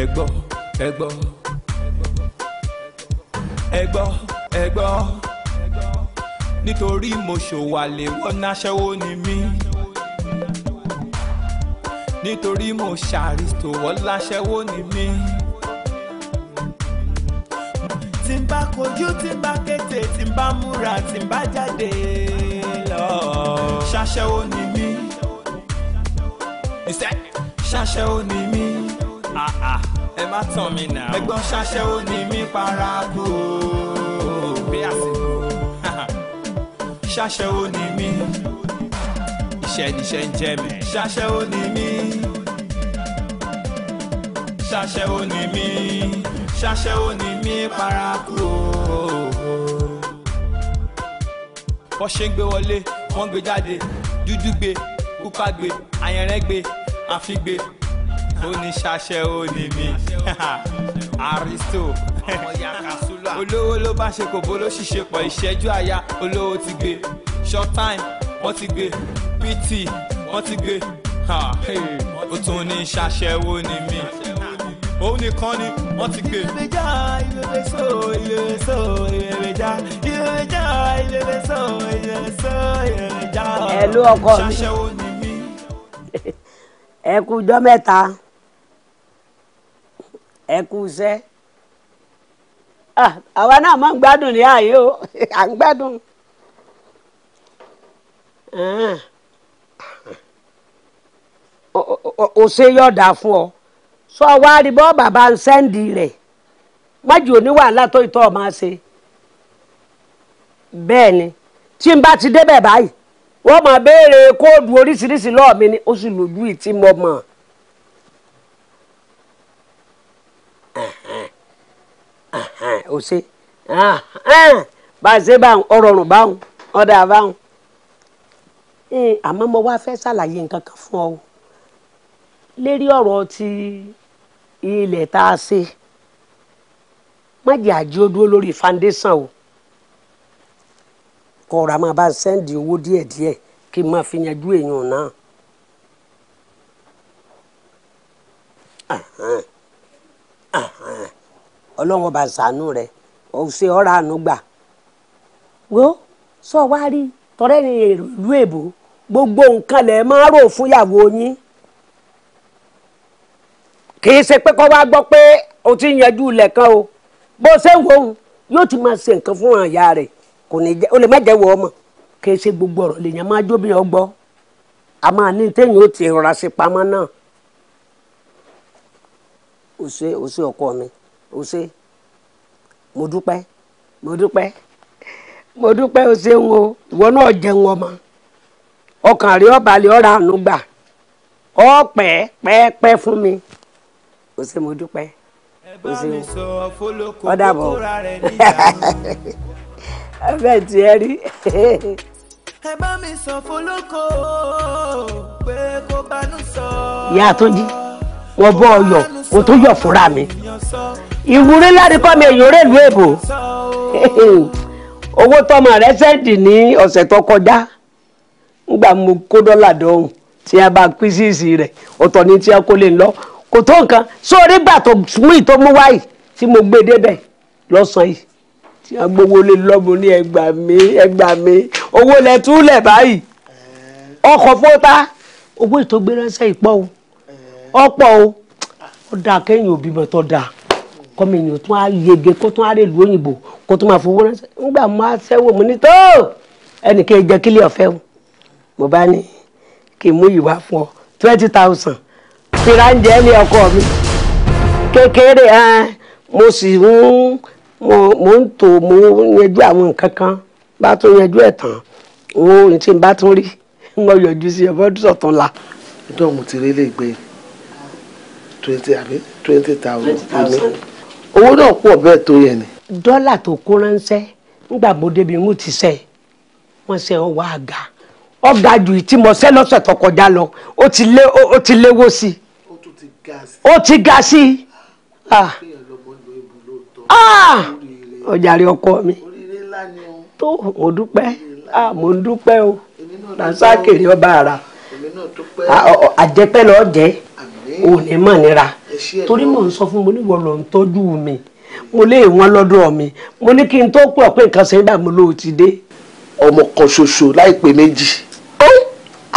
ẹ gbọ́ ẹ gbọ́ ẹ nítorí mo ṣòwàlè wọ́n náṣẹ́wó ni mí nítorí mo ṣàrìsò wọ́n láṣẹ́wó ni mí. tí n bá kojú tí n bá kété tí n bá múra tí n bá jáde lọ ṣàṣẹ́wó ni mí. ṣàṣẹ́wó ni mí ẹ má tàn mí nà. ẹ̀gbọ́n ṣaṣẹ́wó ni mí paraku o. bí àsìkò ṣaṣẹ́wó ni mí. iṣẹ́ níṣẹ́ ń jẹ́ mi. ṣaṣẹ́wó ni mí. ṣaṣẹ́wó ni mí. ṣaṣẹ́wó ni mí paraku o. bọ́ ṣe ń gbé wọlé wọ́n gbé jáde dúdú gbé pupa gbé àyẹ̀rẹ́ gbé àfi gbé oníṣàṣẹ ó ní mi aristo olówó ló bá ṣe kò bó ló ṣìṣe pọ̀ ìṣẹ́jú àyà olówó ti gbé short time wọ́n ti gbé pt wọ́n ti gbé ó tún ní ṣàṣẹ ó ní mi òun nìkan ni wọ́n ti gbé. ìbẹ̀jà ìbẹ̀bẹ̀sọ ìbẹ̀bẹ̀sọ ìbẹ̀bẹ̀jà ìbẹ̀bẹ̀jà ìbẹ̀bẹ̀sọ ìbẹ̀bẹ̀sọ ìbẹ̀bẹ̀jà. ẹ ló ọkọ mi ẹ kú jọ mẹ́ta ẹ kú iṣẹ́ ah, àwa náà máa ń gbádùn ní ààyè o à ń gbádùn. Ah. o ṣe yọ̀dà fún ọ sọ wá rí bọ́ bàbá ń sẹ́ndì rẹ̀ wájú òní wàhálà tó ìtọ́ máa ṣe bẹ́ẹ̀ ni tí n bá ti débẹ̀ báyìí wọ́n máa béèrè kóòdù oríṣiríṣi lọ́ọ̀ mi ni ó sì lójú ìtì mọ̀ mọ̀. ó ṣe bá a ṣe báwọn ọrọrùn báwọn ọdà báwọn àmọ́ mo wá fẹ́ ṣàlàyé nǹkan kan fún ọ lérí ọ̀rọ̀ ti ilẹ̀ tá a ṣe má jẹ́ àjẹ́ ó dúró lórí foundation o kọ̀ọ̀rọ̀ a máa bá sẹ́ndì owó díẹ̀díẹ̀ kí n máa fi yanjú èèyàn náà. Uh-huh ọlọ́run ọba ṣàánú rẹ ọ̀sẹ̀ ọ̀rọ̀ àánú gbà. wo sọ wá rí tọrẹ ní ìlú èbó gbogbo nǹkan lẹ máa rò fún ìyàwó yín kì í ṣe pé kọ́ wá gbọ́ pé o ti yanjú ilẹ̀ kan o bó ṣe ń wo yóò ti máa ṣe nǹkan fún àyà rẹ̀ kò ní jẹ́ o lè má jẹ́ wọ ọmọ kì í ṣe gbogbo ọ̀rọ̀ lèèyàn máa jó bí ọgbọ́ a máa ní téèyàn ó ti rọra ṣe pamọ́ náà. o ṣe o ṣe ọkọ mi o ṣe mo dúpẹ́ mo dúpẹ́ mo dúpẹ́ o ṣeun o ìwọ náà jẹun ọmọ ọkàn rí ọba lè ọ̀rà ọ pẹ́ pẹ́ fún mi o ṣe mo dúpẹ́ o ṣeun ó dàbọ̀ ẹ bẹ́ẹ̀ tí ẹ rí ẹ bá mi sọ fọlọ́kọ pé kó bánú sọ. ìyá àtúnjí wọn bọ ọyọ kó tó yọ fúnra mi ìwúrí láti kọ́ mi èyàn rèlú èbò owó tọmọ rẹ sẹ́ǹdì ní ọ̀sẹ̀ tó kọjá ngbà mo kó dọ́là dọ́hùn tí a bá pín síìsì rẹ̀ ọ̀tọ̀ ní tí a kó lè lọ kò tó nǹkan sórí gbà tó mú ìtọ́ mú wáyì tí mo gbé débẹ̀ lọ́sàn-án yìí tí a gbowó lé lọ́mọ ní ẹgbà mi ẹgbà mi owó lẹ túlẹ̀ báyìí ọkọ̀ fóta owó ìtọ́gbéránṣẹ́ ìpọ́ o ọ̀pọ̀ o ó dáa kéèyàn òbí mọ̀ tó dáa kọ́mi èèyàn tún á yege kó tún á rè lu òyìnbó kó tún máa fowó ránṣẹ́ nígbà mo á mo ní tó ẹnìkan jẹ́ kílẹ̀ ọ̀fẹ́ o mo bá ní kí n mú ìwà fún ọ twenty thousand fira ń jẹ́ ní ọkọ mi kékeré ẹ mo sì ń mo ń tò mo yanjú àwọn nǹkan kan bá tún yanjú ẹ̀ tán òun tí n bá tún rí mo yọjú sí ọbọdún sọ̀tún la. nítorí mo ti rí ilé ìgbé twenty àbí twenty thousand owó náà pọ̀ bẹ́ẹ̀ tó yẹn ni. dọ́là tó kó ránṣẹ́ ńgbà mo débi ń ti sẹ́ wọ́n ṣe ọwọ́ àga ọ̀gá ju ìtí mo ṣẹ́ lọ́sẹ̀ tó kọjá lọ ó ti léwó sí i ó ti ga sí ah. ah. ah! i. ọjàre ọkọ mi tó mo dúpẹ́ mo dúpẹ́ o làǹṣà kèrè ọba àrà àjẹpẹ́ lọ́ọ́ jẹ́ òní mọ̀ nira torí mò ń sọ fún mo ní wọ́n lọ ń tọ́jú mi mo lé ìwọ̀n lọ́dọ̀ mi mo ní kí n tó pọ̀ pé nǹkan ṣe dààmú ló ti dé. ọmọ kan ṣoṣo láìpẹ́ méjì.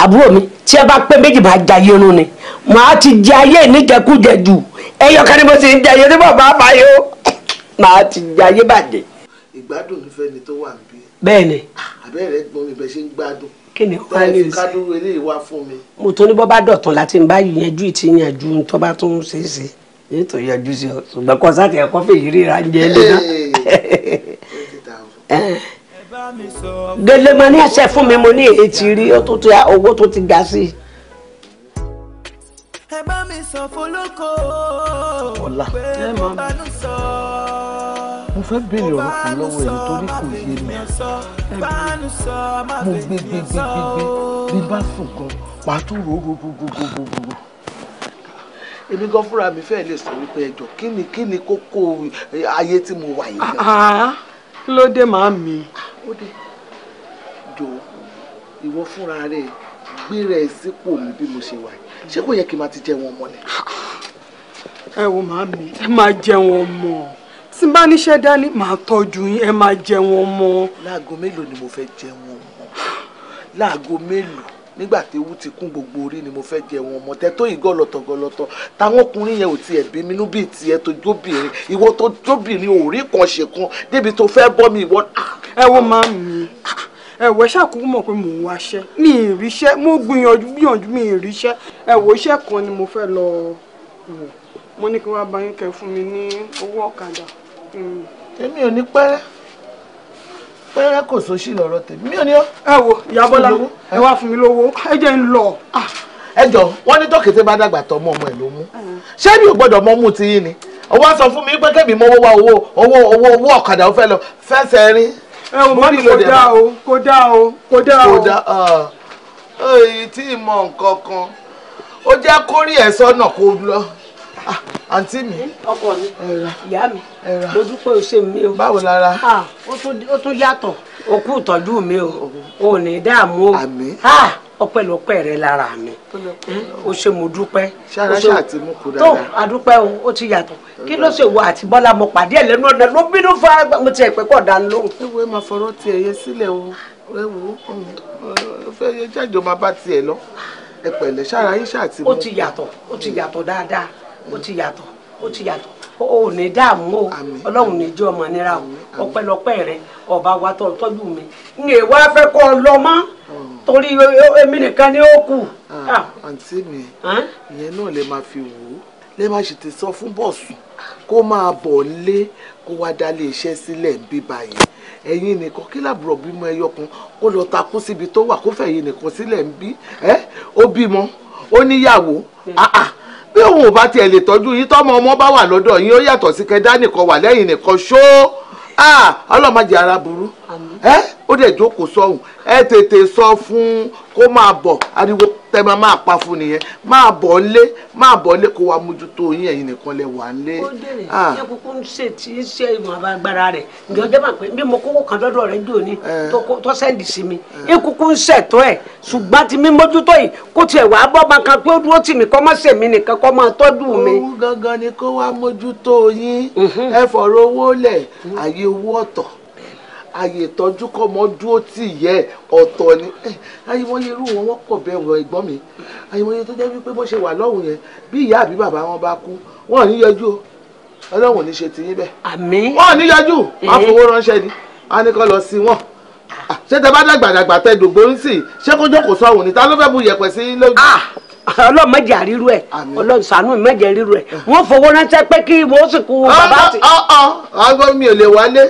àbúrò mi tí ẹ bá pé méjì bá jayé irun ni màá ti jẹ ayé níjẹkújẹ jù ẹyọ kan ni mo sì ń jẹ ayé ní bàbá àbáyọ màá ti jẹ ayé bàjẹ́. ìgbádùn nífẹ̀ẹ́ ni tó wà níbí. bẹ́ẹ̀ ni. àbẹ́rẹ́ gbọ́n mi bẹ́ẹ̀ ṣe ń gbádùn kí ni values. kádúró eléyìí wá fún mi. mo tó ní bọ́ bá dọ̀tún láti bá yanjú ìtì yanjú tó bá tún ṣe é ṣe ní tó yanjú sí ọ ṣùgbọ́n kọ́ sáà ẹ̀kọ́ fèyí ríra ń jẹ́ lé náà. délé mo ní ẹsẹ̀ fún mi mo ní èyí rí owó tó ti ga sí i. ẹ bá mi sọ fọlọ́kọ̀ ọ̀la ẹ mọ̀ mi fẹ́ béèrè ọ̀rọ̀ kan lọ́wọ́ ẹ̀ nítorí kò yé mi mo gbé gbé gbé gbé bí bá sùn gan pàtó rògbògbògbògbògbò èmi gan fúnra mi fẹ́ẹ́ lè sọ wípé ẹjọ́ kí ni kí ni kókó ayé tí mo wà yìí. Ah, ah. kí ló dé màá mi. jọ ìwọ fúnra rẹ gbéra ẹ sípò mi bí mo ṣe wà yìí ṣé kò yẹ kí n máa ti jẹ ọmọ ni. ẹ wo màá mi ẹ máa jẹ ọmọ tí n bá níṣẹ́ dání màá tọ́jú yín ẹ máa jẹun ọmọ. láago mélòó ni mo fẹ́ jẹun ọmọ láago mélòó nígbà tí ewu ti kún gbogbo orí ni mo fẹ́ jẹun ọmọ tẹ́tọ́ yìí gọ́lọ́tọ̀ gọ́lọ́tọ̀ táwọn ọkùnrin yẹn ò tiẹ̀ bí mi inú bíi tiẹ̀ tó jóbìnrin ìwọ tó jóbìnrin ò rí kan ṣe kan débi tó fẹ́ bọ́ mi ìwọ. Ah. ẹ wo máa mi ẹ̀wọ̀ ẹ ṣàkóso mọ̀ pé mò ń wáṣẹ́ mi ì ríṣẹ́ mo gbìyànjú gbìyànjú mi ì ríṣẹ́ ẹ̀wọ̀ iṣẹ́ kan ni mo fẹ́ lọ wò mo ní kí wọ́n bá yín kẹ́ fún mi ní owó ọ̀kadà èmi ò ní pẹ́rẹ́ pẹ́rẹ́ kò sóṣì lọ́rọ̀ tèmi mi ò ní ọ́. ẹ wo ìyá Bọ́lá ẹ wá fún mi lówó ẹ jẹ́ ń lọ. Ah, ẹ jọ wọn ní tọkẹtẹ bá dàgbà tọ ọmọ ọmọ ẹ ló mú ṣé mi ò gbọ́dọ̀ mọ mú tiyín ni ó wá sọ fún mi pé kébì mọ owó wa owó owó owó owó ọ̀kadà ó fẹ́ lọ fẹsẹ̀ rin. ẹ wò mọ́ni kò dáa o kò dáa o kò dáa o. kò dáa ah. èyí tí ì mọ nǹkan kan ó jẹ́ kórìí ẹ̀ sọ́nà kó lọ Ah, àǹtí mi ọkọ mi ìyá mi lójú pé o ṣe mi o. báwo lára. Ah, ó tún yàtọ̀ òkú ìtọ́jú mi o ò ní dààmú o ah, ọpẹ́lọpẹ́ rẹ lára mi hmm, o ṣe mo dúpẹ́. ṣáraṣà àti mú kú dáadáa. tó adúpẹ́ o ó ti yàtọ̀ kí ló ṣe wo àti bọ́lá mo pàdé ẹ̀ lẹ́nu ọ̀dà ló bínú fún agbá mo ti ẹ̀ pé pọ̀ dáa lóhùn. ewé máa fọ̀rọ̀ ti ẹ̀yẹ sílẹ̀ o ewu o hmm, fẹ́ yẹ jájọ máa bá tiẹ̀ lọ ẹ pẹ̀lẹ́ ṣára yín ṣáà ti mú. ó ti yàtọ̀ ó ti yàtọ̀ dáadáa ó ti yàtọ̀ ó ti yàtọ̀ o ò ní dààmú o ọlọ́run ní jẹ́ ọmọ nira o ọpẹ́lọpẹ́ rẹ ọba wa tó tọ́jú mi ń yè wá fẹ́ kọ́ ọ lọ mọ́ hmm. torí èmi nìkan ni ó kù. Ah, ah. àǹtí mi ìyẹn náà lè máa fi wò ó lè máa ṣètò sọ fún bọ́ọ̀sù kó máa bọ̀ lé kó wá dá lé iṣẹ́ sílẹ̀ bí báyìí ẹ̀yin nìkan kí làbúrò bímọ ẹyọ kan kó lọ takú síbi tó wà kó fẹ̀yìn nìkan sílẹ̀ ń bí ó bímọ ó níyàwó hmm. ah, bí òun ò bá tiẹ̀ lè tọ́jú yín tọ́mọ ọmọ bá wà lọ́dọ̀ yín ó yàtọ̀ sí kẹ́dá nìkan wà lẹ́yìn nìkan ṣó ah, ọlọ́mọdé ara burú ẹ́ o dẹ̀ jókòó sọ́hùn ẹ tètè sọ fún kó máa bọ̀ ariwo tẹ́ máa máa pa fún nìyẹn máa bọ̀ nlé máa bọ̀ nlé kó wa mójútó yín ẹ̀yin nìkan lẹ wà nlé. ó dèrè ah. ṣé kúkú ń ṣe tí ń ṣe ìmọ̀ agbára rẹ̀ máa kan lọ́dọ̀ rẹ̀ ní eh. tó sẹ́ndì sí mi ẹ eh. kúkú ń ẹ̀ ṣùgbọ́n ti mi mójútó yìí kó tiẹ̀ wá mi. gangan ni kó wa mójútó yín mhm. ẹ fọ̀rọ̀ owó ààyè ìtọ́jú kọ́mọ dúró tì yẹ ọ̀tọ̀ ni ayéwọ́yé irú wọn wọ́n pọ̀ bẹ́ẹ̀ wọ́n ẹ̀gbọ́n mi ayéwọ́yé tó jẹ́ wípé bó ṣe wà lọ́hùn yẹn bí ìyá àbí bàbá wọn bá kú wọn ò ní yọjú o ọlọ́run ò ní ṣe tìyín bẹ́ẹ̀. àmín wọn ò ní yọjú máa fowó ránṣẹ́ ni wọn á ní kọ́ lọ sí wọn ah. ṣé tẹ bá dàgbà dàgbà tẹ dògbò ń sìn ṣé kó jókòó sọ̀hún ni ta ló fẹ́ bu yẹ̀pẹ̀ sí lójú ah. ọlọ́run má jẹ́ àríru ẹ̀ ọlọ́run ṣàánú má jẹ́ àríru ẹ̀ eh. wọ́n fowó ránṣẹ́ pé kí wọ́n sì kú bàbá àti. ọ̀ọ́ ọ̀ọ́ mi ò lè wálé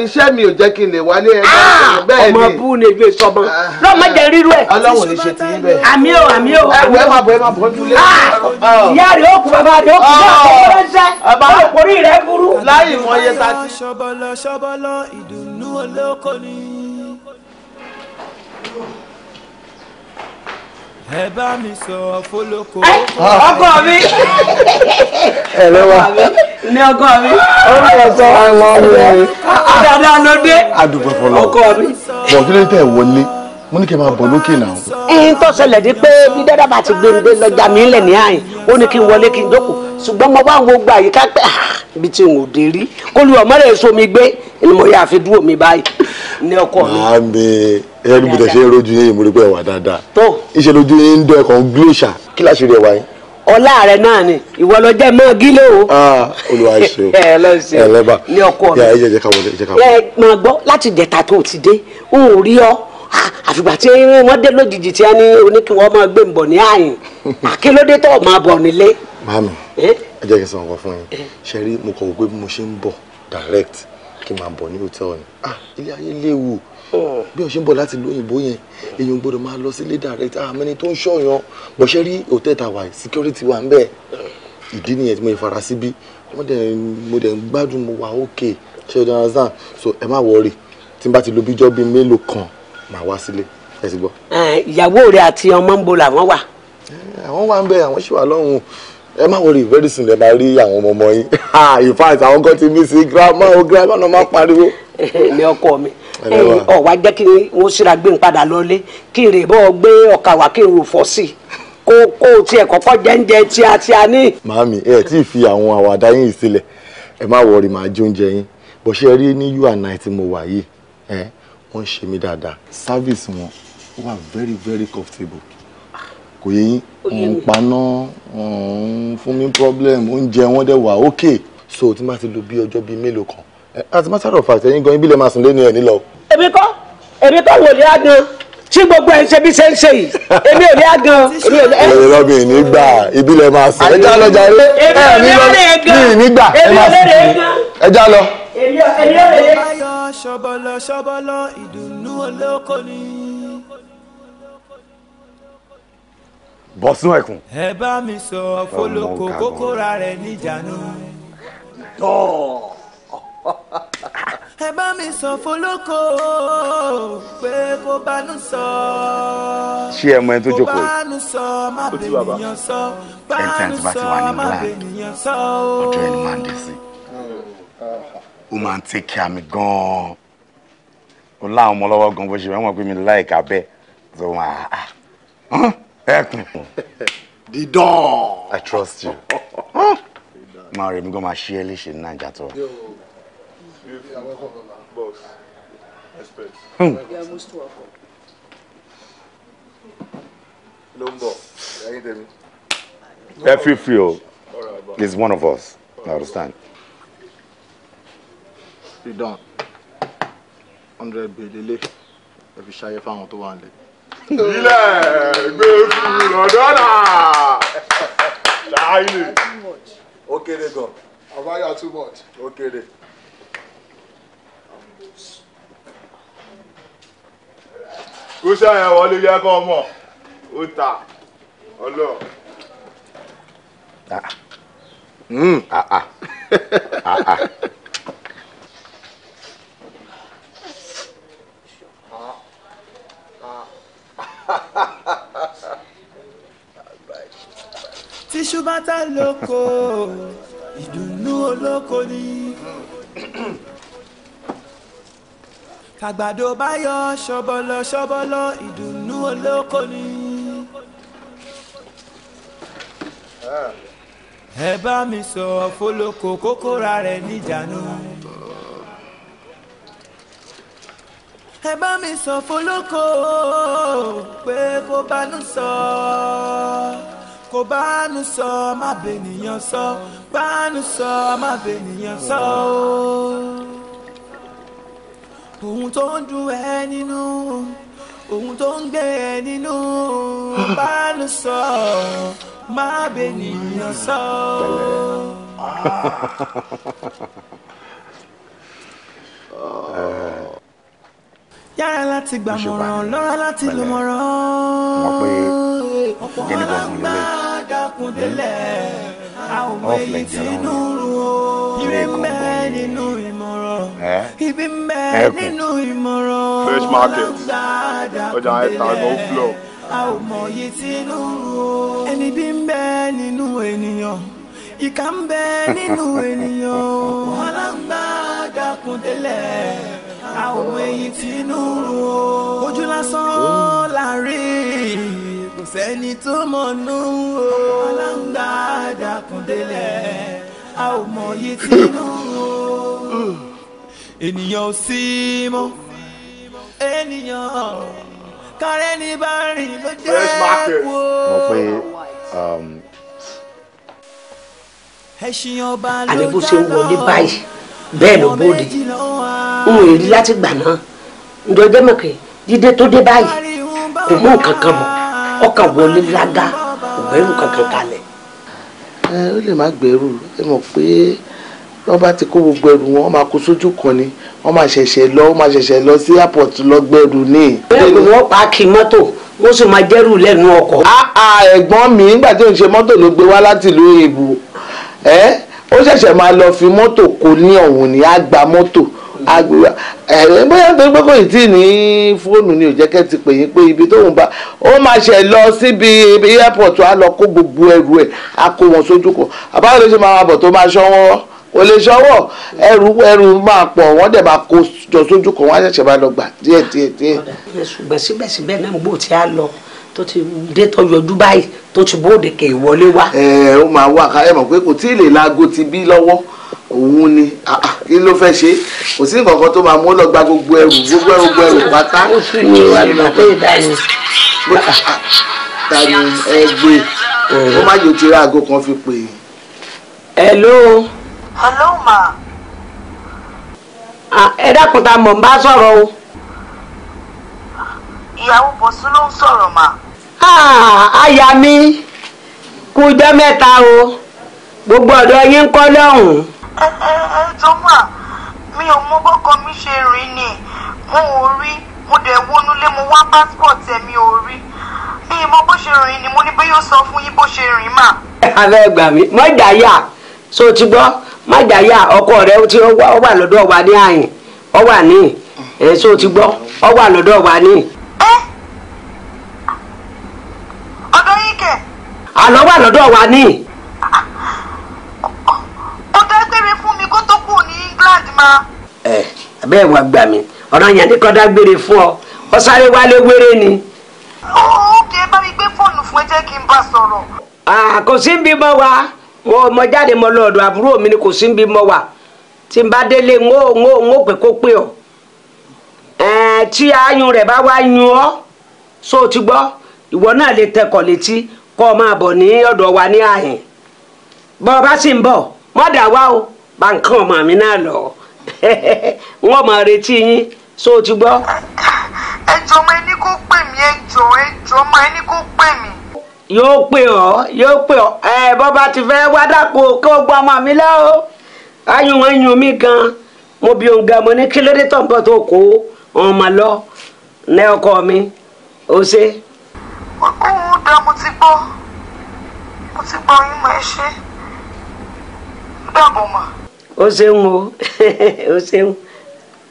iṣẹ́ mi ò jẹ́ kí n lè wálé ẹgbẹ́ ah! bẹ́ẹ̀ ni ọmọ bú ni ebi sọmọ ah! lọ́mọ jẹ rírú ẹ̀. ọlọ́run ní ṣe ti yín bẹ́ẹ̀. àmì o àmì o. ẹwù ẹ máa bọ ẹ máa bọ jùlẹ. Ah! ìyá rẹ̀ ó kú bàbá rẹ̀ ó kú bàbá rẹ̀ ó ṣe ọkùnrin rẹ̀ burú. láì mọ iye ta ẹ bá mi sọ fólókó. Ah. ọgọ́ mi. ẹ lẹ́wà ní ọgọ́ mi. ọgọ́ sọ àwọn ọmọ mi. dáadáa ló dé. adùpẹ̀ fọlọ ọkọ mi. bọ̀ kí ló ń tẹ̀ wọlé mo ní kí n máa bọ̀ lókè náà. ẹyin tó ṣẹlẹ̀ ni pé bí dáadáa bá ti gbé mi dé lọ́jà mi lẹ̀ ní àyìn ó ní kí n wọlé kí n jókòó ṣùgbọ́n mo bá ń wo gba àyíká pé ah, ibi tí n ò dé rí kó lu ọmọ rẹ̀ so mi gbé ni mo yà fi dúró mi báyìí ní ọkọ mi ẹ bí mo tẹ̀ ṣe ń rojú yín mo rí pé ẹ wà dáadáa tó iṣẹ́ lójú yín ń dán ẹ̀kọ́ ń glóṣà kí láṣẹ rẹ̀ wá yín. ọlá rẹ náà ni ìwọ ló jẹ mọ gílé o. Ah, olùwà ṣe o ẹlẹba ní ọkọ mi ẹ jẹ ká wọlé jẹ ká ẹ máa gbọ́ láti dẹ̀ta tó ti dé n ò rí ọ ah, àfìgbà tí wọ́n dé lójijì tí wọ́n ní oníkìwọ́ máa gbé ń bọ̀ ní àyìn àkílódé ah, tó máa bọ̀ nílé. màámi ẹ jẹ́ kí n sọ̀rọ̀ fún yín ṣe rí mo kọ̀ wò mo ṣe ń bọ̀ direct kí n máa bọ̀ ní hòtẹ́ẹ̀lì ah ilé ayé léwu bí o ṣe ń bọ̀ láti lóyìnbó yẹn èèyàn gbọ́dọ̀ máa lọ sílé direct àmẹ́ni tó ń ṣọ̀yàn bọ̀ṣẹ́ rí hotel tàwa security wà ń bẹ̀ ìdí nìyẹn tí mo fara sí bí mo dẹ̀ ń gbádùn mo wà ókè ṣe o dáná sàn so ẹ má wọrí tí n bá ti lo bíjọ́ bíi mélòó kan màá wá sílé ẹ ti gbọ́. ìyàwó rẹ àti ọmọ ń bo làwọn wà. àwọn wà ń bẹ àwọn ṣì wà lọ́hùn ẹ má wọrí very soon lẹ máa rí àwọn ọmọ ọmọ yín in fact àwọn kan ti mí sí grandma o grandma náà má pariwo ní ọkọ mi ọ̀wá jẹ́ kí wọ́n síra gbé ń padà lọlé kí rè bọ́ gbé ọ̀kà wá kí n rò fọ́ sí i kó kó tiẹ̀ kọ́kọ́ jẹ́ńjẹ́ tíá tíá ní. màámi ẹ tí ì fi àwọn àwàdà yín sílẹ̀ ẹ má wọrí màá jó yín bó ṣe rí ní ui nine tí mo wà yìí ẹ wọ́n ṣe mí dáadáa service wọn wà very very comfortable kò yẹ yín ń paná ń fún mi problem oúnjẹ wọn dẹ̀ wà okay so tí má ti lò bí ọjọ́ bíi mélòó kan as a matter of fact ẹ̀yin gan ibi lè máa sùn lé ní ẹ̀ nílọ. èmi kọ́ èmi kọ́ wò ní àgàn tí gbogbo ẹ̀ ń ṣe bí ṣe ń ṣe yìí èmi ò ní àgàn. èmi lọ́bì nígbà ibi lè máa sùn ẹja lọ jàre ẹ̀ ní lọ́bì nígbà ẹ máa sùn ẹja lọ. èmi ò lè yẹ. ṣọbọlọ ṣọbọlọ ìdùnnú olóko ni. bọ́ sún ẹkùn. ẹ bá mi sọ fọlọ́kọ̀ kókóra rẹ̀ níjànú. tọ́ọ̀ ẹ bá mi sọ fọlọ́kọ pé kó bánú sọ. ṣé ẹ mọ ẹni tó jókòó yìí. ó ti wà bá. ẹni tí a ti bá ti wà ní England ọjọ́ ẹni máa ń dé sí. ó máa ń tẹ́kí àmì gan-an. ó láwọn ọmọ lọ́wọ́ gan bó ṣe wọ́n pè mí láìka bẹ́ẹ̀ tó máa ah, ẹkùn. dídán. I trust you. máa rẹ̀ mí gan máa ṣí ẹ léṣe ní nàìjà tó give boss respect. Hmm. you are most welcome. ló ń bọ̀ ẹ̀yin every field is one of us you understand. sit down hundred belele ẹ fi ṣayẹ fáwọn tó wà ń lẹ. ilẹ̀ gbèsè lọ́dọ́là ṣááyé. ó kéré gan. àbáyọ too much. Okay, kéré. kó ṣàyẹ̀wò ló yẹ kó mọ̀ ó ta ọlọ. Ah, hmm, ah, ah. tíṣú bá ta lóko ìdùnnú olóko ni tàgbàdo bá yọ ṣọbọlọ ṣọbọlọ ìdùnnú olóko ni. ẹ bá mi sọ fólókò kókóra rẹ̀ níjànú. ẹ bá mi sọ fólókò pé kó bá nu sọ kó bá nu sọ má bẹ nìyẹn sọ bá sọ má bẹ nìyẹn sọ ooo ohun tó ń dùn ẹ nínú ohun tó ń gbé ẹ nínú bá ló sọ má bẹ nìyẹn sọ. yára láti gbàmọ̀ràn lọ́ra láti lùmọ̀ràn. wọ́n pé jẹ́ni bọ́ fún ilé ọ̀fìlẹ̀ jẹ́rọ̀ mi ilé kọ̀ọ̀kan ibi mẹ́ nínú ìmọ̀ràn fresh market ọjà ẹ̀ta ló flọ. a ò mọyì tínú o ẹni bí ń bẹ nínú ènìyàn ìkà ń bẹ nínú ènìyàn o alágbá dákun délẹ̀ a ò mọyì tínú o ojú lásán la rí kò sẹ́ni tó mọ̀nú o alágbá dákun délẹ̀ a ò mọyì tínú o ènìyàn ò sí mọ́ ènìyàn kárẹ́ ní bá rìn ló jẹ́ wo. mo um, bó ṣe ń wọlé báyìí bẹ́ẹ̀ ló bóde n ò rí láti gbà náà ǹjọ́ jẹ́mọ̀kẹ́ dídé tó dé báyìí kò mú nǹkan kan mọ̀ ọkàn wọlé lága kò gbẹ́rù kankan kalẹ̀. ẹ ó lè má gbèrú ẹ mọ̀ pé wọ́n bá ti kó gbogbo ẹrù wọn wọ́n máa kó sójú kan ni wọ́n máa ṣẹ̀ṣẹ̀ lọ wọ́n máa ṣẹ̀ṣẹ̀ lọ sí airport lọ gbẹ́rù ní. bẹ́ẹ̀ni wọ́n páàkì mọ́tò wọ́n sì máa jẹ́rù lẹ́nu ọkọ̀. ẹ̀gbọ́n mi nígbà tí òun ṣe mọ́tò ló gbé wá láti ìlú òyìnbó ẹ́ ó ṣẹ̀ṣẹ̀ máa lọ fi mọ́tò kó ní ọ̀hún ní àgbà mọ́tò àgbà bóyá nítorí pé kò tí ì ní fóònù ni ò jẹ́ kẹ́ ti pè yín pé ibi tóun bá ó máa ṣẹ̀ lọ síbi airport wa lọ kó gbogbo ẹrù ẹ̀ á kó wọn sójú kan àbáwọ̀ ló ṣe máa bọ̀ tó máa ṣọ́wọ́ kò lè ṣọwọ́ ẹrù ẹrù máa pọ̀ wọ́n dẹ̀ máa kó jọ sójú kan wọ́n á ṣẹ̀ṣẹ̀ máa lọ gbà díẹ̀ díẹ̀ díẹ̀. ṣùgbọ́n síbẹ̀síbẹ̀ náà gbò tí a lọ tó ti dé tó yọjú báyìí tó ti bóde kè wọlé wá. ẹ ẹ o máa wá kálẹ̀ mọ̀ pé kò tí ì lè laago ti bí lọ́wọ́ òun ni kí ló fẹ́ ṣe kò sí nǹkan kan tó máa mú lọ gba gbogbo ẹrù gbogbo ẹrù gbogbo ẹrù pátá. ó sì ní ìwà tó ìdáni. tani ẹ gbé ó má yóò ti rí aago kan fi pè é. hello hello ma. ẹ dákun ta mọ̀ ń bá sọ̀rọ̀ o. ìyàwó bọ̀sùn ló ń sọ̀rọ̀ mà. àyà mi kú jẹ́ mẹ́ta o gbogbo ọ̀dọ́ yín ń kọ́ lọ́hùn. ẹ ẹ ẹ jọ mà mi ò mọ bọ́kọ mi ṣe rìn ni mo ò rí mo dẹ̀ wọnú lé mo wá passport ẹ̀ mi ò rí mi ì mọ bó ṣe rìn ni mo ní bẹ́ẹ̀ yóò sọ fún yín bó ṣe rìn mà. abẹ́ gbà mí mọ́ ìdáyà so ti gbọ́ májàyà ọkọ rẹ tí ó wà lọ́dọ̀ wa ní àyìn ó wà ní ẹ̀sọ́ ti gbọ́ ó wà lọ́dọ̀ wa ní. ẹ ọ̀dọ̀ yìí kẹ̀. àlọ́ wà lọ́dọ̀ wa ní. kò tó gbére fún mi kó tó kù ní England ma. ẹ bẹ́ẹ̀ wá gbà mí ọ̀rọ̀ yẹn ní kọ́dá gbére fún ọ ọ sáré wálé wéré ni. ó ó kì í bá mi gbé fóònù fún ẹ jẹ́ kí n bá sọ̀rọ̀. àkọsí ń bímọ wa. mo mo jáde mo lọ ọ̀dọ̀ àbúrò mi ni kò sí níbi mo wà tí n bá délé ń ó ń ó ń ó pé kó pé ọ tí ayún rẹ̀ bá wá yún ọ só o ti gbọ́ ìwọ náà lè tẹkọ̀ létí kó o máa bọ̀ ní ọ̀dọ̀ wa ní àhìn bọ́ bá sì ń bọ̀ mọ́dà wá o bá nǹkan ọmọ mi náà lọ wọ́n mọ̀ retí yín só ti gbọ́. ẹjọ́ ọmọ ẹni kò pè mí ẹjọ́ ẹjọ́ ọmọ ẹni kò pè mí yóò pè ọ́ yóò pè ọ́ ẹ bọ́ bá ti fẹ́ wá dàpọ̀ kí o gbọ́ ọmọ mi lọ́ o ayùn wọn yùn mí gan mo bí òun gan mo ní kí lóde tó ń bọ̀ tó kó ọmọ lọ ní ọkọ mi ó ṣe. ó dá mo ti gbọ́ mo ti gbọ́ yín mọ̀ ṣe dàbọ̀ mọ̀. ó ṣeun o ó ṣeun.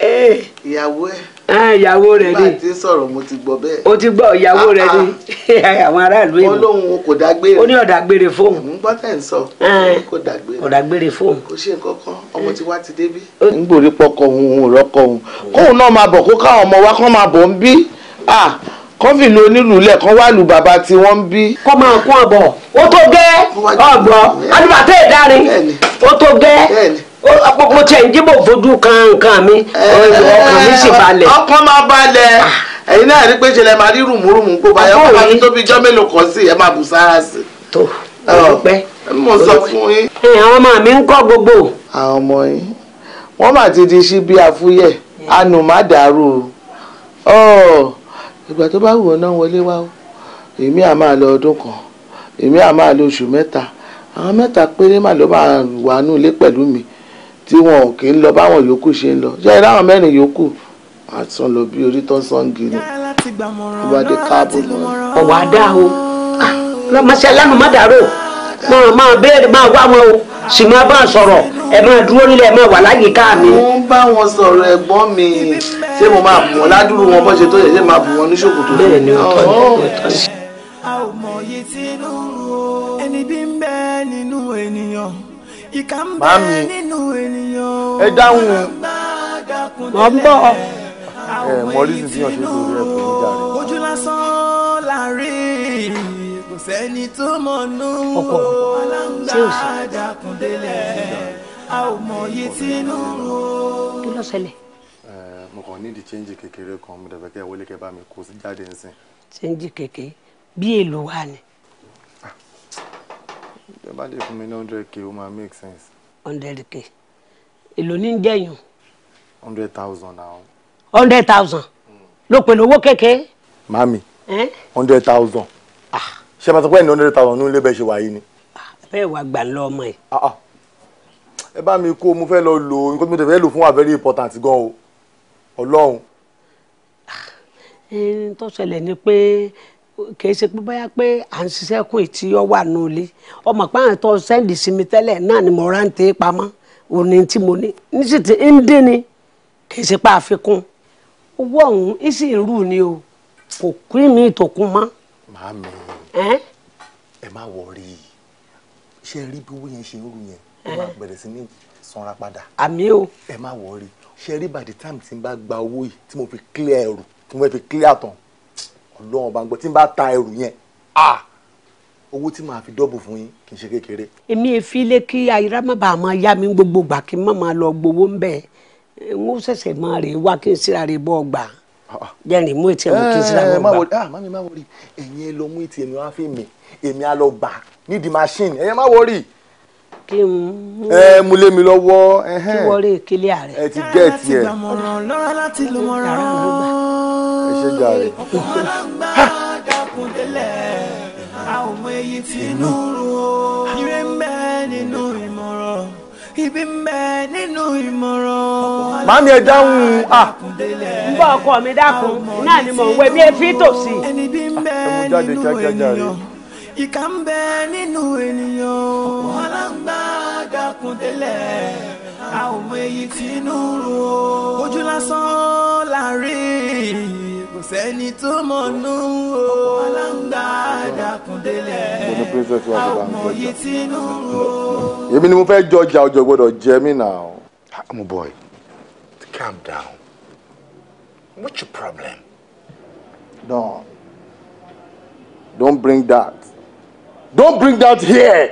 ìyàwó ẹ̀ ìyàwó rẹ ni. nígbà tí sọ̀rọ̀ mo ti gbọ́ bẹ́ẹ̀. o ti gbọ́ ìyàwó rẹ ni ah, ah. àwọn aráàlú èèmọ̀. wọ́n lóun kò dágbére. ó ní ọ̀dàgbére fóun. ń gbọ́ tẹ̀ ń sọ kò dágbére. ọ̀dàgbére fóun. kò ṣe nǹkan kan ọmọ tí wá ti débí. ń gbòòrí pọkọ òun òun rọkọ òun mm. kóun náà máa bọ̀ kó káwọn ọmọ wa kán máa bọ̀ ń bí ah, kọ́fì ló nílùú lẹ̀ kán wá lù bàbá tí wọ́n ń bí. kọ́ máa kún ọ̀bọ̀ ó tó gẹ́ ọ̀gbọ́n alùpàtẹ́ ìdarí ó tó gẹ́ mo tiẹ̀ ń jíbò fojú kan nǹkan mi ọkàn mi sì balẹ̀. ọkàn máa balẹ̀ ah. ẹ̀yin náà rí pé ṣẹlẹ̀ máa rí rùmùrùmù kó bá yọ kó bá mi tó bí jọ́ mélòó kan sí ẹ máa bù sára sí. tó o pẹ́. mo sọ fún yín. àwọn ọmọ mi ń kọ́ gbogbo. àwọn ọmọ yín wọ́n mà ti di sí bí àfúyẹ̀ àánú má dàrú o ìgbà tó bá wù ọ́ náà wọlé wá o èmi à máa lọ ọdún kan èmi à máa lọ oṣù mẹ́ta àwọn mẹ́ta péré mà ló máa wà nù ilé pẹ̀lú mi tí wọn ò kí lọ báwọn yòókù ṣe ń lọ ṣe ìdáhùn mẹ́rin yòókù àtún lọ bí orí tó ń sàn gírí ìwádìí káàbù lọ. ọ̀wá dá o ah, lọ́mọṣẹ́ aláàánú má dàrú máa máa béèrè máa wá wọn o sì máa bá a sọ̀rọ̀ ẹ máa dúró nílẹ̀ ẹ máa wà láyìíká mi. mo ń bá wọn sọ̀rọ̀ ẹ̀gbọ́n mi ṣé mo máa bù wọn ládùúrú wọn bọ́ ṣe tó yẹ ṣé máa bù wọn ní ṣòkòtò. bẹ́ẹ̀ ni ó ni ó Mami, ẹ dáhùn mà ń bọ̀ ẹ mọ orísun tí yàn ṣe lórí ẹ pẹ̀lú ìjà rẹ. ojú lásán láàrin kò sẹ́ni tó mọ̀nú aláǹgbá dàkúndélẹ̀ a ò mọyì tínú ro. kí ló ṣẹlẹ̀. mo kàn nídìí chẹ́ńjì kékeré kan mo dàbẹ̀ kẹ́ wọlé kẹ́ bá mi kó sí jáde nsìn. chẹ́ńjì kékeré bí èlò wa ni ẹ bá lè fún mi ní hundred k ó máa make sense. hundred k èló ní jẹ́yìn. hundred thousand na. hundred thousand ló pè lówó kékeré. mami hundred thousand ah. ṣé màtí pẹ́ẹ́ni hundred thousand ní ilé bẹ́ẹ̀ ṣe wà yìí ni. bẹ́ẹ̀ ah, wàá gbà lọ ọmọ ẹ̀. Ah, ẹ bá mi kó mo fẹ́ lọ lò ó nǹkan tí mo tẹ̀ fẹ́ lò fún wa very important gan o ọlọ́run. ẹni tó ṣẹlẹ̀ ni pé. Pe kìí ṣe pé báyà pé à ń ṣiṣẹ́ kó ètí ọ wà nù ilé ọmọ pé àwọn tó sẹ́ndì sí mi tẹ́lẹ̀ náà ni mo rántí pamọ́ òní tí mo ní ní sì ń dín ni kìí ṣe pé àfikún owó ọ̀hún ìsì ìrù ni o kò kí mi ìtòkun mọ́. màámi ẹ má wọrí ṣe rí bí owó yẹn ṣe ń rú yẹn ó máa bẹ̀rẹ̀ sí ní sanra padà. àmì o. ẹ má wọrí ṣe rí by the time tí n bá gba owó yìí tí mo fi clear ẹrù tí mo fi clear tán ọlọ́run bá ń gbọ́ tí n bá ta ẹrù yẹn owó tí màá fi dọ́bù fún yín kì í ṣe kékeré. èmi èfi lé kí ayira má bàa máa yá mi gbogbo gbà kí n má máa lọ gbowó ń bẹ̀ n ó ṣẹ̀ṣẹ̀ máa rè wá kí n síra rè bọ́ gbà jẹ́rìí mú ètí ẹ̀mú kí n síra bọ́ gbà. ah mami má wọrí ẹ̀yin ẹ lọ mú ètí ẹ̀mí wá fi mi èmi á lọ gbà nídìí machine ẹ̀yin má wọrí kí n mú. ẹ mú lé mi lọ́wọ́. kí wọ́n rí ìkílẹ̀ rẹ̀. ẹ ti gẹ̀ẹ́tì ẹ̀. láti láti lò mọ́ra ṣe jàre. inú ire ń bẹ nínú ìmọ̀ràn ibi ẹ dáhùn à. Ah! ń bọ ọkọ mi dákun náà ni mò ń wẹ bí efi tòsí. ẹni bí ń bẹ ah, nínú ń bẹ nínú ènìyàn. ọlọ́gbà dákun délẹ̀ a èyí tí inú rò. ojú lásán la rí sẹ́ni tó mọ̀ nù o ọlọ́ngbà dàkúndélẹ̀ àmọ̀yé tínú o. èmi ni mo fẹ́ jọjà ọjọ́ gbọ́dọ̀ jẹ mí náà. mo boy calm down what's your problem. don don bring that don bring that here.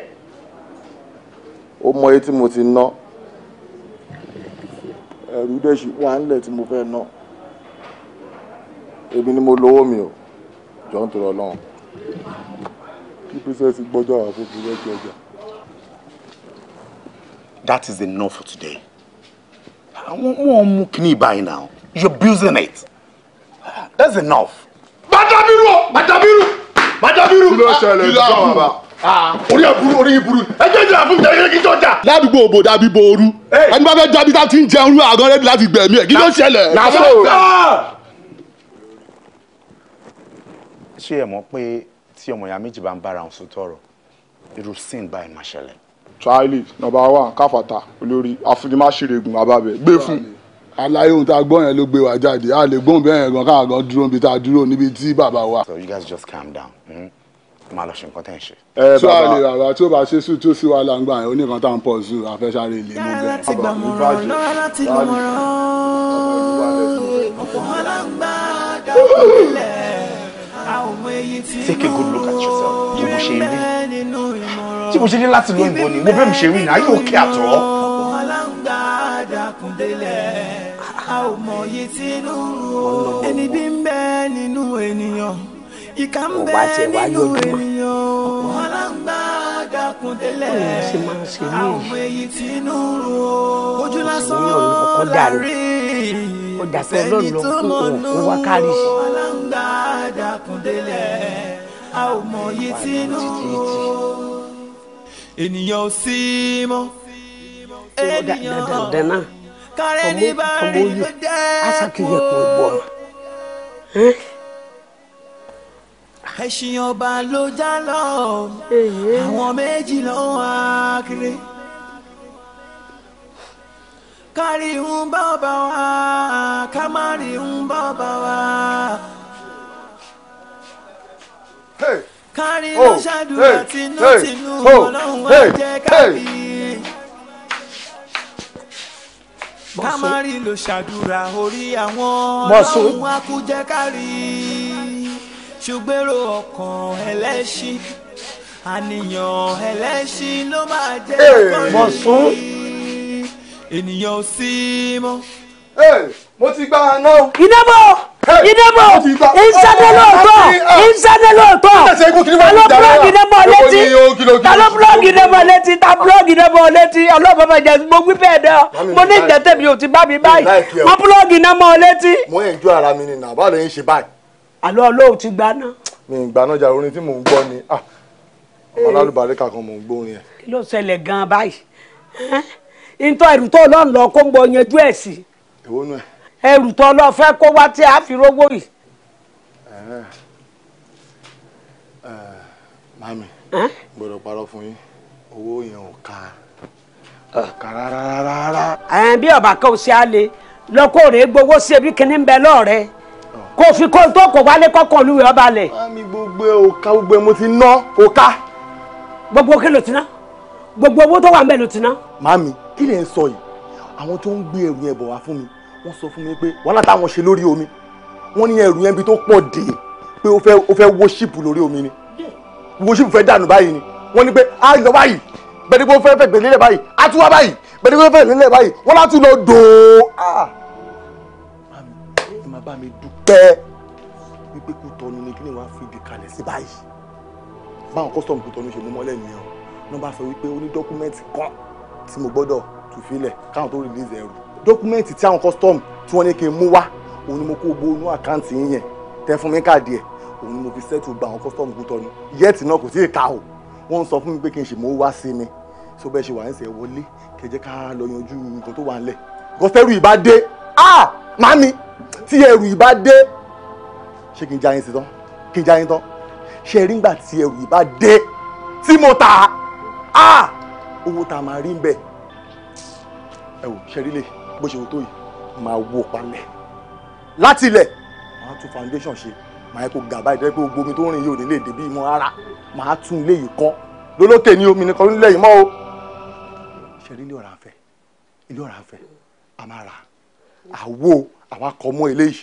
ó mọ etí mo ti ná ẹ̀rù dẹ̀ ṣì wà ń lẹ̀ tí mo fẹ́ ná. No èmi ni mo lówó mi o jọ ń tọrọ lọ́hùn kí princess gbọ́jọ́ àwọn fúnfun lẹ́jọ́ ọjà. that is enough for today àwọn wọn mú kíní báyìí now you are abusing it that's enough. bàdàbírù o bàdàbírù bàdàbírù. kí ló ah, ṣẹlẹ̀ ní sọ́wọ́n bá orí ẹ̀bùrú orí ìbùrú ẹjọ́ ìjọba fún mi kí n jọjà. ládùúgbò òbò dàbí booru ẹni bá fẹ́ jábí tá ń jẹun rú àgọ́ láti gbẹ̀mí ẹ̀ kí ló ṣẹlẹ̀. Ah! ṣé ẹ mọ̀ pé tí ọmọ ìyá méjì bá ń bára wọn sọtọ irú sin báyìí máa ṣẹlẹ̀. trial number one káfàtà olórí àfinimáṣeregun ababẹ gbé fún aláyé ohun tá a gbọ́ yẹn ló gbé wa jáde a lè gbóhùn bẹ́ẹ̀ yẹn gan káà gan dúró níbi tá a dúró níbi tí bàbá wa. so you guys just calm down. Mm-hmm máa lọ ṣe nǹkan tẹ̀ ń ṣe. ẹ bàbá tó a lè tí ó bá ṣe sùn tó sí wa láǹgbà yẹn oníkan tá à ń pọ̀ zu àfẹ́sáré ilé mú bẹ́ẹ̀. láti gbàmọ̀ràn lọ́wọ́ láti gbàmọ̀ràn ọ̀pọ̀ ọlọ́gbà dàgbà take a good look at yourself bí mo ṣe rí tí mo ṣe ní láti lo ìbọn ni mo bẹ́ẹ̀ mi ṣe rí ní ayé òkè àtọ́. mo wá tiẹ̀ wá yọjú mọ́ dákúndélẹ̀ àwọn èyí tí inú ro ojú lásán lárí ó dàpẹ́ ọlọ́run lọ kó o wá kárí. aláǹgbá dàkúndélẹ̀ a ò mọ iye ènìyàn ò sí mọ́ ènìyàn dandan náà kárẹ́ni ló dẹ́ kó. ẹ̀sìn ọba ló já lọ àwọn méjì lọ́wọ́ akéré kárí ń bàbá wa ká má rí ń bàbá wa. kárí ń ṣàdúrà tinútinú ọlọ́run wá jẹ́ kábí. ká má ṣàdúrà orí àwọn ọlọ́run wá kú jẹ́ kárí. ṣùgbẹ́rọ ọkàn ẹlẹ́ṣin àníyàn ẹlẹ́ṣin ló máa jẹ́ kárí ènìyàn ò sí mọ́. mo ti gba náà. ìdẹ́bọ̀ ìdẹ́bọ̀ ìsẹ́dẹ̀ ah, lóòótọ́ ah, ìsẹ́dẹ̀ lóòótọ́ ta ló búlọ́ọ̀gì ìdẹ́bọ̀ létí ta ló búlọ́ọ̀gì ìdẹ́bọ̀ létí ta blog ìdẹ́bọ̀ létí ọlọ́ọ̀bọ̀ máa jẹ mo wí bẹ́ẹ̀ dán mo ní ìjẹ́tẹ̀ mi ò ti bá mi báyìí mo blog ìdẹ́bọ̀ létí. mo ẹ̀ ń jó ara mi ni nà báwo lè ń ṣe báyìí. àlọ́ olóò ti gbaná. mi ì gbaná jà orin tí mò ń gbọ́ ni ah, ọmọ alálùbáríkà kan mò ń gbórin ẹ̀. kí ló ṣẹlẹ̀ gan-an báyìí ntọ́ ẹrù tó lọ́n lọ kó ń bọ yanjú ẹ̀ sí. èwo nu ẹ. tó lọ fẹ́ kó wá tí a fi rówó yìí. mami gbọ́dọ̀ parọ́ fún yín owó yẹn ò ká ò ká rárá. bí ọba kan ò ṣe á le lọ́kọ́ rẹ̀ gbowó sí ebi kìíní ń bẹ lọ́ọ̀rẹ́ kò fi kó tó kò wálé kọ́kọ́ olúwe ọba lẹ̀. mami gbogbo òka gbogbo mo ti ná òka. gbogbo kí ló ti ná gbogbo owó tó wà ń bẹ ló ti ná. mami kí lè ń sọ yìí àwọn tó ń gbé ẹrù yẹn bọ̀ wá fún mi wọ́n sọ fún mi pé wàhálà táwọn ṣe lórí omi wọ́n ní ẹrù yẹn bí tó pọ̀ dé pé ó fẹ́ ó fẹ́ wọ́ṣípù lórí omi ni wọ́ṣípù fẹ́ dànù báyìí ni wọ́n ní pé á yọ báyìí bẹ́ẹ̀ ni pé ó fẹ́ fẹ̀gbẹ́ lélẹ̀ báyìí á tún wá báyìí bẹ́ẹ̀ ni pé ó fẹ́ lélẹ̀ báyìí wọ́n lá tún lọ dòó. mami ẹ máa bá mi dúpẹ́ wípé kú tọ́nu ni kí ni wàá fi ibì kalẹ̀ sí báyìí báwọn kọ́sítọ̀mù kú tọ́nu ṣe mú mọ́lẹ̀ nìyẹn wọ́n bá sọ wípé ó ní dọ́kúmẹ́ǹtì kan tí mo gbọ́dọ̀ tù filẹ̀ káwọn tó release ẹrù dọ́kúmẹ́ǹtì tí àwọn custom tí wọ́n ní kí n mú wá òun ni mo kó bónú àkáǹtì yín yẹn tẹ fún mi káàdì ẹ̀ òun ni mo fi settle gba àwọn custom kú tọ́nu yẹ́ẹ̀tì náà kò tí ì ká o wọ́n ń sọ fún mi pé kí n ṣe mò ń wá sí mi so bẹ́ẹ̀ ṣe wà ń sẹ́ wọlé kẹjẹ́ ká lọ yanjú nǹkan tó wà ń lẹ̀ gọ́sẹ́rù ìbá dé ah mami tí ẹrù ìbá dé ṣé kí n já yín sí tán kí n já yín tán ṣe rí ngbà tí ẹrù ìbá dé tí mo tà á. Ah! owó tá a máa rí ń bẹ̀ ẹ wò ṣẹrílẹ̀ bó ṣe wò tó yìí máa wó palẹ̀ láti ilẹ̀ máa tún foundation ṣe máa yẹ kó gàba ìdẹ́ pé gbogbo omi tó ń rìn yìí ò ní lè dé bí ìmọ̀ ara máa tún ilé yìí kọ́ lólókè ni omi nìkan nílẹ̀ yìí mọ́ o ṣẹrílẹ̀ ọ̀rà àfẹ́ ilé ọ̀rà àfẹ́ a máa rà àwo àwọn akọ̀mọ́ eléyìí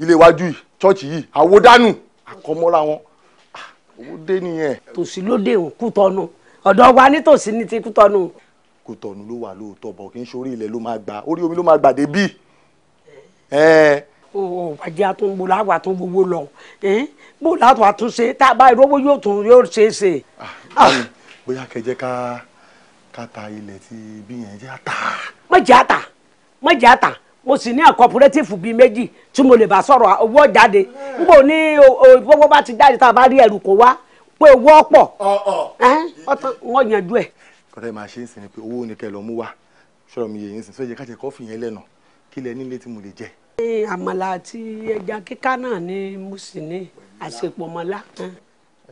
ilé iwájú yìí chọ́ọ̀chì yìí àwo dánù akọ̀mọ́ra wọn ah, owó dé nìyẹn. tòsí ló dé òkú tọ́nu ọ̀dọ̀ wa nítòsí ní ti kútọ́nù. kútọ́nù ló wà lóòótọ́ bọ̀ kí n ṣorí ilẹ̀ ló máa gbà orí omi ló máa gbà débí. o ò bàjẹ́ àtúngbò láwà tó gbowó lọ bó látọ̀ àtúnṣe tá a bá ìrọ́wọ́ yóò tún yóò ṣe é ṣe. Ah, bóyá kẹjẹ ká ká ta ilẹ̀ tí bí yẹn jẹ́ àtà. má jẹ́ àtà má jẹ́ àtà mo sì ní àkọpùrẹ́tìfù bíi méjì tí mo lè bá sọ̀rọ̀ owó jáde eh. níbo ní owó bá ti jáde tá a bá rí ẹrù kó wá pé owó ọ̀pọ̀ ọ̀tán wọ́n yanjú ẹ̀. kọ́tà máa ṣe é sìn ni pé owó ni kẹ́ lọ́ọ́ mú wá ṣọ́rọ̀ mi yẹn sìn sọ́jà kájẹ kọ́fì yẹn lẹ́nu kí lẹ nílé tí mo lè jẹ. àmàlà àti ẹja kíká náà ni mo sì ní àṣepọ̀ mọ́lá.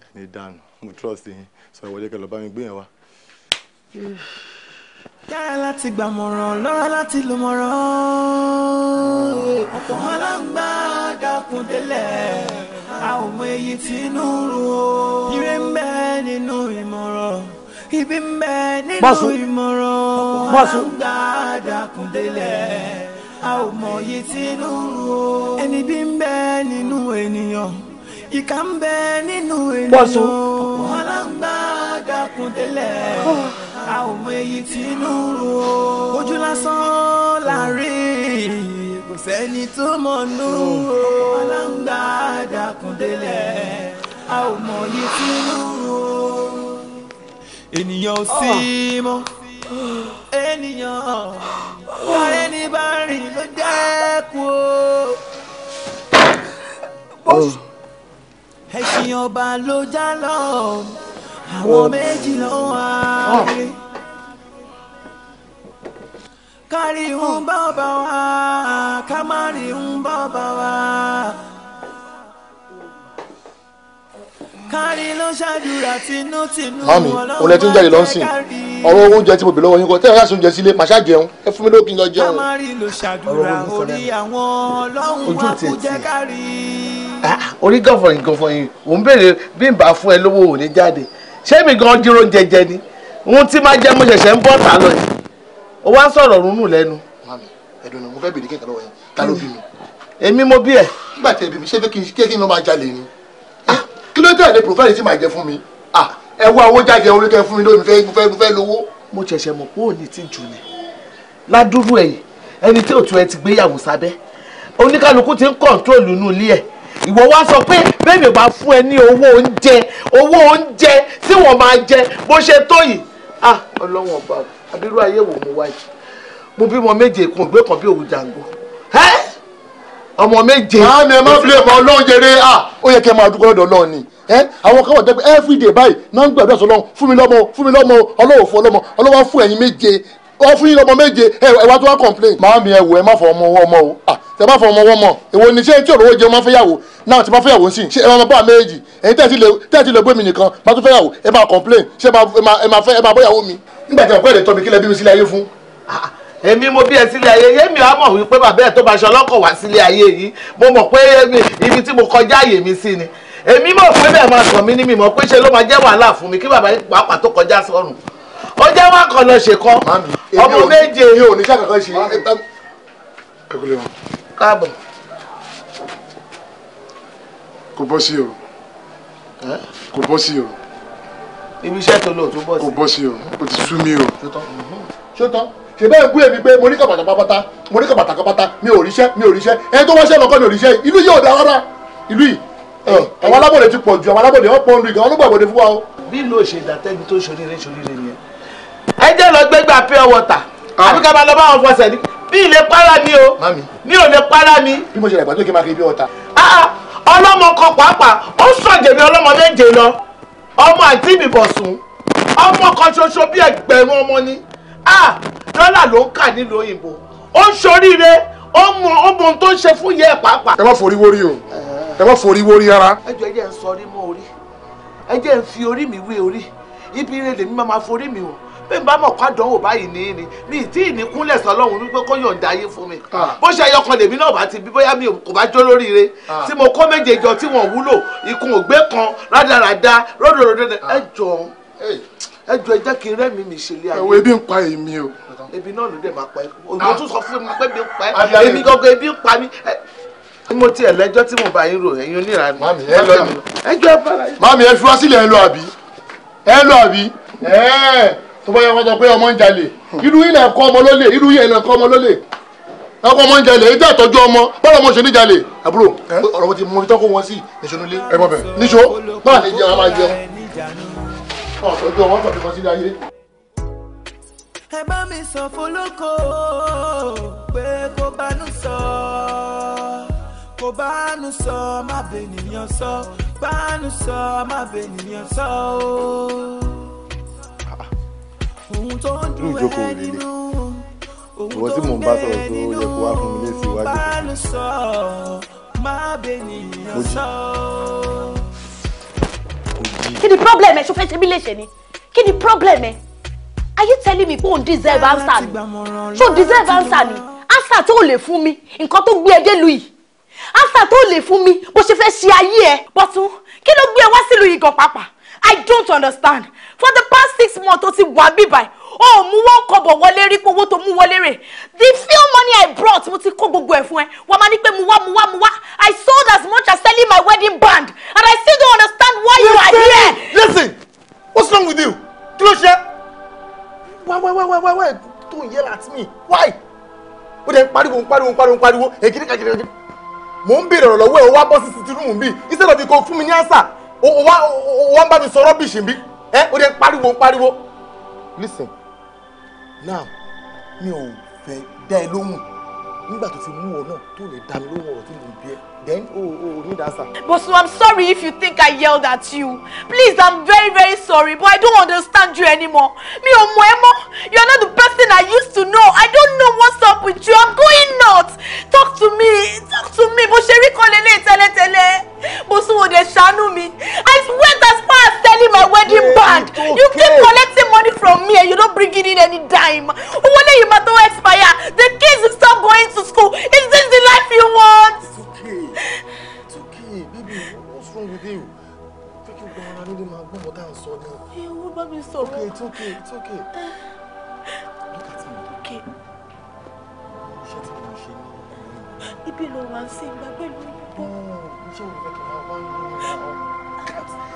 ẹni dànù mo trust yín sọ ìwọlé kẹ́ lọ́ọ́ bá mi gbé yẹn wá yára láti gbà mọ̀ràn lọ́ra láti lò mọ̀ràn. ọ̀pọ̀ aláǹgbá dákun délẹ̀ a ò mọ èyí rú o. ire ń bẹ nínú ìmọ̀ràn ibi ń bẹ nínú ìmọ̀ràn aláǹgbá dàkúndélẹ̀ a ò mọ èyí tínú rú o. ẹni bí ń bẹ nínú ènìyàn ìkà ń bẹ nínú ènìyàn aláǹgbá dàkúndélẹ̀ a ah. ò mọ èyí tínú rú o. ojú lásán la rí i sẹ́ni tó mọ̀nú ọlọ́ngbà dàkúndélẹ̀ a ò mọ̀ yí sínú o. ènìyàn ò sí mọ́ ènìyàn lọ́rẹ́ ní bá rìn ló dẹ́kun o. ẹ̀sìn ọba ló já lọ àwọn méjì ló wà á rí kárí ń bá bá wa ká má rí wa. kárí ló ṣàdúrà tinútinú ọlọ́run ọlẹ́ tí ń jáde lọ sí ọ̀rọ̀ oúnjẹ tí mo bè lọ́wọ́ yín kọ́ tẹ́lẹ̀ yá sóúnjẹ sílé màṣá jẹun ẹ fún mi lókin lọ jẹun. ká má rí ló ṣàdúrà orí àwọn ọlọ́run wa kò jẹ́ kárí. Ah, ah, orí gànfọ̀yìn gànfọ̀yìn ò ń béèrè bí n bá fún ẹ lówó ò ní jáde ṣé mi gan jíròǹjẹ jẹ ni ohun tí máa jẹ mo ṣẹ̀ṣẹ̀ ń bọ̀ tà lọ yìí o wá ń sọ̀rọ̀ rúnú lẹ́nu. mami ẹ̀dùn náà mo fẹ́ bèrè kí n kàn lọ́wọ́ yẹn ta ló bí mi. èmi mo bí ẹ. nígbà tí ẹbí mi ṣe fẹ́ kí n lọ máa jalè ni ah, kí ló tẹ̀lé profile tí màá jẹ fún mi ah, ẹ wá owó jáde orí kẹ fún mi lónìí mo fẹ́ mo fẹ́ lówó. mo ṣẹ̀ṣẹ̀ mọ̀ pé òní ti jù ni ládùúrú ẹ̀yìn ẹni tí òtún ẹ ti gbéyàwó sábẹ́ oníkálukú ti ń kọ̀ǹtrólù inú ilé ẹ̀ ìwọ wá sọ pé bẹ́ẹ̀ mi ò bá fún ẹ ní owó oúnjẹ owó oúnjẹ tí wọ́n máa jẹ bó ṣe tó yìí ah ọlọ́wọ́n bàbá abirú ayé wo mo wá yìí mo bímọ méje kún ìgbé kan bí òwú jàǹgó ọmọ méje. àmì ẹ má fi lè mọ ọlọ́run jẹrẹ à ó yẹ kí ẹ máa dúpẹ́ lọ́dọ̀ ọlọ́run ni àwọn kan wà dẹ́gbẹ́ everyday báyìí náà ń gbàdúrà sọlọ́run fún mi lọ́mọ fún mi lọ́mọ ọlọ́wọ́ fún ọlọ́mọ ọlọ́wọ́ fún ẹ̀yin méje wọ́n fún yín lọ́mọ méje ẹ wá tó wá complain. màámi ẹ wò ẹ má fọ ọmọ ọwọ́ ọmọ o tẹ bá fọ ọmọ ọwọ́ mọ̀ èwo ni ṣé tí òróró jẹ ọmọ fẹ́yàwó náà tí bá fẹ́yàwó sí ṣé ẹ máa bá méjì ẹ̀yin tẹ́ ẹ ti lè gbé mi nìkan bá tún fẹ́yàwó ẹ máa complain ṣé ẹ máa fẹ́ ẹ máa bọ́yàwó mi nígbà tí ọ̀pẹ́ rẹ̀ tọ́ mi kílẹ̀ bí mi sílẹ̀ ayé fún. Ah, èmi mo bí ẹ sílẹ̀ ayé yémi á mọ̀ wípé bàbá ẹ̀ tó bá aṣọ ọlọ́kọ̀ wá sílẹ̀ ayé yìí mo mọ̀ pé ibi tí mo kọjá àyè mi sí ni èmi mọ̀ pé bẹ́ẹ̀ máa kàn mí ní mi mọ̀ pé ṣe ló máa jẹ́ wàhálà fún mi kí bàbá pàápàá tó kọjá sọ́run ó jẹ́ wá kan lọ ṣèkan ọmọ méje. mi ò ní sàkàkọ́ ṣe é káàbọ̀. kò bọ́ sí o kò bọ́ sí o. ibi iṣẹ́ tó lò tó bọ́ sí. kò bọ́ sí o o ti sú mi o. ṣótọ́ ṣe bẹ́ẹ̀ bú èmi pé mo ní kàbàtà pápátá mo ní kàbàtà kápátá mi ò ríṣẹ́ mi ò ríṣẹ́ ẹni tó wáṣẹ́ lọ́kọ́ mi ò ríṣẹ́ ìlú yìí ò dára rárá ìlú yìí àwọn alábọ̀dé ti pọ̀ ju àwọn alábọ̀dé wọn pọ̀ ń lu ìgbà wọn ló gbàgbọ́dé fún wa o. bí ìlú òṣèlú àtẹ́ni tó ṣoríire ṣoríire nìyẹn. ẹ jẹ́ lọ gbégbá pure water ah. àbí ká máa lọ bá wọn fọṣẹ ní mi ì lè para mi o mi ò lè para mi. bí mo ṣe dàgbà tó kí n máa kiri bí ọ̀tá. Ah, ah, ọlọ́mọ kan pàápàá ó sọ̀jẹ̀mí ọlọ́mọ méje lọ ọmọ àti ìbìbọ̀sùn ọmọ kan ṣoṣo bí ẹgbẹ̀rún ọmọ ni ah, dọ́là ló ń kà nílùú òyìnbó ó ń ṣoríire ó mọ ohun tó ń ṣe fún yẹ pàápàá. ẹ má forí wórí o ẹ má forí wórí ara. ẹ jọ ẹ jẹ́ ń sọ orí mọ́ orí ẹ jẹ́ ń fi orí mi wé orí ibi ire lèmi máa ma forí mi o bí n bá mọ̀ kó àdánwò báyìí ní ní mi tí ì ní kúnlẹ̀ sọlọ́run wípé kó yọ̀ǹda ayé fún mi ah. bó ṣe ẹyọkan lèmi náà bá ti bí bóyá mi kò bá jó lóríire ah. tí mo kó méje jọ tí wọ́n wúlò ikùn ògbé kan rádaràda ròdòròdò ah. ẹ jọ ẹ jọ ẹ jẹ́ kí n rẹ́mi mi ṣe lé ayé. ẹ̀wọ̀ ebi ń pa èmi o. ebi náà ló dé máa pa ẹ òyìnbó tún sọ fún mi pé ebi ń pa ẹ èmi gangan ebi ń pa mi mo ti ẹ̀ lẹ́jọ́ tí mo bá yín rò ẹ̀yin oníranú. mami ẹ lọ ni. ẹ jọ ẹ bára yín. mami ẹ fi wá sílẹ̀ ẹ lọ àbí ẹ lọ àbí tó bá sọ pé ọmọ ń jalè irú yìí lẹ́ẹ̀kọ́ ọmọ lólè irú yìí lẹ́ẹ̀kọ́ ọmọ lólè ẹ̀kọ́ ọmọ ń jalè èyí jẹ́ ìtọ́jú ọmọ bọ́lá ọmọ ṣe ní jalè àbúrò ọ̀rọ̀ ti mọ ìtọ́kọ̀ wọn sí níṣó nílé ẹ mọ̀ bẹ́ẹ̀ níṣó máa ní jẹun a máa jẹun ọ̀tọ́jú ọmọ tọ̀tí kan sílé ayé. ẹ bá mi sọ fọlọ́kọ̀ pé kó bá nù sọ kó bá nù sọ má bẹ nìyẹn sọ bá nù sọ má bẹ nìyẹn sọ ooo ohun tó ń dùn ẹ́ nínú ohun tó ń bẹ nínú bá sọ má bẹnìyàn sọ. kí ni problem ẹ ṣó fẹ́ ṣe mí léṣe ni kí ni problem ẹ are you telling me pé òun deserve answer ni ṣó deserve answer ni answer tó lè fún mi nǹkan tó gbé ẹdẹ lu yìí answer tó lè fún mi bó ṣe fẹ́ ṣe ayé ẹ bọ́tún kí ló gbé ẹ wá sílùú yìí gan pàápàá i don't understand for the past six months tó ti wà bíbáyì o mú wọn kọ́bọ̀ wọlé rí pé owó tó mú wọlé rẹ̀ the few money I brought mo ti kó gbogbo ẹ̀ fún ẹ wà máa ní pé mu wá mu I sold as much as selling my wedding band and I still don't understand why you are here. listen what's wrong with you kí ló ṣe why why why why why don't yell at me why ó dẹ̀ ń pariwo ń pariwo ń pariwo ń pariwo èkìrí kàkiri kàkiri mò ń béèrè ọ̀rọ̀ lọ́wọ́ ẹ̀ ó wá bọ́ sí ti rúùmù bíi instead of you kò fún mi ní answer ó wá ń bá mi sọ rọ́bìṣì bíi ẹ o de pariwo pariwo listen now mi ò fẹ́ dá ẹ lóhùn nígbà tó fi mú ọ náà tó lè dá mi lóhùn ọ̀rọ̀ tó lè bí ẹ then oh oh need answer. Bosu, I'm sorry if you think I yelled at you. Please, I'm very very sorry, but I don't understand you anymore. Me ò mọ̀ you are not the person I used to know. I don't know what's up with you. I'm going nuts. Talk to me, talk to me. Bó ṣe rí kan lélẹ̀ tẹ́lẹ̀tẹ́lẹ̀. Bosu ò dé ṣàánú me. I went as far as telling my wedding band. Okay. You keep collecting money from me and you don't bring in any dime. Owó lẹ́yìn máa tó expire. The kids will stop going to school. Is this the life you want? It's okay. It's okay, baby. What's wrong with you? Fake you gbọ́n ara nílé máa gbọ́n bọ́dá ń sọ ni. Ewu bá mi sọ̀rọ̀. Okay, it's okay, it's okay. Look at me. Okay. Iṣẹ́ tí mo ṣe Baby, ìlú. Ibi to wá sí ìgbàgbé lórí. Mo ṣe òun fẹ́ kí n máa wá ìlú náà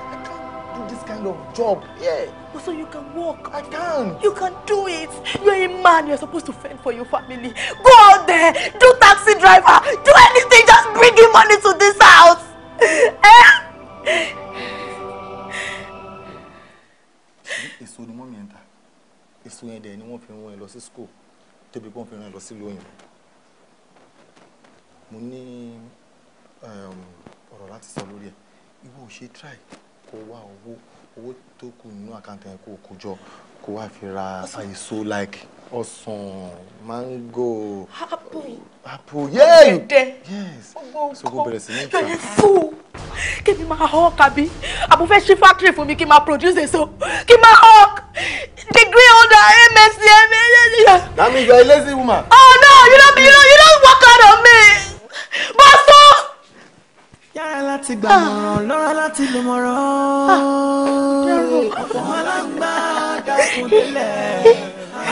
do this kind of job. Yeah. So you can walk. I can. You can do it. You're a man. You're supposed to fend for your family. Go out there. Do taxi driver. Do anything. Just bring in money to this house. Eh? èso ni wọ́n mi ń ta èso yẹn dẹ̀ ni wọ́n fi rán ẹ lọ sí school tóbi pọ́n fi rán ẹ lọ sí lóyìnbó mo ní um, ọ̀rọ̀ láti sọ lórí ẹ̀ ìwọ ò ṣe try kó wá owó owó tó kù nínú àkáǹtì yẹn kó o kó jọ kó wá fi ra èso like ọsàn mango apple apple yeah yes so kó bẹ̀rẹ̀ sí ní ìtura. yóò fún kébì máa hawk àbí àbò fẹ́ ṣí factory fún mi kí n máa produce èso kí n máa hawk degree holder msc msc. that means you are a lazy woman. oh no you don't. be you don't. you no work hard on me. But yára láti gbà ah. mọ̀ràn lọ́ra láti lò mọ̀ràn. ọmọ ah. alágbá dàkún délẹ̀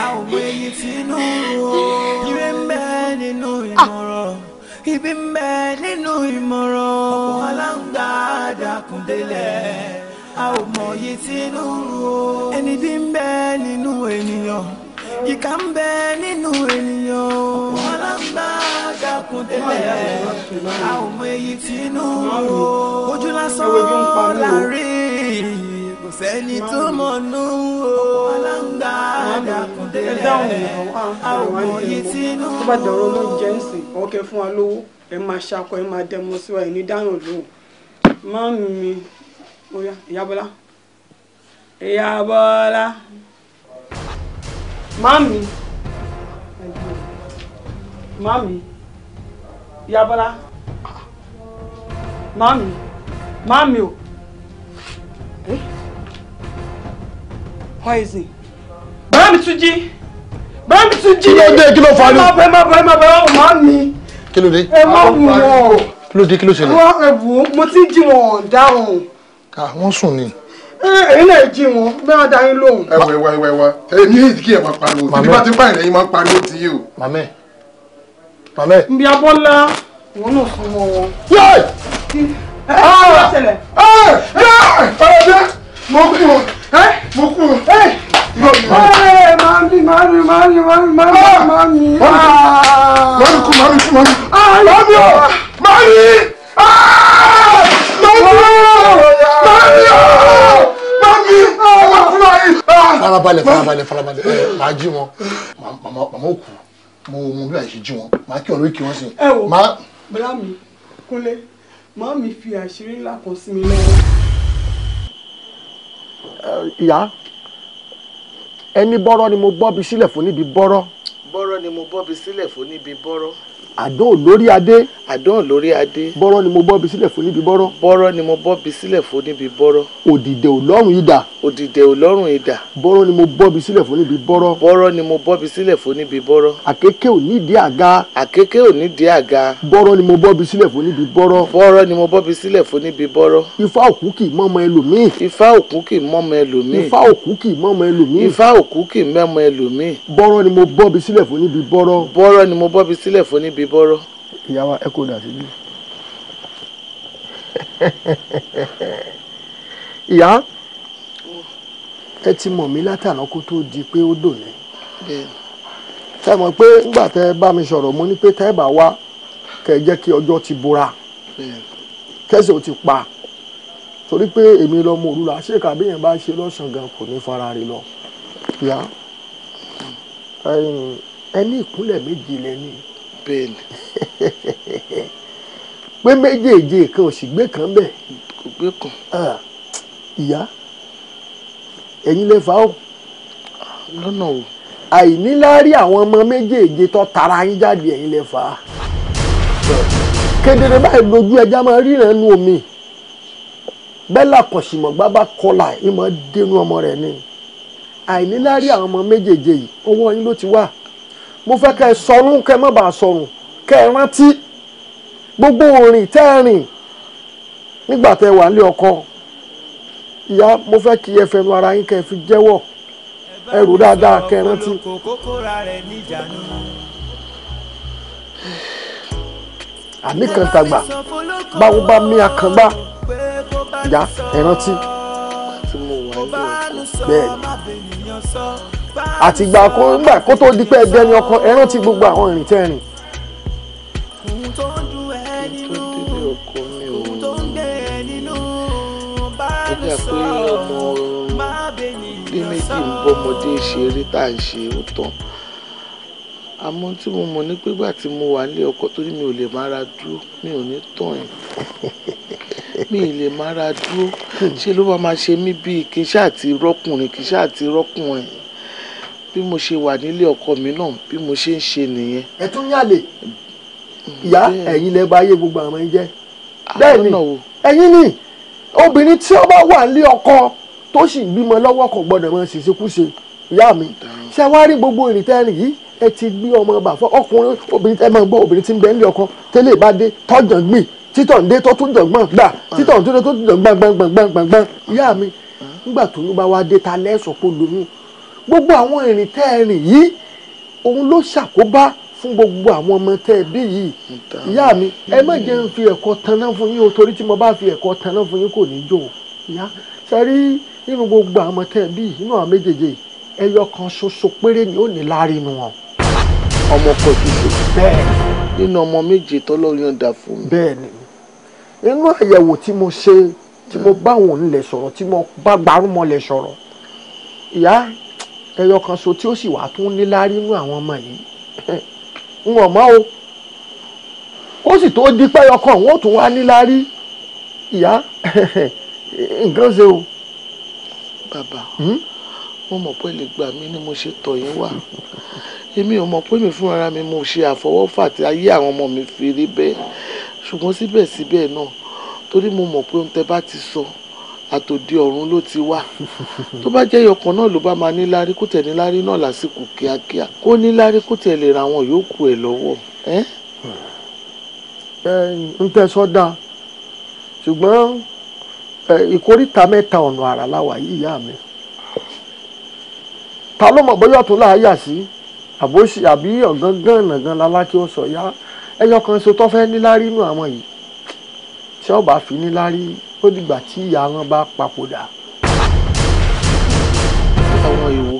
a ò mọ èyí tí inú ro. ire ń bẹ nínú ah. ìmọ̀ràn ibi ń bẹ nínú ìmọ̀ràn. ọmọ alágbá dàkún délẹ̀ a ò mọ èyí tí inú ro. ẹni bí ń bẹ nínú ènìyàn ìkà ń bẹ nínú ènìyàn. ọmọ alágbá dákun délẹ̀ a ò mọ èyí tínú ro ojú lásán láàrin kò sẹ́ni tó mọ̀ nú o aláǹgbá dákun délẹ̀ a ò mọ èyí tínú ro. tó bá dọ̀rọ̀ ló jẹ́ ń sìn ọ̀kẹ́ fún wa lówó ẹ máa ṣakọ ẹ máa dẹmọ sí wa ẹ ní dáhùn lóhùn máa ń mi oya ìyá bọ́lá ìyá bọ́lá máa mi máa mi. Ìyá Bọ́lá. Màámi. Màámi o. Eh? Poison. Bàbá mi tún jí. Bàbá mi tún jí. Kí ló dé kí ló fa ni? Ẹ má bẹ ẹ má bẹ ẹ má bẹ màámi. Kí ló dé? Ẹ má wù wọ́n. Kí ló dé kí ló ṣẹlẹ̀? Wọ́n ẹ wù ú, mo ti jí wọn dáhùn. Kà wọ́n sùn ni èyí náà jí wọn bí wọn dá yín lóhùn. ẹ wẹ wẹ wẹ wẹ èmi kí ẹ máa pariwo tí bá ti bá ìrẹyìn máa pariwo tí yìí o. màmẹ́ Pàmẹ́. Nbí Abọ́lá, wọn náà fún mọ wọn. Yé! Ẹ ẹ ah! ló ṣẹlẹ̀. Ẹ ẹ ẹ ẹ mo kú mami mami mami mami mami mami. Mami mami mami. Mami Mami! Mami Mami Mami! mo mọ bí àìṣe jí wọn màá kí ọ̀rọ̀ ìkí wọn sí. ẹ wo bọ́lá mi màá mi fi àṣírí ńlá kan sí mi lọ́wọ́. ìyá ẹni bọ́rọ̀ ni mo bọ́bi sílẹ̀ fún níbi bọ́rọ̀. bọ́rọ̀ ni mo bọ́bi sílẹ̀ fún níbi bọ́rọ̀ àdán olórí adé. àdán olórí adé. bọ́rọ́ ni mo bọ́bi sílẹ̀ fún níbi bọ́rọ́. bọ́rọ́ ni mo bọ́bi sílẹ̀ fún níbi bọ́rọ́. òdìdẹ olórùn idà. òdìdẹ olórùn idà. bọ́rọ́ ni mo bọ́bi sílẹ̀ fún níbi bọ́rọ́. bọ́rọ́ ni mo bọ́bi sílẹ̀ fún níbi bọ́rọ́. àkékè ò ní di àga. àkékè ò ní di àga. bọ́rọ́ ni mo bọ́bi sílẹ̀ fún níbi bọ́rọ́. bọ́rọ́ ni mo bọ́bi sílẹ̀ fún níbi bọ́rọ́. ifá òkú kì í mọ́mọ ẹlòmíì. ifá òkú kì í mọ́mọ ẹlòmíì. ifá òkú kì í mọ́mọ ẹlòmíì. ifá òkú kì ni mo bọ́bi sílẹ̀ fún níbi bọ́rọ́. bọ́rọ́ ni mo bọ́bi sílẹ̀ fún níbi bí bọ́rọ́. ìyá wa ẹ kò dà síbí. ìyá ẹ ti mọ̀ mí látàná kó tó di pé ó dòní. ṣé mọ̀ pé nígbà tẹ́ bá mi sọ̀rọ̀ mo ní pé tẹ́ bá wá kẹ́ jẹ́ kí ọjọ́ ti bora kẹ́sì ò ti pa torí pé èmi lọmọ òrùlà ṣèkà bí yẹn bá ṣe lọ́sàn gan kò ní fara rẹ̀ lọ. ìyá ẹ ìkúnlẹ̀ méjì lẹ́ni. Yeah bẹ́ẹ̀ ni. pé méjèèjì kan ò sì gbé kan bẹ́ẹ̀. kò gbé kan. ìyá ẹ̀yin lè fa o. lọ́nà o. àìníláárí àwọn ọmọ méjèèjì tó tara yín jáde ẹ̀yin lè fa. kedere báyìí lójú ẹja máa ríran nu omi bẹ́lá kọ̀sìmọ̀gbá bá kọlà ìmọ̀ dénú ọmọ rẹ̀ ni àìníláárí àwọn ọmọ méjèèjì yìí ọwọ́ yín ló ti wà mo fẹ́ kẹ́ ẹ sọnù kẹ́ ẹ má bàa sọnù kẹ́ ẹ rántí gbogbo òrìn tẹ́ ẹ rìn nígbà tẹ́ ẹ wà nílé ọkọ ìyá mo fẹ́ kí ẹ fẹnu ara yín kẹ́ ẹ fi jẹ́wọ́ ẹ rò dáadáa kẹ́ ẹ rántí. àmì kan tàgbà báwo bá mí akàngbá ìyá ẹ rántí. bẹ́ẹ̀ ni àtìgbà kó gbà kó tó di pé ẹgbẹ́ ni ọkọ ẹ rántí gbogbo àwọn ìrìn tẹ́ rìn. ó ń bọ́mọdé ṣeré tá à ń ṣe ó tán àmọ́ tí mo mọ̀ ní pé gbà tí mo wà nílé ọkọ torí mi ò lè mára dúró mi ò ní tàn ẹ́ mi ì lè mára dúró ṣé ló bá máa ṣe mí bíi kí n ṣáà ti rọ́kùnrin kí n ṣáà ti rọ́kùnrin bí mo ṣe wà nílé ọkọ mi náà bí mo ṣe ń ṣe nìyẹn. ẹ tún yàlè ìyá ẹ̀yin lẹ bá yé gbogbo àwọn ẹ jẹ́ ah, bẹ́ẹ̀ ni ẹ̀yin ni obìnrin tí ó bá wà nílé ọkọ tó sì ń bímọ lọ́wọ́ kò gbọ́dọ̀ mọ ṣèṣekúṣe ìyá mi ṣe wá rí gbogbo ìrìntẹ́rìn yìí ẹ ti gbé ọmọ bàfọ́ ọkùnrin obìnrin ẹ máa gbọ́ obìnrin tí ń bẹ nílé ọkọ tẹ́lẹ̀ bá dé tọ́jàn gbìn títọ̀ ń dé tó tún jàn gbọ̀n gbà ah. títọ̀ ń dé tó tún jàn gbọ̀n gbọ̀n gbọ̀n gbọ̀n gbọ̀n ìyá mi ah. nígbà tó ń bá wá dé ta lẹ́sọ̀ pé lóyún gbogbo àwọn ìrìn tẹ́ ẹ rìn yìí òun ló ṣàkóbá fún gbogbo àwọn ọmọ tẹ́ ẹ bí yìí ìyá mi ẹ má jẹ́ ń fi ẹ̀kọ́ tanná fún yín o torí tí mo bá fi ẹ̀kọ́ tanná fún yín kò ní jò ìyá sẹ́rí nínú gbogbo àwọn tẹ́ ẹ bí yìí nínú àwọn méjèèjì ẹyọ kan ṣoṣo péré ni ó ní láàrin inú wọn. ọmọ kan ṣoṣo. bẹ́ẹ̀ nínú ọmọ méje tọ́lọ́run yọ̀ǹda fún mi. bẹ́ẹ̀ ni nínú àyẹ̀wò tí mo ṣe tí mo bá òun lè sọ̀rọ̀ tí mo bá gbarúmọ̀ lè sọ̀rọ̀ ìyá ẹyọ kan so tí ó sì wà tó ń lé lárí inú àwọn ọmọ yìí ń wọ̀ mọ́ o kó sì tó di pẹ́yọ kan òun ó tún wá ní lárí ìyá nǹkan ṣe o. bàbá hmm? mo mọ̀ pé lè gbà mí ni mo ṣe tọ̀ yín wá èmi ò mọ̀ pé mi fúnra mi mo ṣe àfọwọ́fà tí ayé àwọn ọmọ mi fi rí bẹ́ẹ̀ ṣùgbọ́n síbẹ̀síbẹ̀ náà torí mo mọ̀ pé ohun tẹ bá ti sọ. So àtòdì ọ̀run ló ti wá tó bá jẹ́ yọkàn náà ló bá máa níláárí kó tẹ̀ níláárí náà lásìkò kíákíá kó níláárí kó tẹ̀ lè ra àwọn yòókù ẹ̀ lọ́wọ́. ẹ ń tẹ́sọ́ dáa ṣùgbọ́n ìkóríta mẹ́ta ọ̀nà àrà láwà yìí ìyá mi ta ló mọ̀ bóyá ọ̀tún láàyà sí àbí ọ̀gángan nàgán lalákí ó sọ yá ẹyọ ṣe tó fẹ́ níláárí nù àwọn yìí tí ọba fi ní lárí ó dìgbà tí ìyá wọn bá papòdà. ọmọ ìwo.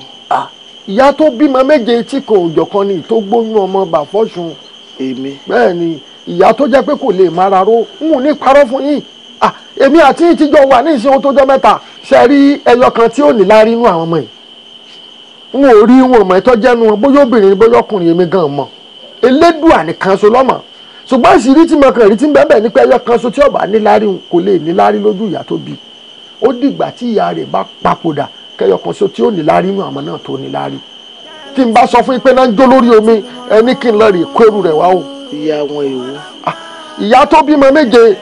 ìyá tó bímọ méje tí kò jọ̀kan ni tó gbóyún ọmọ bàfọ́sùn. èmi. bẹ́ẹ̀ ni ìyá tó jẹ́ pé kò lè mára ró ń ní parọ́ fún yín èmi àti yín ti jọ wà ní ìṣẹ́wó tó jẹ́ mẹ́ta ṣe rí ẹyọ kan tí ò ní lárí inú àwọn ọmọ yìí n ò rí wọn ọmọ ìtọ́jẹ́nu wọn bóyá obìnrin bóyá ọkùnrin èmi gan mọ̀ elédùà nìkan so lọ́mọ ṣùgbọ́n ìṣírí tí mo kàn rí tí ń bẹ́ẹ̀ ní pé ẹyọ kan so tí ọba níláárí kò lè níláárí lójú ìyá tó bí ó dìgbà tí ìyá rẹ̀ bá papòdà kẹyọ kan so tí ó níláárí nù àmọ́ náà tó níláárí tí n bá sọ fún yín pé náà ń jó lórí omi ẹni kí n lọ rè kó rẹ̀ wá o. ìyá wọn èwo. Ah, ìyá tó bímọ méje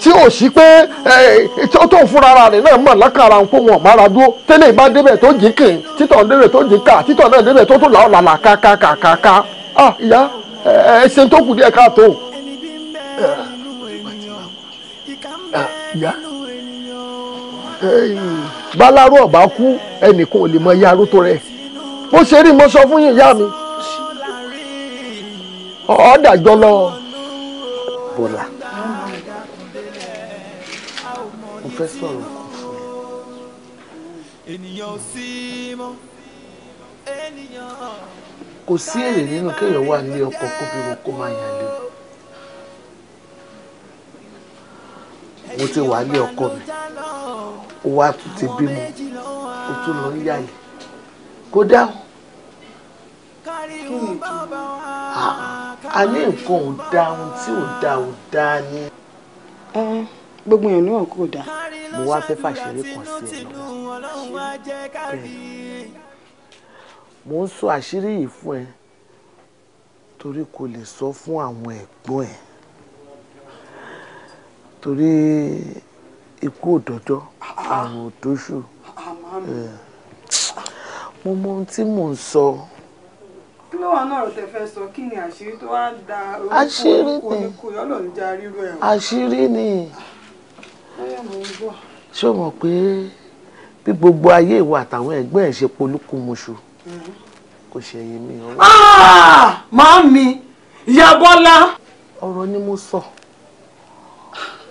tí ò sí pé tó tó fúnra rẹ̀ náà mọ̀ lákàrà ń kó wọn mára dúró tẹ́lẹ̀ ìbá débẹ̀ tó jìn kìn títọ̀ débẹ̀ tó jìn ká náà débẹ̀ tó tó làálàá kàkàkàkà. Ah, ìyá ẹsẹ̀ tó kù díẹ̀ káàtó. baláró ọba kú ẹnìkan ò lè mọ iye aró rẹ bó ṣe rí mo sọ fún yín ìyá mi ọ̀ọ́dàjọ́ lọ bọ̀là mo fẹ́ sọ̀rọ̀ kù fún ẹ. ènìyàn ò sí mọ́ ènìyàn kò sí èrè nínú kéèyàn wà nílé ọkọ kó fi ro kó máa yàn lé mo ti wà nílé ọkọ mi ó wá ti bímọ ó tún lọ ń yà yìí kódà kí ni a ní nǹkan ò dáa ohun tí ò dáa ò dáa ni. gbogbo èèyàn náà kò dáa. mo wá fẹ́ fàṣírí kan sí ẹ lọ́wọ́ mò ń sọ àṣírí yìí fún ẹ torí kò lè sọ fún àwọn ẹ̀gbọ́n ẹ̀ torí ikú òdọ́jọ́ àrùn òdóṣù mo mọ ohun tí mò ń sọ. kí ló wà náà rò tẹ fẹ́ sọ kí ni àṣírí tó wá da orúkọ oníkó yọlọ àṣírí ni ṣé o mọ̀ pé bí gbogbo ayé ìwà àtàwọn ẹ̀gbọ́n ẹ̀ ṣe polúkúmuṣu kò ṣẹ̀yìn mi ọ̀rọ̀. Ah! màámi ìyá Bọ́lá. ọ̀rọ̀ ni mo sọ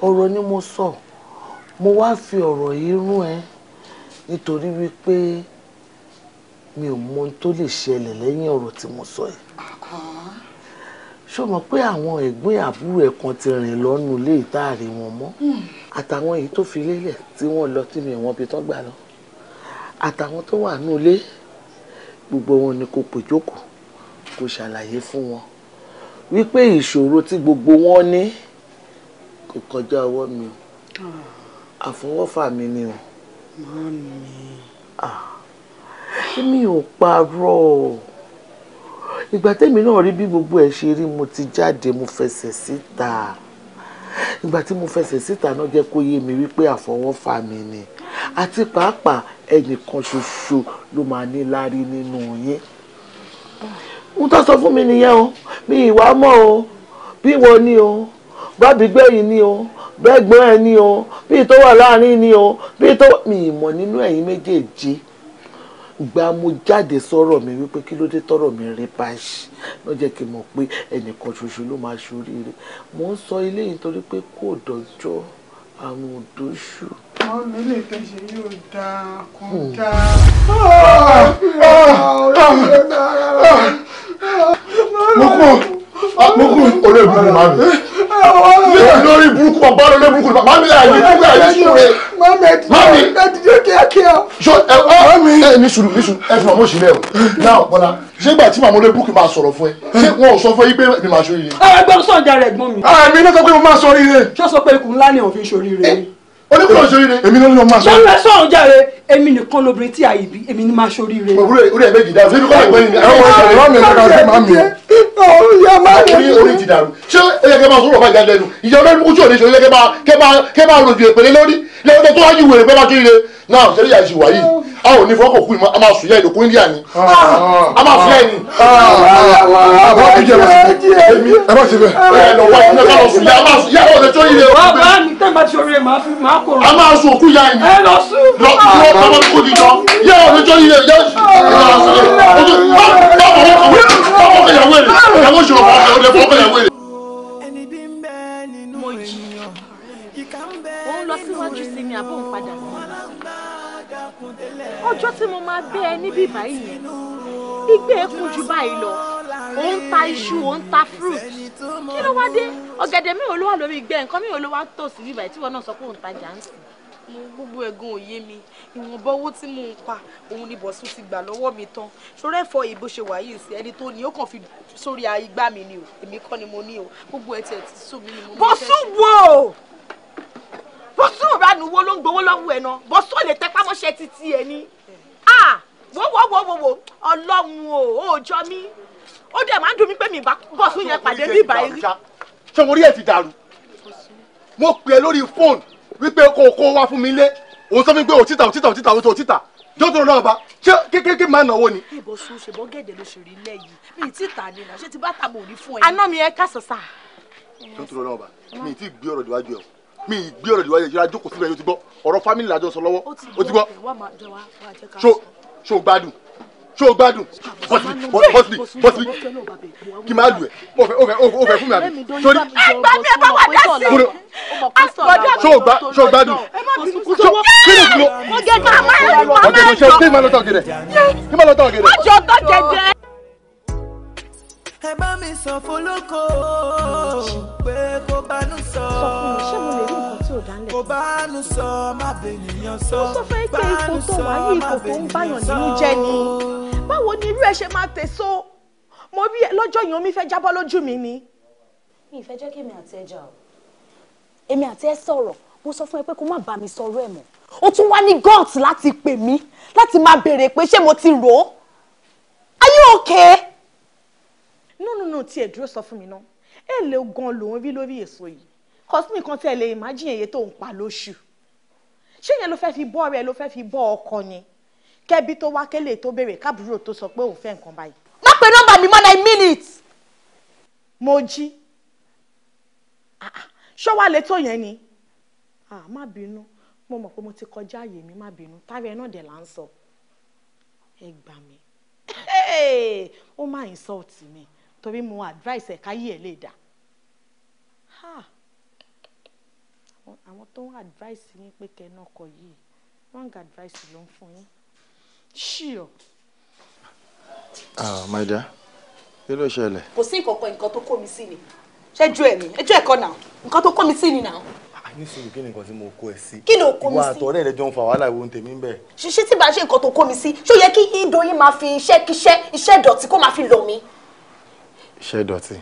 ọ̀rọ̀ ni mo sọ mo wá fi ọ̀rọ̀ yìí rún ẹ nítorí wípé mi ò mọ ohun tó lè ṣẹlẹ̀ lẹ́yìn ọ̀rọ̀ tí mo sọ yìí ṣó pé àwọn ẹ̀gbọ́n àbúrò ẹ̀ kan ti rìn lọ́nu ilé ìtaàrí wọn mọ́ àtàwọn èyí tó fi lélẹ̀ tí wọ́n lọ tí mi wọ́n bi tán gbà lọ àtàwọn tó wà nù ilé gbogbo wọn ni kò pè jókòó kò ṣàlàyé fún wọn wípé ìṣòro tí gbogbo wọn ní kò kọjá ọwọ́ mi o ah. àfọwọ́fà mi ni o. Mami. Ah. Èmi ò parọ́ ìgbà tẹ́mi náà rí bí gbogbo ẹ̀ ṣe rí mo ti jáde mo fẹsẹ̀ síta ìgbà tí mo fẹsẹ̀ síta náà jẹ́ kó yé mi wípé àfọwọ́fà mi ni. Ah àti pàápàá ẹnìkan ṣoṣo ló máa ní lárí nínú yín ń tó sọ fún mi nìyẹn o mi ìwà mọ́ o bí wọ́n ní o bábí gbẹ̀yìn ni o bẹ́gbọ́n ẹ ni o bí tó wà láàrin ni o bí tó mi ìmọ̀ nínú ẹ̀yin méjèèjì gba mo jáde sọ̀rọ̀ mi wípé kí ló dé tọ̀rọ̀ mi rí báyìí ló jẹ́ kí n mọ̀ pé ẹnìkan ṣoṣo ló máa ṣoríire mò ń sọ eléyìí torí pé kò dọ́jọ́ àwọn odò ṣù. wọ́n mi lè tẹ̀sí yóò dáa kó hmm. dáa. mo kú mo kú olóògbé mi máa mi lórí burúkú bàbá lórí burúkú bàbá mi àyè nígbà àyè sùúrẹ. mami ẹ dìde kíákíá. ṣọ ẹ ọ ẹ ní sùúrù ní sùúrù ẹ fi màmú òṣìlẹ o náà bọ́lá ṣé ìgbà tí màmú lórí burúkú máa sọ̀rọ̀ fún ẹ ṣé wọn ò sọ fún ẹ pé mi máa ṣoríire. ẹ gbọ́dọ̀ sọ̀rọ̀ jàre ẹ̀gbọ́n mi. ẹ mi ní sọ pé mo máa ṣoríire. ṣé o sọ pé ikùn ńlá ni òun fi ṣoríire ni. Eh, oníkùnrin ṣoríire. èmi ló ní lọ máa sọ. lọ́nà sọ̀rọ̀ jàre èmi nìkan lóbìnrin tí àyè bí èmi ni máa ṣoríire. òwúrọ̀ orí ẹ̀ méjì dàrú ṣé kọ́ ẹ̀gbẹ́ yìí. ẹ̀wọ̀n ìṣòro ìwà mi ọ̀gá ọ̀gá máa mi. ìyá orí ti dàrú ṣé ẹ̀yẹ́kẹ́ máa sọ̀rọ̀ ọ̀gá lẹ́nu ìjà olórí kúṣù òní ṣòrí kẹ́ máa rojú èpèlé lórí lẹ́yìn tó wáyé ìwé a ò ní fọwọ́ kò kú ìmọ̀ a máa sùn yá ìdòkú india ni a máa fún yá ìní. àbá mi jẹ èmi ẹ bá ti bẹ. ẹ lọ wá ìpínlẹ̀ ká lọ sùn yá a máa sùn yá ọ̀ lẹ́tọ́ yìí lè. wàá bá mi tẹ́ ma ti orí ẹ̀ fi máa kó rọ. a máa sùn òkú yá ìní. ẹ lọ sùn. lọ lọ bàbá mi kò di jọ yá ọ̀ yìí lè yá ọ̀ Mo yí, ó lọ síwájú sí mi àbọ̀ ń padà ọjọ́ tí mo máa gbé ẹ níbí báyìí yẹn gbígbé ẹ kún ju báyìí lọ ò ń ta iṣu ò ń ta fruit kí ló wá dé ọ̀gẹ̀dẹ̀ mi ò ló wà lórí ìgbẹ́ nǹkan mi ò ló wá tò sí bíbá tí wọn náà sọ pé òun tajà ń sìn. mo gbogbo ẹ̀gàn òye mi ìwọ̀nba owó tí mò ń pa òun ni bọ̀sùn ti gbà lọ́wọ́ mi tán ṣòro ẹ̀fọ́ ìbò ṣe wà yìí sí ẹni tó ní ó kàn fi sórí igbá mi ni o èmi kọ́ ni mo ní o gbogbo ẹ̀ tiẹ̀ ti sú mi ni mo ní bó sùn ránù wo ló ń gbowó lọ́wọ́ ẹ̀ náà bó sùn lè tẹpá títí ẹ̀ ni wo wo wo wo wo ọlọ́run o ò jọ mí ó dẹ̀ máa ń dùn mí pé mi bá bó sùn yẹn pàdé ní ìbá rí. ṣé orí ẹ̀ ti dàrú mo pè é lórí fóònù wípé kò kó wá fún mi lé òun sọ fún mi pé òtítà òtítà òtítà òtítà jọ́tò náà bá ṣé kékeré máa náwó ni. ìbò sùn ṣèbọ gẹ̀dẹ̀ ló ṣèrí ilé yìí mi ti tà ní ìlà ṣé ti bá tà mò ní fún ẹ. aná mi ẹ ká sọ̀sà. jọ́tò náà bá mi ti gbé ọ̀rọ̀ mi ì gbé ọ̀rọ̀ ìwádìí ìjọba jókòó síbẹ̀ yóò ti gbọ́ ọ̀rọ̀ fámìlì làjọ sọ lọ́wọ́ ó ti gbọ́ ṣó gbádùn ṣó gbádùn bọ́sibí bọ́sibí bọ́sibí kí n máa lù ẹ́ o fẹ́ o fẹ́ o fẹ́ fún mi àbí sórí ṣó gbá ṣó gbádùn ṣó kí ni kúló ọ̀gẹ̀dẹ̀ ṣe kí n máa lọ tọ̀ ọ̀gẹ̀dẹ̀ kí n máa lọ tọ̀ ọ̀gẹ̀dẹ̀ ẹ bá mi sọ fọlọ́kọ pé kó bá nu sọ kó bá nu sọ má bènìyàn sọ bá nu sọ má bènìyàn sọ. báwo ni irú ẹ ṣe máa tẹ̀sọ́ mo rí ẹ lọ́jọ́ yẹn omi fẹ́ jábọ́ lójú mi ni. mi ì jẹ́ kí èmi àti ẹ jà o èmi àti ẹ sọ̀rọ̀ mo sọ fún ẹ pé kó má bá mi sọ̀rọ̀ ẹ̀ mọ́ ó tún wá ní gọ́ọ̀tì láti pè mí láti máa béèrè pé ṣé mo ti rò ó are you okay? nínú nínú tí ẹ dúró sọ fún mi náà ẹ lè gan lòun rí lórí èso yìí kọsí nìkan tí ẹ lè imagine iye tó ń pa lóṣù ṣé yẹn ló fẹ́ fi bọ́ rẹ ló fẹ́ fi bọ́ ọkọ ni kẹ́bi tó wá kélé tó béèrè káàbúrò tó sọ pé òun fẹ́ nǹkan báyìí. má pe nọ́mbà mi mọ́ nine minutes. mo jí ah, ah, ṣọ́wá lè tó yẹn ni ah, má bínú mo mọ̀ pé mo ti kọjá àyè mi má bínú tára ẹ náà dẹ̀ là ń sọ ẹ gbà mí ó má insult mi torí mo advice ẹ̀ káyé ẹ̀ lè dà àwọn tó ń advice yín pé kẹ́ ẹ náà kọ yìí wrong advice ló ń fún yín ṣíọ. Ah, my dear kí ló ṣẹlẹ̀. kò sí ìkọ̀kọ̀ nǹkan tó kó mi sí ni ṣẹ́jú ẹ̀ ni ẹjọ́ ẹ̀kọ́ náà nǹkan tó kó mi sí ni náà ah, ní sùúrù kí ni nǹkan tí mo kó ẹ sí. kí ló kó mi sí. ìwà àtọ̀rẹ́ rẹ jọ ń fa wàhálà ìwo tèmi ń bẹ̀. ṣíṣí tí bá ṣe nǹkan tó kó mi sí ṣó yẹ kí ìdòyìn máa fi iṣẹ́ kíṣẹ́ iṣẹ́ ìdọ̀tí kó máa fi lọ mi iṣẹ́ ìdọ̀tí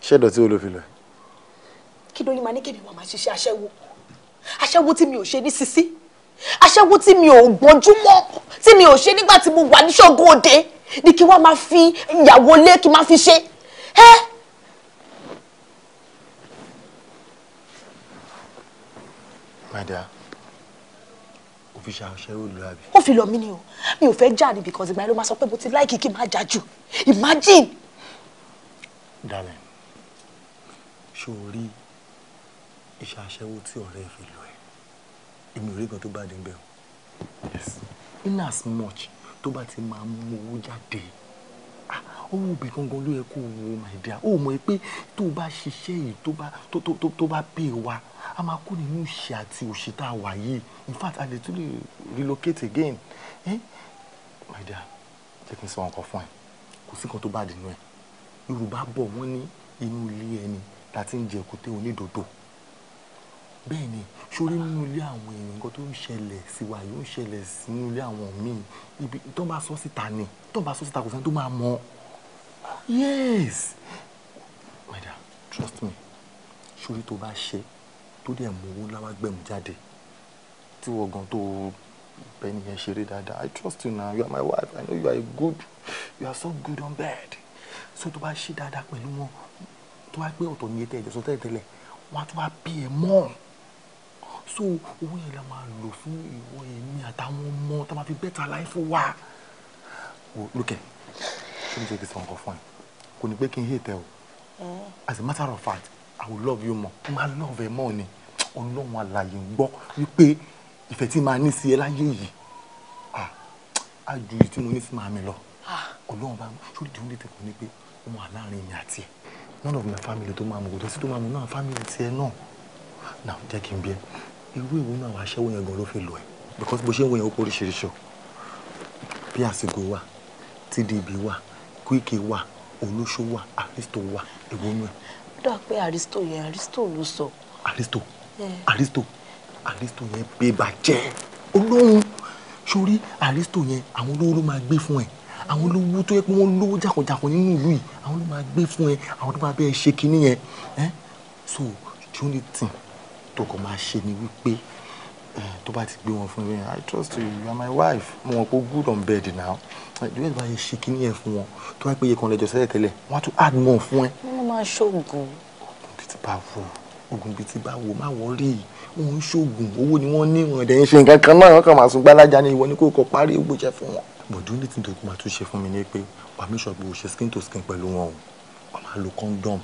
iṣẹ́ ìdọ̀tí wo ló fi lọ. kí lóyún máa ní kébì wọn máa ṣiṣẹ́ aṣẹ́wó aṣẹ́wó tí mi ò ṣe ní sisi aṣẹ́wó tí mi ò gbọ́njúmọ́ tí mi ò ṣe nígbà tí mo wà ní ṣọ́gun òde ni kí wọ́n máa fi ìyàwó lé kí n máa fi ṣe ẹ́. my dear o fi ṣe aṣẹ́wó lọ àbí. ó fi lọ mí ni o mi ò fẹ́ jáde because ìgbà yẹn ló máa sọ pé mo ti láìkì kí n máa jà jù imagine darling ṣó o rí iṣẹ́ aṣẹ́wó tí ọ̀rẹ́ fi lọ ẹ̀ èmi ò rí gan tó bá dé bẹ́ẹ̀ o yes in as much tó bá ti máa mú owó jáde ah, owó ibì gangan ló yẹ kó wo my dear ó mọ̀ pé tó bá ṣiṣẹ́ yìí tó bá tó tó tó bá pè wá a máa kó nínú ìṣe àti òṣì tá a wà yìí in fact a lè tún lè relocate again eh? my dear jẹ́ kí n sọ nǹkan fún ẹ kò sí nǹkan tó bá dé nínú ẹ̀ yorùbá bọ̀ wọ́n ní inú ilé ẹni la ń jẹ òkété onídòdò bẹ́ẹ̀ ni sórí nínú ilé àwọn èèyàn nǹkan tó ń ṣẹlẹ̀ sí wa yóò ń ṣẹlẹ̀ sínú ilé àwọn míì ibi tó ń bá sọ síta ni tó ń bá sọ síta kò sẹ́ni tó máa mọ̀ yes madam trust me sórí tó bá ṣe tó dẹ̀ mú owó láwá gbẹ̀mú jáde tí wọ́n gan tó bẹ́ẹ̀ nìyẹn ṣeré dáadáa I trust you now you are my wife I know you are good you are so good on bed so tó bá ṣe dáadáa pẹ̀lú wọn tó wá pé ọ̀tọ̀ níye tẹ̀jọ́ sọ tẹ́lẹ̀tẹ́lẹ̀ wọ́n á tún wá bí ẹ mọ́ so owó yẹn la máa lò fún ìwọ èmi àtàwọn ọmọ tá a máa fi bẹ́tà láì fún wa. wò lókè ṣé mo ṣe ti sọ nǹkan fún ẹ kò ní pé kí n hate tẹ o as a matter of fact i will love you more máa love ẹ mọ́ ni ọlọ́run alààyè ń gbọ́ wípé ìfẹ́ tí màá ní sí ẹ láyé yìí ah, á ju ìtí mo ní sí màá mi lọ ah. ọlọ́run bá mi ṣó di oúnjẹ tẹ̀kọ́ ni pé wà láàrin mi àti ẹ̀ none of my family tó máa mú kò tó sí tó máa mú náà family tiẹ̀ náà náà jẹ́ kí n bí ẹ irú ìwé náà wàá ṣẹ́wó yẹn gan ló fi lọ ẹ̀ because bó ṣe ń wo yẹn ó póríṣiríṣi bí àsìkò wà tdb wà kúìkì wà olóṣó wà aristo wà èwo nù ẹ. ó dà pé aristo yẹn aristo ló sọ. aristo aristo aristo yẹn bébà jẹ olóhùn sórí aristo yẹn àwọn olówó ló máa gbé fún ẹ àwọn olówó tó yẹ pé wọ́n lówó jàkọ̀jàkọ̀ nínú ìlú yìí àwọn ló máa gbé fún ẹ àwọn tó máa bẹ́ẹ̀ ṣe kinní yẹn ẹ so the only thing tó kàn máa ṣe ni wípé tó bá ti gbé wọn fún mi i trust you you are my wife mo mọ̀ pé good on bed now ìdílé ìgbà yẹn ṣe kinní yẹn fún wọn tó wáá pé iye kan lẹjọ sẹ́lẹ̀ tẹ́lẹ̀ wọ́n á tún add more fún ẹ. wọ́n máa ṣoògùn. oògùn bíi ti bá wò oògùn bíi ti bá wò má wọrí wọn ń ṣoògùn owó ni wọ́n ní wọn ẹ̀dẹ̀ ń ṣe nǹkan kan náà wọ́n kàn máa sùn gbálájà ni ìwọ ni kò kọ parí owó fún wọn but the only thing tó kó máa tún ṣe fún mi ni pé wàá make sure pé o ṣe skin to skin pẹ̀lú wọn o wàá máa lo condom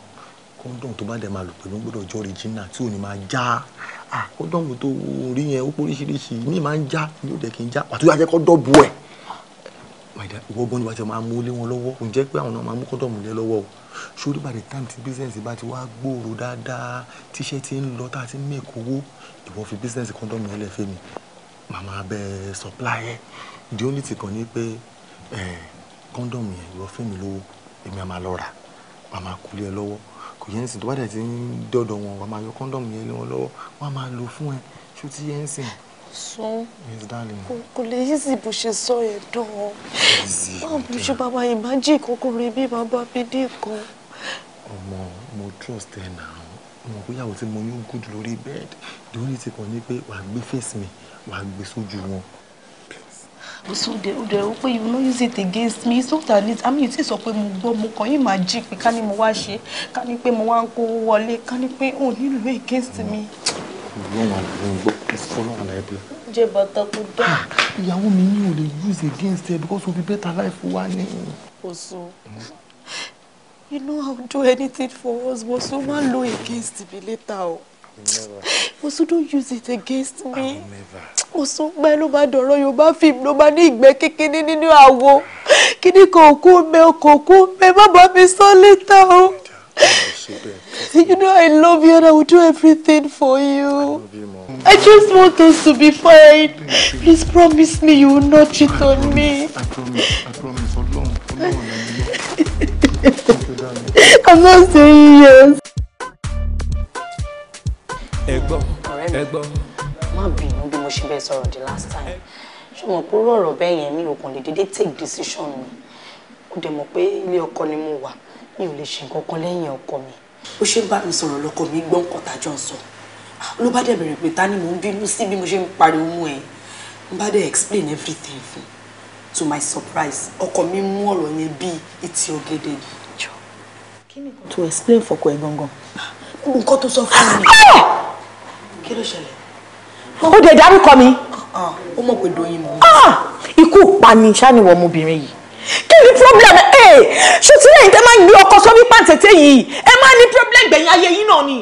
kọ́ńdọ̀m tó bá dẹ̀ máa lò pẹ̀lú gbọ́dọ̀ jọ regina tí ò ní máa já kọ́ńdọ̀mù tó rí yẹn ó póríṣiríṣi mi máa ń já mi ò dẹ̀ kí n já pàtó yàtọ̀ kọ́ńdọ̀ bu ẹ̀. màdà ìwọ gbọ́n nípa ti máa mú lé wọn lọ́wọ́ kò jẹ́ pé àwọn náà máa mú kọ́ńdọ̀mù lé lọ́wọ́ o sórí by the time tí bísíǹsì bá ti wá gbòòrò dáadáa tíṣẹ́ ti ń lọ tá a ti ń mẹ́kọ̀ọ́ ìwọ fi bísíǹsì kọ́ńdọ̀mù yẹn lẹ̀ fẹ́ mi màmá bẹ́ẹ̀ supply ẹ̀ the only thing kan ni pé kọ́ńdọ̀mù eh, yẹn ìwọ fún mi lówó èmi àmà lọ rà màmá kulé ẹ lọ́wọ́ kò yẹn ń sìn tó bá dẹ̀ ti ń dọ́dọ̀ wọn wàá máa yọ kọ́ńdọ̀mù yẹn lé wọn lọ́wọ́ wọ́n á máa lò fún ẹ ṣó ti yẹn ń sìn. sún kò lè yíṣì bó ṣe sọ yẹn dán ọ báwo ló ṣe bàbá ìmájì ìkókòrè bí bàbá bídí kan. ọmọ mo trust ẹ náà mo kóyàwó tí mo ní good lórí bed the only thing kan ni pé wàá gbé face mi wàá gbé sójú wọn so de o de o pe you no use it against me so that late i mean you ti sọ pé mo gbọ́ mo kàn yín máa jí pé ká ní mo wá ṣe ká ní pé mo wá ń kó wọlé ká ní pé ò nílùú against mm. me. olóhùn àlàyé ń gbọ́ olóhùn àlàyé bí. jẹ bàtà kò dá. Ah, ìyàwó mi ni o lè use against ẹ because o be better life wa ni. kò so you know i do anything for us but so ma lo against me later o. Never. Osu don't use it against me. I'll never kò sún pẹ́ ló bá dọ̀rọ̀ yorùbá fíìmù ló bá ní ìgbẹ́ kékeré nínú àwo kíní kò kú mẹ́ kò kú mẹ́ má bá mi sọ létà o. You know I love you and I will do everything for you. I, you, I just want us to be fine. Please, please. please promise me you will not cheat I on promise, me. I promise. I promise. Ọlọ́run, Ọlọ́run, Ọlọ́run. I'm not saying yes. Ẹ gbọ́, ẹ gbọ́ bínú bí mo ṣe bẹ́ẹ̀ sọ̀rọ̀ the last time ṣé mo pé ọ̀rọ̀ bẹ́ẹ̀ yẹn mi ò kàn lè dédé take decision mi ó dẹ̀ mọ̀ pé ilé ọkọ ni mo wà mi ò lè ṣe nǹkan kan lẹ́yìn ọkọ mi. ó ṣe ń bá mi sọ̀rọ̀ lọ́kọ mi gbọ́ nǹkan tájọ́ ń sọ ló bá dẹ̀ bẹ̀rẹ̀ pé ta ni mò ń bínú sí bí mo ṣe ń pariwo mú ẹ n bá dẹ̀ explain everything fún to my surprise ọkọ mi mú ọ̀rọ̀ yẹn bíi ìtì ọ̀gẹ̀dẹ̀ yìí. kí ni kò tó explain fọkọ ẹ gangan. Ah. nǹkan tó sọ fún mi. Ah! kí ló ṣẹlẹ̀ ó dẹ̀ dárúkọ mi. Ah, ó mọ̀ pé Doyin mọ̀. Ah, ikú pa ni ṣáníwọ̀ ọmọbìnrin yìí kí ni problem ẹ eh, ṣùtí lẹ́yìn tẹ́ máa ń gbé ọkọ̀ sọ wípé àtẹ̀tẹ̀ yìí ẹ máa ní problem gbẹ̀yìn ayé yìí náà ni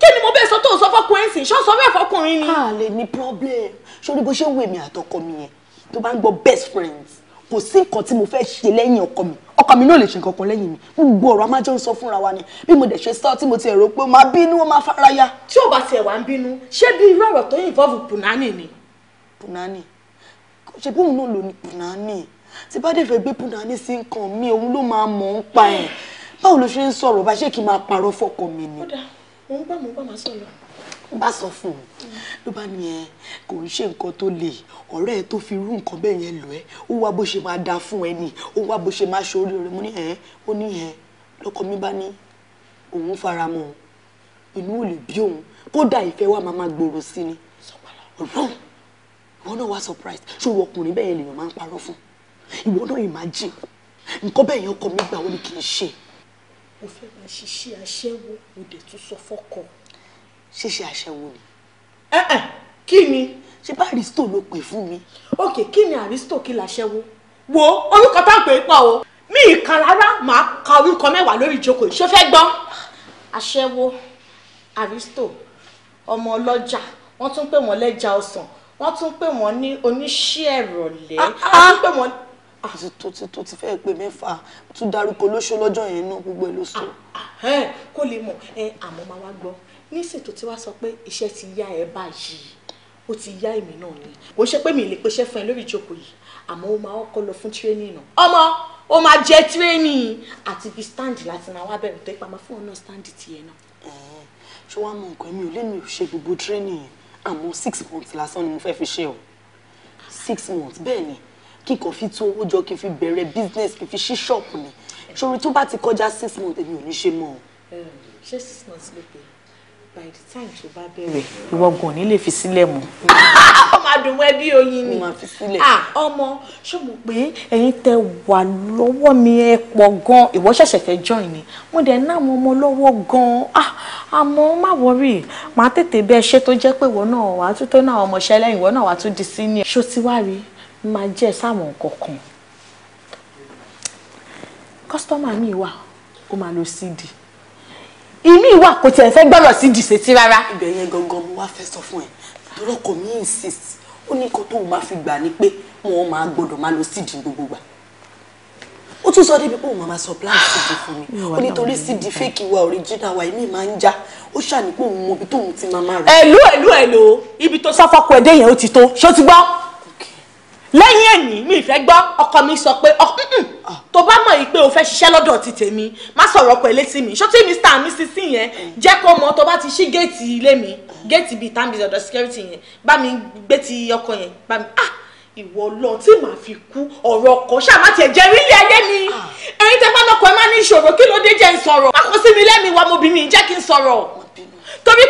kí ni mo bẹ́ẹ̀ sọ tó sọ fọkùnrin sì ṣọ́ sọ bẹ́ẹ̀ fọkùnrin ni. a lè problem ṣorí bó ṣe ń wo àtọkọ mi yẹn tó bá ń gbọ́ best friends kò sí nǹkan tí mo fẹ́ ṣe lẹ́yìn ọkọ mi ọkọ mi náà lè ṣe nǹkan kan lẹ́yìn mi gbogbo ọ̀rọ̀ amájọ́ ń sọ fúnra wa ni bí mo dẹ̀ ṣe sọ tí mo ti rò pé máa bínú ó máa fara ya. tí ò bá tiẹ̀ wá ń bínú ṣé bí irú ọ̀rọ̀ tó involve punani ni. punani ṣe bí òun náà ló ní punani tí bá dẹ̀ fẹ́ gbé punani sí nǹkan mi òun ló máa mọ̀ ń pa ẹ̀ báwo ló ṣe ń sọ̀rọ̀ bá ṣé kí n máa parọ́ fọ́kọ mi ni. ó dà òun bá mọ̀ bá máa sọ̀rọ̀ bá sọ fún un ló bá ní ẹ kò ń ṣe nǹkan tó le ọ̀rẹ́ ẹ tó fi irú nǹkan bẹ́ẹ̀ yẹn lọ ẹ ó wá bó ṣe máa da fún ẹ ni ó wá bó ṣe máa ṣe oríire mo ní ẹ ó ní ẹ lọ́kọ mi bá ní òun fara mọ́ inú ò lè bí òun kódà ìfẹ́ wa máa máa gbòòrò sí ni ọlọ́run ìwọ náà wá surprise ṣòwò ọkùnrin bẹ́ẹ̀ lèèyàn máa ń parọ́ fún ìwọ náà imagine nǹkan bẹ́ẹ̀ yẹn ọkọ mi gbà wọ́n ni kì í ṣe. mo fẹ́ máa ṣiṣẹ́ aṣẹ́wó ṣíṣe aṣẹ́wó ni. ẹ eh, ẹ eh, kí ni. ṣé bá aristo ló pè fún mi. ok kí ni aristo kí l'aṣẹ́wó wo orúkọ tá à ń pè é pọ̀ o mi ìkan rárá màá ka orúkọ mẹ́wàá lórí ìjókòó yìí ṣó fẹ́ gbọ́. aṣẹ́wó aristo ọmọ ọlọ́jà wọ́n tún pè wọ́n lẹ́jà ọsàn wọ́n tún pè wọ́n ní oníṣẹ́ ìrọ̀lẹ́ ah, wọ́n tún ah. pè wọ́n àti ah, tó ti tó ti fẹ́ẹ́ pé mẹ́fà tún dárúkọ lóṣó lọ́jọ́ yẹn náà gbogbo ẹ̀ ló sọ. Eh, kó lè mọ̀ ẹ àmọ́ máa wá gbọ́ nísìn tó ti wá sọ pé iṣẹ́ ti yá ẹ báyìí ó ti yá èmi náà ni kò ṣe pé mi lè pèsè fún ẹ lórí ìjókòó yìí àmọ́ ó máa kọ́ lọ fún tírénìn náà ọmọ ó máa jẹ tírénìn àti ibi stáǹdì láti máa wá bẹ̀rù tó ìpamọ́ fún ọ náà stáǹdì tiẹ̀ náà. ṣé wàá mọ nǹkan mi ò lè mi ò ṣe gbogbo tírénìn àmọ́ six months lásán ni mo fẹ́ fi ṣe o six months bẹ́ẹ̀ ni kí kò fi tó owó jọ kí n fi bẹ̀rẹ̀ business kí n fi ṣí ṣọ́ọ̀pù ni ṣòro tó bá ti kọjá six months èmi ò ní ṣe mọ́ o. ṣé six months ló pè é by the time tó bá bẹ̀rẹ̀ ìwọ gan ni lè fi sílẹ̀ mọ́. ọmọ àdùnmọ́ ẹbí oyin ni ah, ọmọ ṣé mo pé ẹ̀yin tẹ wà lọ́wọ́ mi ẹ pọ̀ gan ìwọ ṣẹ̀ṣẹ̀ fẹ́ join ni mo dẹ̀ ná àwọn ọmọ lọ́wọ́ gan ah, àmọ́ má wọrí màá tètè bẹ́ẹ̀ ṣe tó jẹ́ pé ìwọ náà wàá tún tó náà ọmọọṣẹ́ lẹ́yìn ìwọ náà wàá tún di senior ṣó ti wá rí máa jẹ́ sáwọn nǹkan kan kọ́sítọ́mà mi wà ó máa lo cd ìmí ìwà kò tiẹ̀ fẹ́ gbọ́dọ̀ sí dìṣe tí rárá. ibẹ̀ yẹn gangan mo wá fẹ́ sọ fún ẹ lọ́rọ̀ kò ní insist ó ní nǹkan tóun máa fi gbà ní pé wọn máa gbọ́dọ̀ máa lọ sídìí gbogbo gbà ó tún sọ débi pé òun máa sọ plan sídìí fún mi ó nítorí sídìí fake wa original wa èmi máa ń já ó ṣàní òun mọ ibi tóun ti máa máa rẹ. ẹ̀lú ẹ̀lú ẹ̀lú ibi tó sáfọ́kù ẹ̀dẹ́ ó ti tó ṣó ti gbọ́ lẹ́yìn èmi mi ìfẹ́ gbọ́ ọkọ mi sọ pé oh, tó bá mọ̀ yìí pé o fẹ́ ṣiṣẹ́ lọ́dọ̀ ti tèmi má sọ̀rọ̀ ọkọ elétí mi ṣọ́tí mr and mrs yẹn jẹ́ kó mọ tó bá ti ṣí géètì ilé mi géètì bíi tàbí ọ̀dọ̀ security yẹn bá mi gbé ti ọkọ yẹn bá mi ah ìwọ lọ tí màá fi kú ọ̀rọ̀ ọkọ ṣáà má tiẹ̀ jẹ́ rílé ayé mi ah. ẹ̀yin tẹ́ fẹ́ lọ́kọ ẹ má ní ìṣòro kí ló dé jẹ́ ń sọ̀rọ̀ má kó sí mi lẹ́mi wa mo bí mi jẹ́ kí n sọ̀rọ̀ torí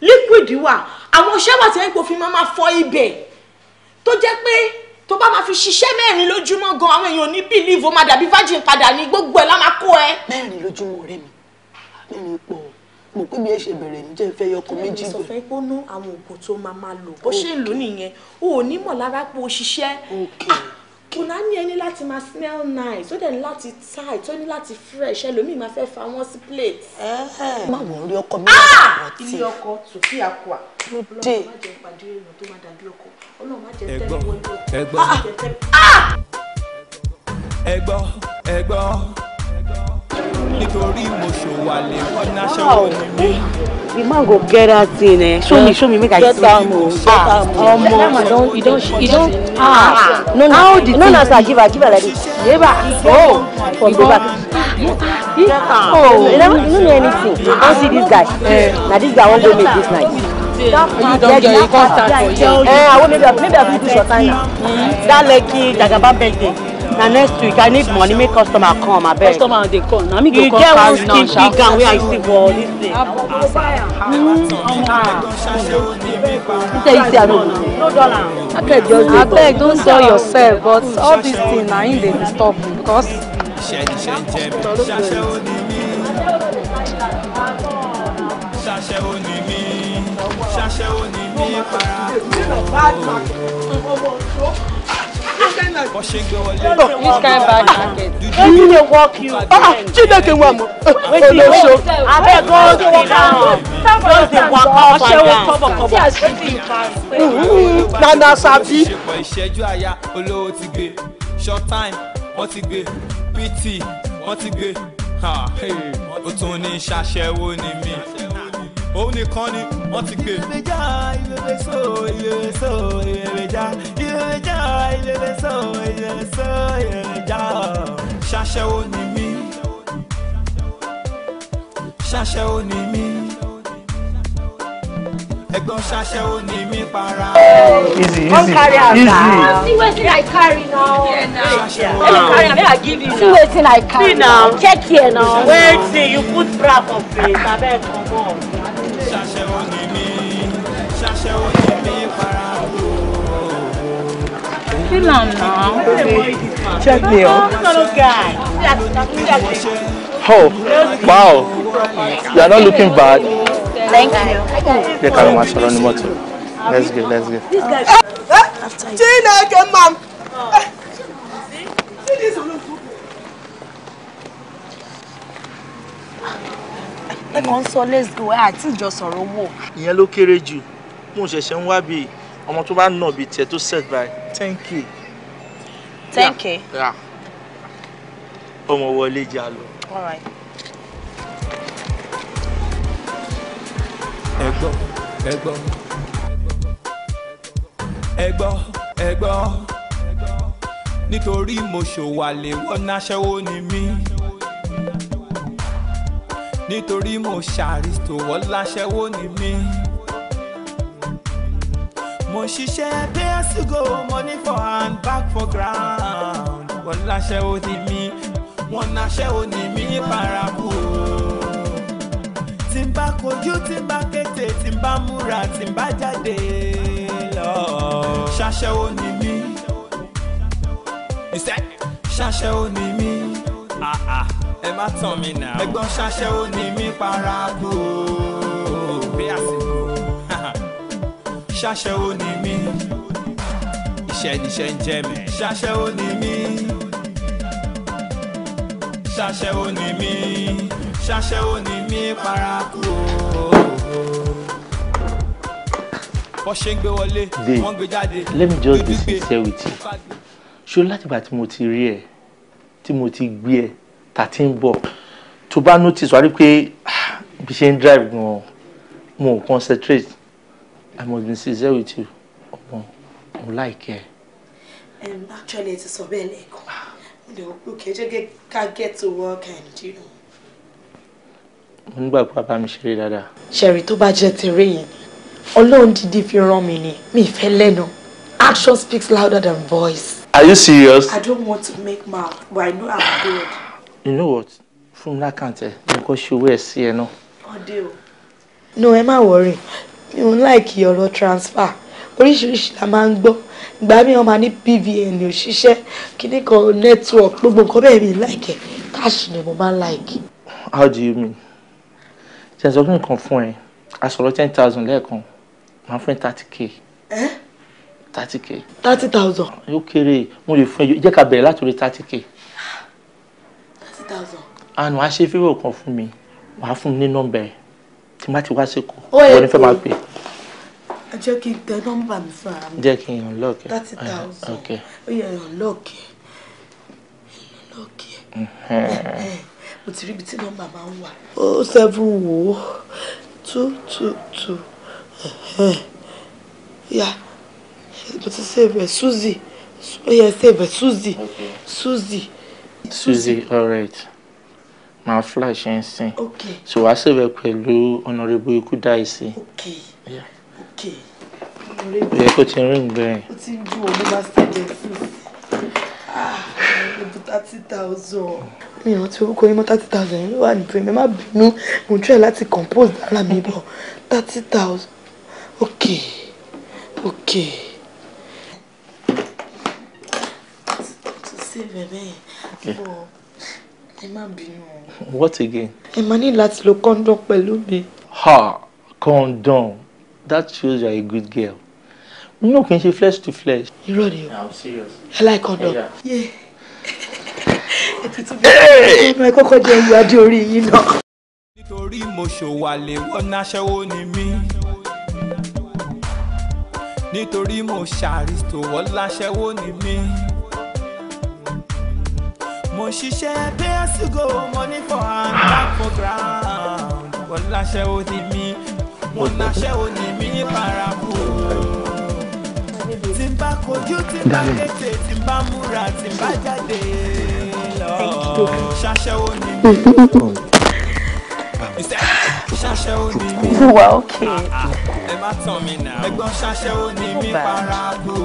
liquid wà àwọn iṣẹ́ wà tí wọ́n fi máa fọ ibẹ̀ tó jẹ́ pé tó bá máa fi ṣiṣẹ́ mẹ́rin lójúmọ́ gan àwọn èèyàn ní bílíìfù ó máa dàbí virgin padà ní gbogbo ẹ̀ lá máa kó ẹ. mẹ́rin lójúmọ́ ọ̀rẹ́ mi mẹ́rin pọ̀ mo pé bí ẹ ṣe bẹ̀rẹ̀ ní jẹ́ ìfẹ́ ọkọ méjì bẹ̀. sọ fẹ́ kó ná àwọn oògùn tó máa máa lò bó ṣe ń lò nìyẹn o ò ní mọ̀ lára pé o ṣiṣẹ́ kùnà ní ẹni láti máa smell nice ó dẹ̀ ní láti tight ó ní láti fresh ẹlòmíì máa fẹ́ fa wọ́n sí plate. má wọ orí ọkọ mi lọ́wọ́ ah! tí. ilé ọkọ sofia akua ọlọ́run má jẹ́ pàdé nítorí mo ṣòwàlẹ̀ ọ̀nà ṣòwò ni mí. You man go get that thing, eh? Show me, show me, make I see. Ah, get am, get oh, Omo, you don't, you don't. Ah. Ah, ah, no, no, how the no, no, sir, give her, give her like this. Give her. Oh, from the back. Oh, you oh, you don't know anything. You don't see this guy. Eh. Now this guy won't do me this night. You don't get your constant for you. Eh, I will maybe, maybe I will do short time now. Hmm. That lucky Jagaba birthday na next week i need money make customer come abeg. customer dey come na me go come carry now sha. you get one skin big gown wey i see for dis place. you say you see i no go. no dollar. abeg just dey go. abeg don sell yourself but all dis thing na im dey disturb me because. ṣaṣẹ́wó ni mí ṣaṣẹ́wó ni mí para. This kind bad market. You dey work you. Ah, Chineke wa mo. Olosho. Abeg go sit down. Just dey waka up and down. Nana sabi. Ìṣẹ́jú àyà olówó ti gbé. Short time wọ́n ti gbé. PT wọ́n ti gbé. Ó tún ní ṣàṣẹ́wó ni mí òun nìkan ni wọ́n ti gbé. ìlẹ̀mẹ̀já ìlẹ̀mẹ̀sọ ìlẹ̀mẹ̀sọ ìlẹ̀mẹ̀já ìlẹ̀mẹ̀já ìlẹ̀mẹ̀sọ ìlẹ̀mẹ̀sọ ìlẹ̀mẹ̀já. ṣàṣẹ́wó ni mí ṣàṣẹ́wó ni mí ẹ̀gbọ́n ṣàṣẹ́wó ni mí para. easy easy Don't carry am now. see wetin i carry now. Yeah, now. Yeah. let me carry am i give you now. see wetin i carry now. check here now. wait till you put bra for face abeg comot ṣaṣẹ́wó check me out. oh wow you are not looking bad. thank you. jẹ́ ká lọ máa sọ̀rọ̀ ní mọ́tò let's go let's go. Chineke eh, eh, mam. ẹ kàn ń sọ let's go I think just a ìyẹn ló kéré jù pé òun ṣẹ̀ṣẹ̀ ń wá bíi ọmọ tó bá nà bíi tiẹ̀ tó set by ten k. ten k. ọmọ wọlé jà lọ. ẹ gbọ́ ẹ gbọ́ ẹ gbọ́ ẹ gbọ́ nítorí mo ṣòwàlè wọ́n náṣẹ́wó ni mí nítorí mo ṣàrìsò wọ́n láṣẹ́wó ni mí mo ṣiṣẹ́ pay as you go money for hand back for ground wọ́n láṣẹ́wó ni mí wọ́n náṣẹ́wó ni mí paraku o tí n bá kojú tí n bá kété tí n bá múra tí n bá jáde lọ. ṣaṣẹ́wó ni mí. ìṣe ṣaṣẹ́wó ni mí. Ah, ah. ẹ má tàn mí nà. ẹ̀gbọ́n ṣaṣẹ́wó ni mí paraku. bí a sì ṣàṣẹ́wó ni mí iṣẹ́ níṣẹ́ ń jẹ́ mi ṣàṣẹ́wó ni mí ṣàṣẹ́wó ni mí ṣàṣẹ́wó ni mí paraku bó ṣe ń gbé wọlé wọ́n gbé jáde. let me just be sincere with you ṣó látìgbà tí mo ti rí ẹ tí mo ti gbé ẹ tà tí ń bọ̀ tó bá notice wá rí pé ah, bí ṣe ń drive gan-an mo concentrate I must be sincere with you. Ọmọ, mo like ẹ. Um, actually, it's a sobe leko. No, okay, just get to work and you know. Mo ń gbàgbọ́ bá mi ṣeré dáadáa. Ṣẹ̀rí tó bá jẹ́ tèrè yẹn ni, Ọlọ́run dídí fi rán mi ni, mi ìfẹ́ lẹ́nu. Action speaks louder than voice. Are you serious? I don't want to make mouth, but I know I'm good. You know what? Fún mi lákàntẹ̀, nǹkan ṣe owó ẹ̀ sí ẹ náà. Ọdẹ o. No, ẹ má worry mi ò láìkì ọ̀rọ̀ transfer oríṣiríṣi la máa ń gbọ́ ìgbà mi wọn máa ní pvn ò ṣiṣẹ́ kíní kan network gbogbo nǹkan bẹ́ẹ̀ mi Like káàṣì ni mo máa ń láìkì. how do you mean? ṣe sọ fún nǹkan fún ẹ aṣọ̀rọ̀ ten thousand lẹ́ẹ̀kan máa fún ẹ thirty k. thirty k. thirty thousand. yóò kéré mo lè fún ẹ jẹ́ ká bẹ̀rẹ̀ láti orí thirty k. thirty thousand. àná ah, aṣẹ́fẹ́rẹ́ kan fún mi wàá fún mi ní nọ́mbà ẹ̀ tí má ti wá sí kù wọ́n ní fẹ́ máa pè é ẹ jẹ́ kí n tẹ nọ́mbà mi fún ara mi. jẹ́ kí n yàn lọ́ọ̀kì. thirty ah, thousand ó yẹ yàn lọ́ọ̀kì lọ́ọ̀kì ẹ̀ mo ti rí ibi tí nọ́mbà máa ń wà. o oh, seven wo two two two eh, eh. ya mo ti save ẹ suzy ó yẹ save ẹ suzy suzy. suzy alright máa flash ẹ̀ ń sìn so wàá save ẹ pẹ̀lú honourable ikú dáìsí. okay. Yeah ẹ kó ti rí ìgbẹ́ yẹn. ti ń ju òun bá ṣẹ̀jẹ̀ sí ibi ah, thirty thousand. mi ò rántí orúkọ yín mọ́ thirty thousand yín ló wà nítorí mi má bínú mo ń láti compose dára mi bọ̀ thirty thousand ok ok. what again. ẹ let's look on the condom ha condom that shows you are a good girl You know í she flesh to flesh. irọ́ ni o ẹ láì kọ́ńdọ̀ ètùtù bíi ẹ kọ́kọ́ jẹ́ ìwádìí orí yìí náà. nítorí mo ṣòwàlè wọ́n náṣẹ́wó ni mí nítorí mo ṣàrìsò wọ́n láṣẹ́wó ni mí. mo ṣiṣẹ́ pay as you go money for hand back for ground wọ́n láṣẹ́wó ni mí mo nàṣẹ́ òní mi paraku tí n bá kojú tí n bá kété tí n bá múra tí n bá jáde ṣaṣẹ́ òní mi. ṣaṣẹ́ òní mi. ẹ má tàn mí nà. ẹ̀gbọ́n ṣaṣẹ́ òní mi paraku.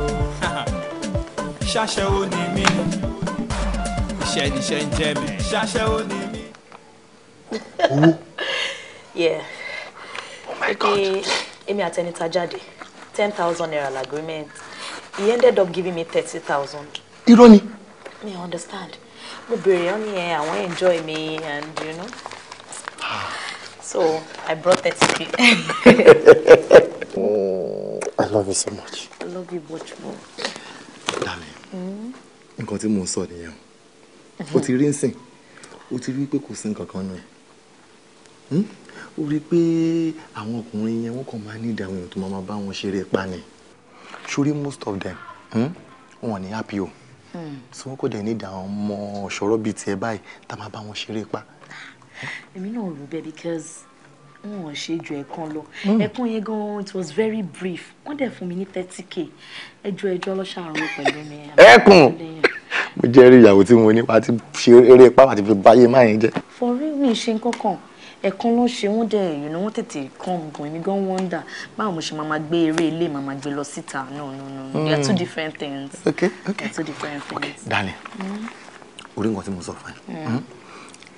ṣaṣẹ́ òní mi iṣẹ́ níṣẹ́ ń jẹ́ mi. ṣaṣẹ́ òní mi yeah. oh my god. èmi ten thousand naira agreement he ended up giving me thirty thousand. irọ́ ni. mi understand mo on here nìyẹn àwọn enjoy me and you know. so I brought thirty k. oh, I love you so much. I love you much more. darling hmm? nǹkan tí mo ń sọ nìyẹn o mm-hmm. ti rí nsìn o ti rí pé kò sí nǹkan kan náà ó rí pé àwọn ọkùnrin yẹn wọ́n kàn máa ní ìdààmú èèyàn tó hmm, hmm. máa bá wọn ṣeré pa ni most of them wọn ní happy o tí wọ́n kò dẹ̀ ní ìdààmú ọmọ ọ̀ṣọ́rọ́ bíi tiẹ̀ báyìí tá máa bá wọn ṣeré pa. èmi náà rò bẹ́ẹ̀ because wọn ò ṣe ju ẹ̀kan lọ hmm. ẹ̀kan yẹn gan it was very brief wọ́n dẹ̀ fún mi ní thirty k ẹjọ́ ẹjọ́ ọlọ́ṣà àrùn pẹ̀lú mi. ẹkùn mo jẹ́rìí ìyàwó tí mo ní wàá ti ṣe eré ipá wàá ti fi báyé máa yẹn jẹ́. for real mi ṣe nǹkan kan ẹ̀kan ló ṣe wọ́n dẹ̀ you know wọ́n tètè kàn gan èmi gan wonder báwo mo ṣe máa ma gbé eré ilé màá ma gbé lọ síta no no no hmm. they are two different things okay okay two different things okay darling orí nǹkan tí mo sọ fún ẹ hmm. Hmm?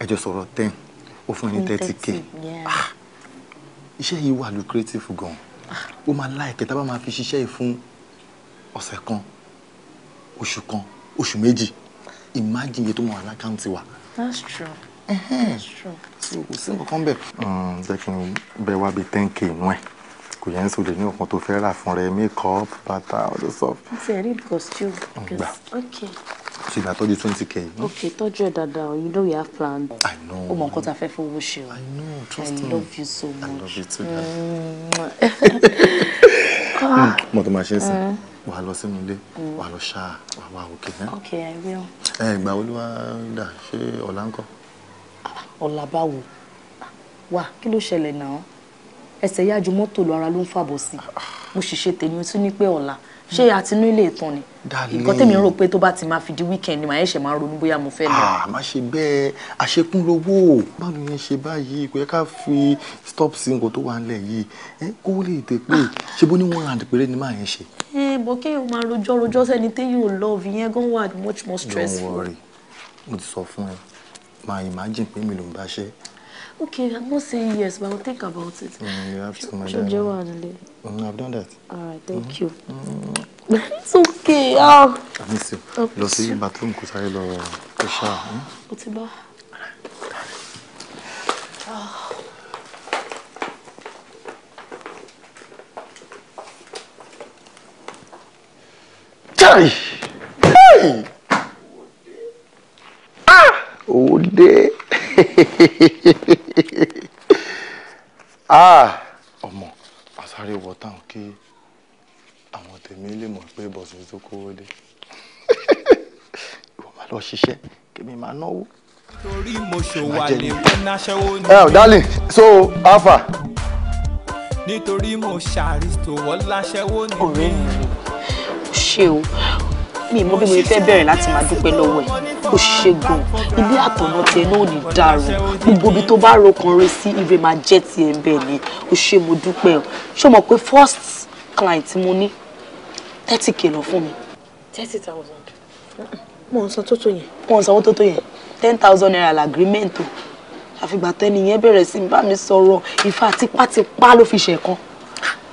ẹ jọ sọ̀rọ̀ ten ó fún ẹ ní thirty k ah, iṣẹ́ yìí wà lucrative gan ah. ó máa láìpẹ́ tá a bá máa fi ṣiṣẹ́ yìí fún ọ̀sẹ̀ kan oṣù kan oṣù méjì imagine iye tó mọ̀ alákáǹtì wa. that's true so kò sí nǹkan bẹ́ẹ̀. Mm, jẹ́ kí n bẹ wá bíi ten k inú ẹ̀ kò yẹn ń sọ lè ní nǹkan tó fẹ́ rà fún rẹ makeup bàtà ọdún stuff. n ti rí costume. gbà ṣe ìgbà tọ́jú twenty k. ok tọ́jú ẹ̀ dáadáa you know we have planned. i know o mọ nǹkan tá a fẹ́ fowó ṣe o. i know trust me i love you so much. i love you too. Mm. mo tó máa ṣe é sìn mm. wàá lọ sínú ilé wàá lọ ṣáà wàá wá òkè náà. ok i will. ẹ ìgbà olúwa dà ṣé ọ̀la ń kọ́ ọ̀la báwo wà kí ló ṣẹlẹ̀ náà ẹsẹ̀ yá ju mọ́tò lọ ara ló ń fàbọ̀ sí mo sì ṣe tèmi tún ní pé ọ̀la ṣé àtinú ilé ìtàn ni nǹkan tèmi rò pé tó bá ti máa fi di weekend ni màá ṣẹ̀ máa ronú bóyá mo fẹ́ lọ. àmọ́ ah, ṣe bẹ́ẹ̀ àṣekúnlówó báwo yẹn ṣe báyìí kò yẹ ká fi stop sí nǹkan tó wà nílẹ̀ yìí kó lè tẹ pé ṣe bó ní one round péré ni màá yẹn ṣe. ẹ bọ kéèyàn máa rojọ́ rojọ́ sẹ́ni téèyàn love ìyẹn gan wà much more stressful. don't worry mo ti sọ fún ẹ My imagine pé mi ló ń bá ṣe. Okay, I'm not saying yes, but I'll think about it. Mm, you have to, my darling. Mm, I've done that. All right, thank mm. you. Mm. It's okay. Ah, I miss you. Oh. Lọ sí bathroom kó sáré lọ eh, kó ṣá. Hmm? O ti bọ́. Ah. Hey! owó dé ah, ọmọ àsáré wọ táwọn kí àwọn tèmi lè mọ̀ pé bọ̀sùn tó kówó dé ìwọ máa lọ ṣiṣẹ́ kèmi máa náwó. torí mo ṣòwò àlè náṣẹ́wó ni. ẹ eh, ò oh, so alpha. nítorí mo ṣàrìsòwò láṣẹ́wó ni. ọ̀rẹ́ mi ò ṣe o mi mọ bí mo fẹ́ bẹ̀rẹ̀ láti máa dúpẹ́ lọ́wọ́ ẹ̀ ó ṣe gan ilé àtọ̀nà tiẹ̀ náà ò ní dàrú gbogbo ibi tó bá rokan re sí ire máa jẹ́ tiẹ̀ bẹ́ẹ̀ ni ó ṣe mo dúpẹ́ o ṣé o mọ̀ pé first client mo ní thirty k lọ fún mi. thirty thousand mo ń san tó tó yẹn. mo ń sanwó tó tó yẹn ten thousand naira l'agreement o àfìgbà tẹ́ni yẹn bẹ̀rẹ̀ sí bá mi sọ̀rọ̀ ìfà tipátipá ló fi ṣẹ̀kan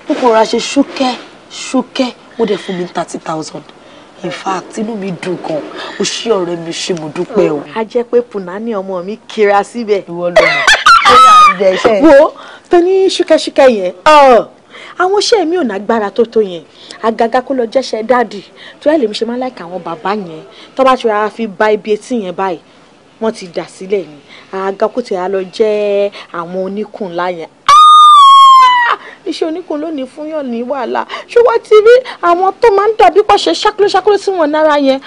mo kàn ra ṣe ṣúkẹ́ ṣúkẹ́ ó dẹ̀ fún mi thirty thousand in fact inú mi dùn gan o ṣí ọ̀rẹ́ mi ṣe mo dúpẹ́ o. a jẹ́ pé punani ọmọ mi kira síbẹ̀. ìwọ ló mọ̀ wo tani ṣúkẹ́ṣúkẹ́ yẹn àwọn iṣẹ́ mi ò nágbára tó tó yẹn àgàgà kó lọ jẹ́ṣẹ́ dáàdì tó yẹ lèmi ṣe máa ń láìka àwọn bàbá yẹn tó bá ti rárá fi ba ibi etí yẹn báyìí wọ́n ti dà sílẹ̀ ni àgàgà kó ti àwọn oníkùn láyẹn iṣẹ́ oníkun lónìí fún yàn ní wàhálà ṣùgbọ́n ti rí àwọn tó máa ń dàbí pàṣẹ ṣákúlẹ̀ ṣákúlẹ̀ sí wọn nára yẹn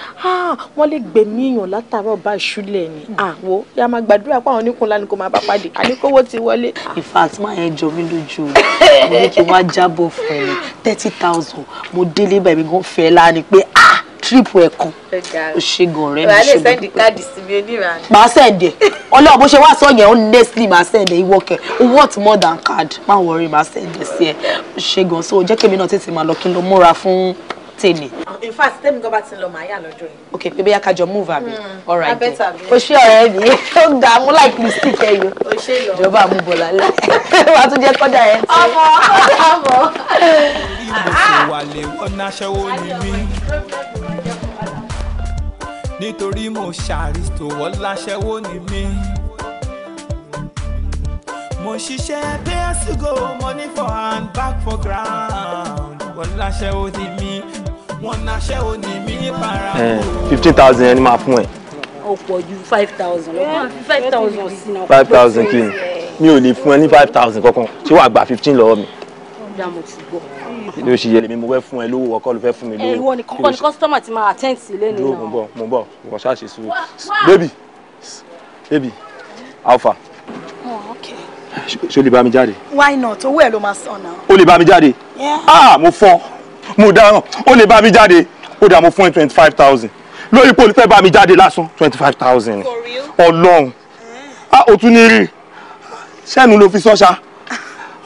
wọ́n lè gbẹ̀mí èèyàn látàárọ̀ bá ìṣúlẹ̀ ni àwo hmm. ah, ya máa gbàdúrà pé àwọn oníkun lánìí kò máa bá pàdé àníkówó ti wọlé. Ah. in máa yẹn jọ mí lójú o mo ní kí n wá jábọ̀ fún ẹ thirty thousand mo délé bàbí gan fẹ́ lánìí pé ah trip ẹ̀ kan òṣègùn ọ̀rẹ́ mi ṣe bẹ́ẹ̀ máa sẹ̀ǹdẹ̀ ọlọ́run bó ṣe wá sọ yẹn honestly máa sẹ̀ǹdẹ̀ ìwọ kẹ what more than card má wọrí send sẹ̀ǹdẹ̀ sí ẹ òṣègùn so jẹ́ kèmí náà tètè máa lọ kí n lọ múra fún tèmi. in fact tẹ́mi gan bá ti lọ màá yà lọ́jọ́ yìí. ok pé bóyá kájọ move àbí. Hmm, all right then o ṣe ọ̀rẹ́ mi ó ga mú like kìí stick ẹ yìí. o ṣe lọ ìjọba àmúbọ̀lá lẹ wàá tún jẹ́ kọ́dà ẹ̀ tí. ọmọ ọmọ. ìbùsùn wà lè wọ́n náṣẹ́wó ni mí nítorí mo ṣàrìsò wọ́n ni mí. mo ṣiṣẹ́ pay as you go money for hand back for ground wọ́n láṣẹ́wó ni mí wọ́n láṣẹ́wó ni mí para. Eh, fifteen thousand yẹn máa fún ẹ. ó pọ̀ ju five thousand lọ́kàn five thousand sí náà. five thousand kí ni mi ò lè fún ẹ ní five thousand kankan ṣé wàá gba fifteen lọ́wọ́ mi. ó mo ti gbọ́ ilé oṣù yẹlẹ mi mo fẹ́ fún ẹ lówó ọkọ ló fẹ́ fún mi lówó. ẹ ìwọ ni kọ́kọ́ ni kọ́sítọ́mà ti máa attend sí lé nínú. mo bọ mo bọ mo ṣáà ṣe sùúrù baby baby alpha. Oh, ṣé o lè bá mi jáde. why not owó ẹ ló máa sàn náà. o lè bá mi jáde. ah mo fọ mo dáràn o lè bá mi jáde ó dà mo fún ẹ twenty five thousand lórí pé o fẹ́ bá mi jáde lásán twenty five thousand ọlọ́run eh. ah o tún ní rí sẹ́nu ló fi sọ́ṣà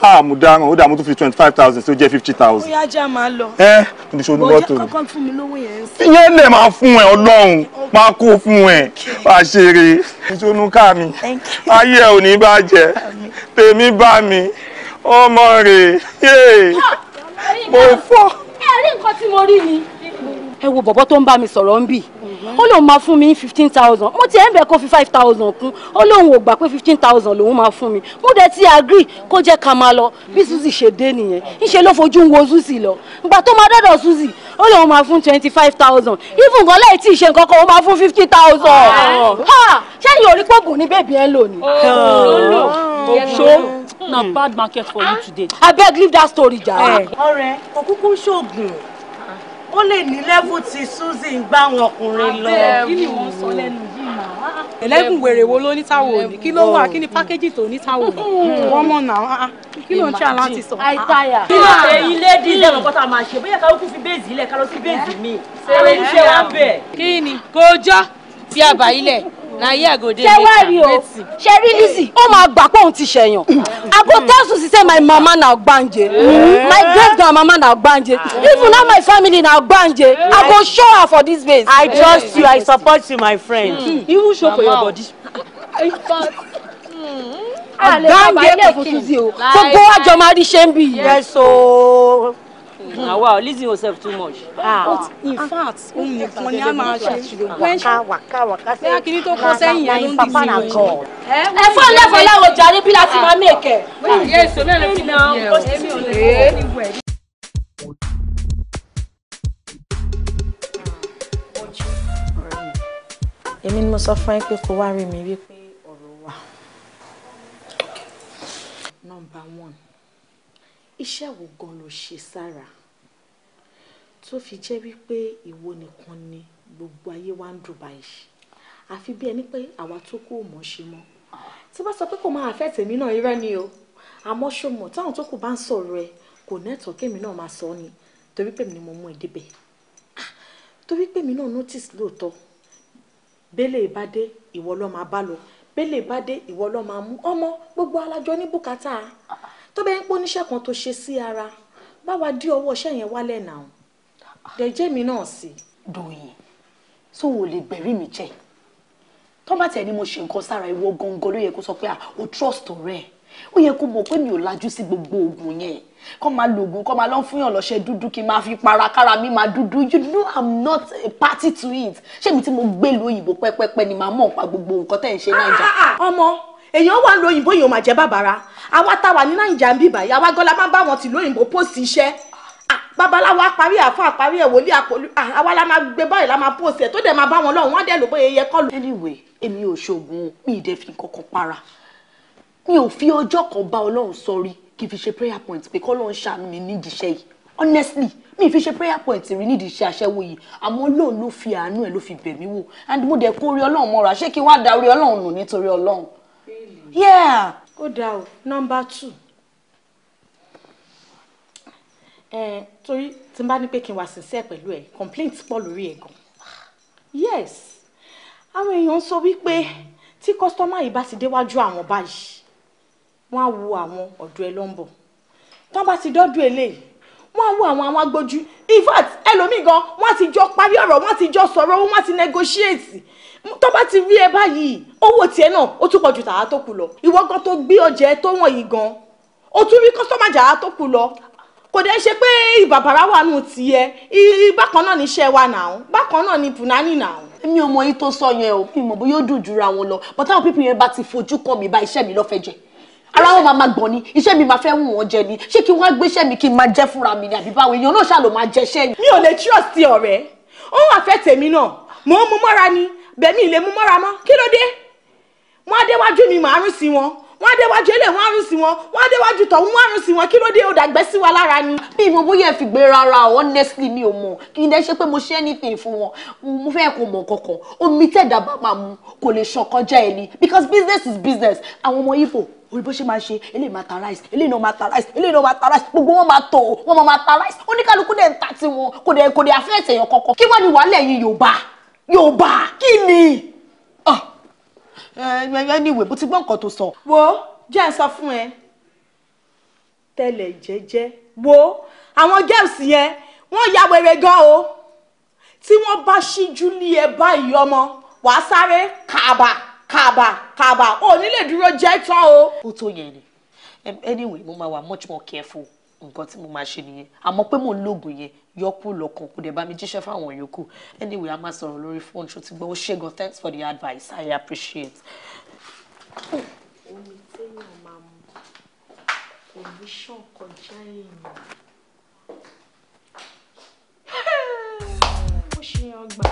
ah mo dáràn ó dà mo tún fi twenty five thousand sí ó jẹ́ fifty thousand. bóyá ajá máa lọ. ẹ níbi ṣo ni mọ́tò mi. bóyá kankan fún mi lówó yẹn. fiyẹn lè máa fún ẹ ọlọ́run máa kó fún ẹ wá ṣeré ìṣonú ká mi ayé ẹ ò ní bàjẹ́ tèmi bá mi ọmọ rẹ̀ yéé mo fọ́. ẹ rí nǹkan tí mo rí ni ẹ wo bọ̀bọ̀ tó ń bá mi sọ̀rọ̀ ń bì ó lóun máa fún mi ní fifteen thousand mo ti ẹ̀ ń bẹ̀ kó fi five thousand kún ó lóun ò gbà pé fifteen thousand lòun máa fún mi mo dẹ̀ ti agree kó jẹ́ ká máa lọ bí Suzy ṣe dé nìyẹn ńṣe ló fojú ń wo Suzy lọ ìgbà tó máa dọ́dọ̀ Suzy ó lóun máa fún twenty five thousand even gan láì tí ì ṣe nǹkan kan ó máa fún fifty thousand ṣẹ́yìn orí pọ̀gùn ní bèbí ẹ̀ lónìí. ṣó na bad market for you today. abeg leave that story jare. Ah. ọ̀rẹ́ òkúkú ṣoògùn ó lè ní lẹ́bù tí Suzy ń gbá àwọn ọkùnrin lọ. kí ni wọ́n sọ lẹ́nu yìí náà. ẹlẹ́bùn wèrè wo ló ní táwọn òní kí ló wà kí ni pákéjì tó ní táwọn òní hmm. wọ́n mọ̀ náà ah, ah. kí ló ń ṣe aláǹtí sọ. àìtayà ah, kí ló ṣe ilé dílé ọkọ tá a máa ṣe bóyá ká kúkú fi bẹ́ẹ̀sì ilẹ̀ ká lọ sí bẹ́ẹ̀sì mi. ṣé wàá bẹ̀. kí ni kò jọ́ tí a bá ilẹ̀ na here i go dey later wetin. ṣe rí Lizzy eh. ó máa gbà pé òun ti ṣẹ̀yàn i go tell you say my mama na gbanje eh. my great grand mama na gbanje eh. even now my family na gbanje i go show her for this place. i trust you i support you my friend. Mm. even hmm. show for your body. ọ̀gá ń gbé pẹ̀fọ́ Suzy o gbogbo àjọ máa rí ṣe ń bì. yes ooo na ah, wow losing yourself too much. Ah. in fact òun ah. nìkan ni a máa ṣe wákà wákà wákà sí bẹ́ẹ̀ kìíní tó kọ́ sẹ́yìn yẹn ló ń dì sí wọn. ẹ fún ẹlẹ́fọ̀ láwọn ọjà ní bí láti máa mẹ́ẹ̀kẹ́. yéé sọ mẹ́rin fi náà ó sì sí ìwé. èmi ni mo sọ fún yín pé kó wá rí mi wípé ọ̀rọ̀ wà. number one iṣẹ́ wo gan ló ṣe sára? tó fi jẹ́ wípé ìwọ nìkan ni gbogbo ayé wa ń dùn báyìí àfi bí ẹni pé àwa tó kù ò mọ̀ ṣe mọ́ tí bá sọ pé kò máa fẹ́ tèmi náà irọ́ ni o àmọ́ ṣó mọ̀ táwọn tó kù bá ń sọ̀rọ̀ ẹ kò nẹ́tọ̀ọ́ kémi náà máa sọ ni torí pèmí ni mo mú ẹ débẹ̀ torí pèmí náà notice lóòótọ́ bẹ́lẹ̀ ìbádé ìwọ ló máa bá lọ bẹ́lẹ̀ ìbádé ìwọ ló máa mú ọmọ gbogbo alájọ ní bùkátà tó bẹ́ẹ̀ ń pọ́níṣẹ́ kan tó ṣe sí ara báwa dí ọwọ́ iṣẹ́ wálẹ̀ náà dẹ̀jẹ́ mi náà sí. dòyìn tó wò lè gbẹ̀rí mi jẹ́ tó bá tẹ̀ ni mo ṣe nǹkan sára ìwọ gangan ló yẹ kó sọ pé o trust ọ̀rẹ́ ó yẹ kó mọ̀ pé mi ò lajú sí gbogbo oògùn yẹn kó máa lo oògùn kó máa lọ fún yàn lọ́ṣẹ dúdú kí n máa fi para kára mi máa dúdú you know i'm not a party to it ṣé mi tí mo gbé lóyìnbó pẹ́pẹ́pẹ́ ni màá mọ̀ pa gbogbo nǹkan tẹ̀ ń ṣe náà ah, ah, ah, ọmọ èèyàn wà lóyìnbó yìí ó máa jẹ bàbàrà àwa táwa ní nàìjíríà ń bíbà yìí àwa gan máa bá wọn tìlóyìnbó pósì iṣẹ́ babaláwo àparí àfa àparí ẹ̀ wòlíì àpòlù àwa la máa gbé báyìí la máa pòsè tó dẹ̀ máa bá wọn lọ́rùn wọ́n dẹ̀ ló bóyá yẹ kọ́ anyway èmi ò ṣoògùn mi ì dẹ̀ fi kankan para mi ò fi ọjọ́ kan bá ọlọ́run sọrí kì í fi ṣe prayer point pé kọ́ ló ń ṣàánú mi nídìí iṣẹ́ yìí honestly mi fi ṣe prayer point rí nídìí iṣẹ́ aṣẹ́wó yìí àmọ́ Ọlọ́run ló fi àánú ẹ̀ ló fi bẹ̀ mí wò and mo dẹ̀ kó rí ọlọ́run mọ́ra ṣé kí n wá darí ọlọ́run nù nítorí ọlọ́run. yeah. ó dáa o nọmba two ẹ eh, torí tí n bá ní pé kí n wá sincere pẹ̀lú ẹ complaint pọ̀ lórí ẹ gan yes àwọn èèyàn sọ wípé tí kọ́sítọ́mà yìí bá ti déwájú àwọn báyìí wọ́n á wo àwọn ọ̀dọ́ ẹ lọ́nbọ̀ tí wọ́n bá ti dọ́dọ̀ eléyìí wọ́n á wo àwọn àwọn agbójú in fact ẹlòmíì gan wọ́n á ti jọ parí ọ̀rọ̀ wọ́n á ti jọ sọ̀rọ̀ wọ́n á ti negotiate tó bá ti rí ẹ báyìí owó tiẹ̀ náà ó tún pọ̀ ju tàwa tó kù lọ ìwọ tó gbé ọjà ẹ tó wọ̀nyí gan ó tún rí kọ́sítọ́mà jàrá tó kù lọ kò dẹ́ ṣe pé ìbàbàrà wà nù tiẹ̀ bákan náà ní iṣẹ́ wa náà bákan náà ní bùnání náà. èmi ò mọ èyí tó sọ yẹn o mi mọ̀ bó yóò dùn jura wọn lọ but táwọn pípín yẹn bá ti fojú kàn mí bá iṣẹ́ mi lọ́fẹ̀ẹ́ jẹ ara wọn máa ma gbọ̀n ni iṣẹ́ mi máa fẹ́ wù wọ́n jẹ ni ṣé kí wọ́n á gbéṣẹ́ mi kí n máa jẹ́ fúnra mi ni àbí báwo èèyàn náà ṣàlò máa jẹ ṣẹ́yìn. mi ò lè trust ọ̀rẹ́ ó wà fẹ́ tèmi náà mò ń mú mọ́ra ni bẹ̀mí ilé mú mọ́ra mọ́ kí ló dé wọ́n á mi màá rún sí wọn wọ́n á déwájú ilé wọn àrùn sí wọn wọ́n á déwájú tọ̀ wọn àrùn sí wọn kí ló dé ó dàgbẹ́ sí wa lára ni. bí mo bóyá fi gbé rárá o honestly mi ò mọ̀ kí n dẹ́ ṣe pé mo ṣe anything fún wọn mo fẹ́ kó mọ̀ kankan omi tẹ̀dá bá máa mu kò lè ṣàn kọjá ẹ̀ ni because business is business àwọn ọmọ Ìgbò orí bó ṣe máa ṣe eléyìí máa ta rice eléyìí náà máa ta rice eléyìí náà máa ta rice gbogbo wọn máa tò ó wọn máa máa ta rice oníkálukú dẹ̀ ń ta tiwọn kò dẹ̀ kò dẹ̀ àfẹ́ ẹ̀sẹ̀ yẹn kankan kí wọ́n ní wàhálà ẹ̀yin Yorùbá Yorùbá kí ni. Eh, eh, anyway bó ti gbọ́ nǹkan tó sọ. wo jẹ́ ẹ sọ fún ẹ tẹ́lẹ̀ jẹ́jẹ́ wo àwọn girls yẹn wọ́n ya wèrè gan o tí wọ́n bá ṣíjú lé ẹ báyìí ọmọ wàá sáré kàbà kàbà kàbà ò ní lè dúró jẹ́ tán o. ó tó yẹn ni anyway mo máa wà much more careful nǹkan tí mo máa ṣe nìyẹn àmọ́ pé mò ń lògùn yẹn yọkù lọ́kàn kò dẹ̀ bá mi jíṣẹ́ fáwọn yòókù anyway a máa sọ̀rọ̀ lórí fóònù tó ti gbọ́ ó ṣe thanks for the advice I appreciate. omi téèyàn máa mu kò ní ṣàn kọjá èèyàn ó ṣe ọgbà.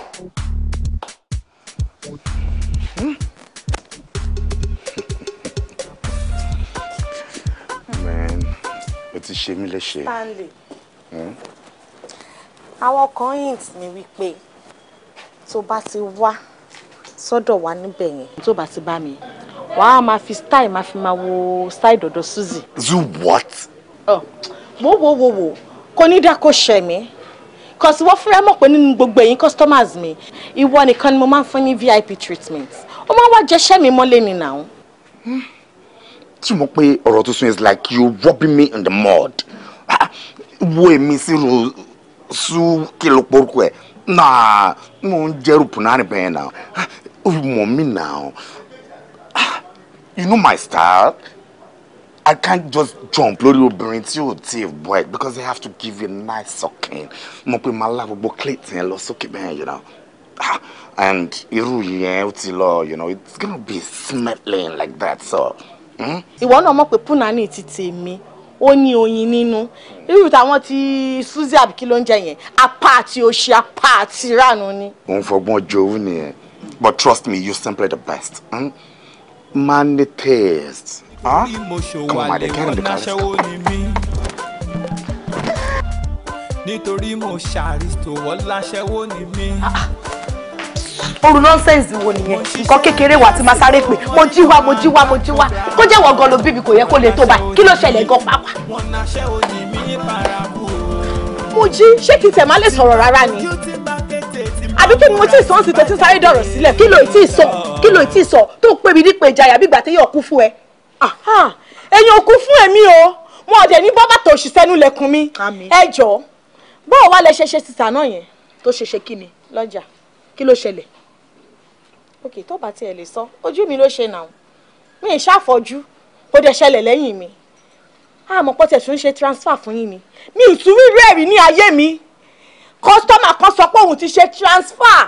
Man, ó ti ṣe mí léṣe. Stanley. Hmm? àwọn kan hint mi wípé tó bá ti wá sọ́dọ̀ wa níbẹ̀ yẹn tó bá ti bá mi wà á máa fi style máa fi máa wo style dọ̀dọ̀ Suzy. zu what. Oh, wo wo wo wo kò ní dá kó ṣẹ mi cause wọ́n fúnra mọ̀ pé nínú gbogbo ẹ̀yin customers mi ìwọ nìkan ni mo máa ń fún ní VIP treatment ó máa ń wá jẹṣẹ́ mi mọ́lé ni now. tí mo pe ọ̀rọ̀ tuntun is like you rubbing me in the mud wo èmi sí ro su kilo porco ẹ naa mo ń jẹrù punani bẹ́ẹ̀ na o mọ̀ mí na you know my style i can't just jump lórí obìnrin tí o ti bọ ẹ because i have to give you a nice sucking mo pe ma la gbogbo clayton ẹ lọ sókè bẹ́ẹ̀ yẹn na and irú yẹn o ti lọ you know it's gonna be smelling like that so. hmm. ìwọ náà mọ̀ pé punani ti tèmi ó ní oyin nínú irú táwọn ti suzy abiki ló ń jẹ yẹn apá àti òṣì apá àti ìrànú ni. òun fọgbọ́n jowú nìyẹn but trust me you simply the best hmm? man the taste. Huh? Ah? come on my dear carry the carrot nítorí mo ṣàrìsò wọ́n ni mí. Ah, ah oru nonsense wo nìyẹn nǹkan kékeré wà tí ma sáré pé mo jí wá mo jí wá mo jí wá kó jẹ́ wọ́n ló bíbí kò yẹ kó lè tó báyìí kí ló ṣẹlẹ̀ gan pápá. mo jí ṣé kí tẹ̀ má lè sọ̀rọ̀ rárá ni àbí kí ni mo tí ì sọ́n sí tó ti sáré dọ̀rọ̀ sílẹ̀ kí ló tí sọ kí ló tí sọ tó pè mí nípe ìjayà bí ìgbà téèyàn kú fún ẹ. ẹ̀yin ò fún ẹ̀mí o wọn ò ní bọ́ bàtà òṣìṣẹ́nu lẹ́kùn mi ẹ jọ̀ọ́ bọ́ọ̀ wá lẹ ṣe sísà náà yẹn tó ṣe kí ni lọ́jà kí ló ṣẹlẹ̀ ok tó bá tiẹ̀ lè sọ ojú mi ló ṣe nà ó mi ì ṣàfọ́jú kò dẹ̀ ṣẹlẹ̀ lẹ́yìn mi àmọ́ pọ́tẹ̀ tún ṣe transfer fún yín ni mi ì tún rírú ẹ̀rí ní ayé mi kọ́sítọ́mà kan sọ pé òun ti ṣe transfer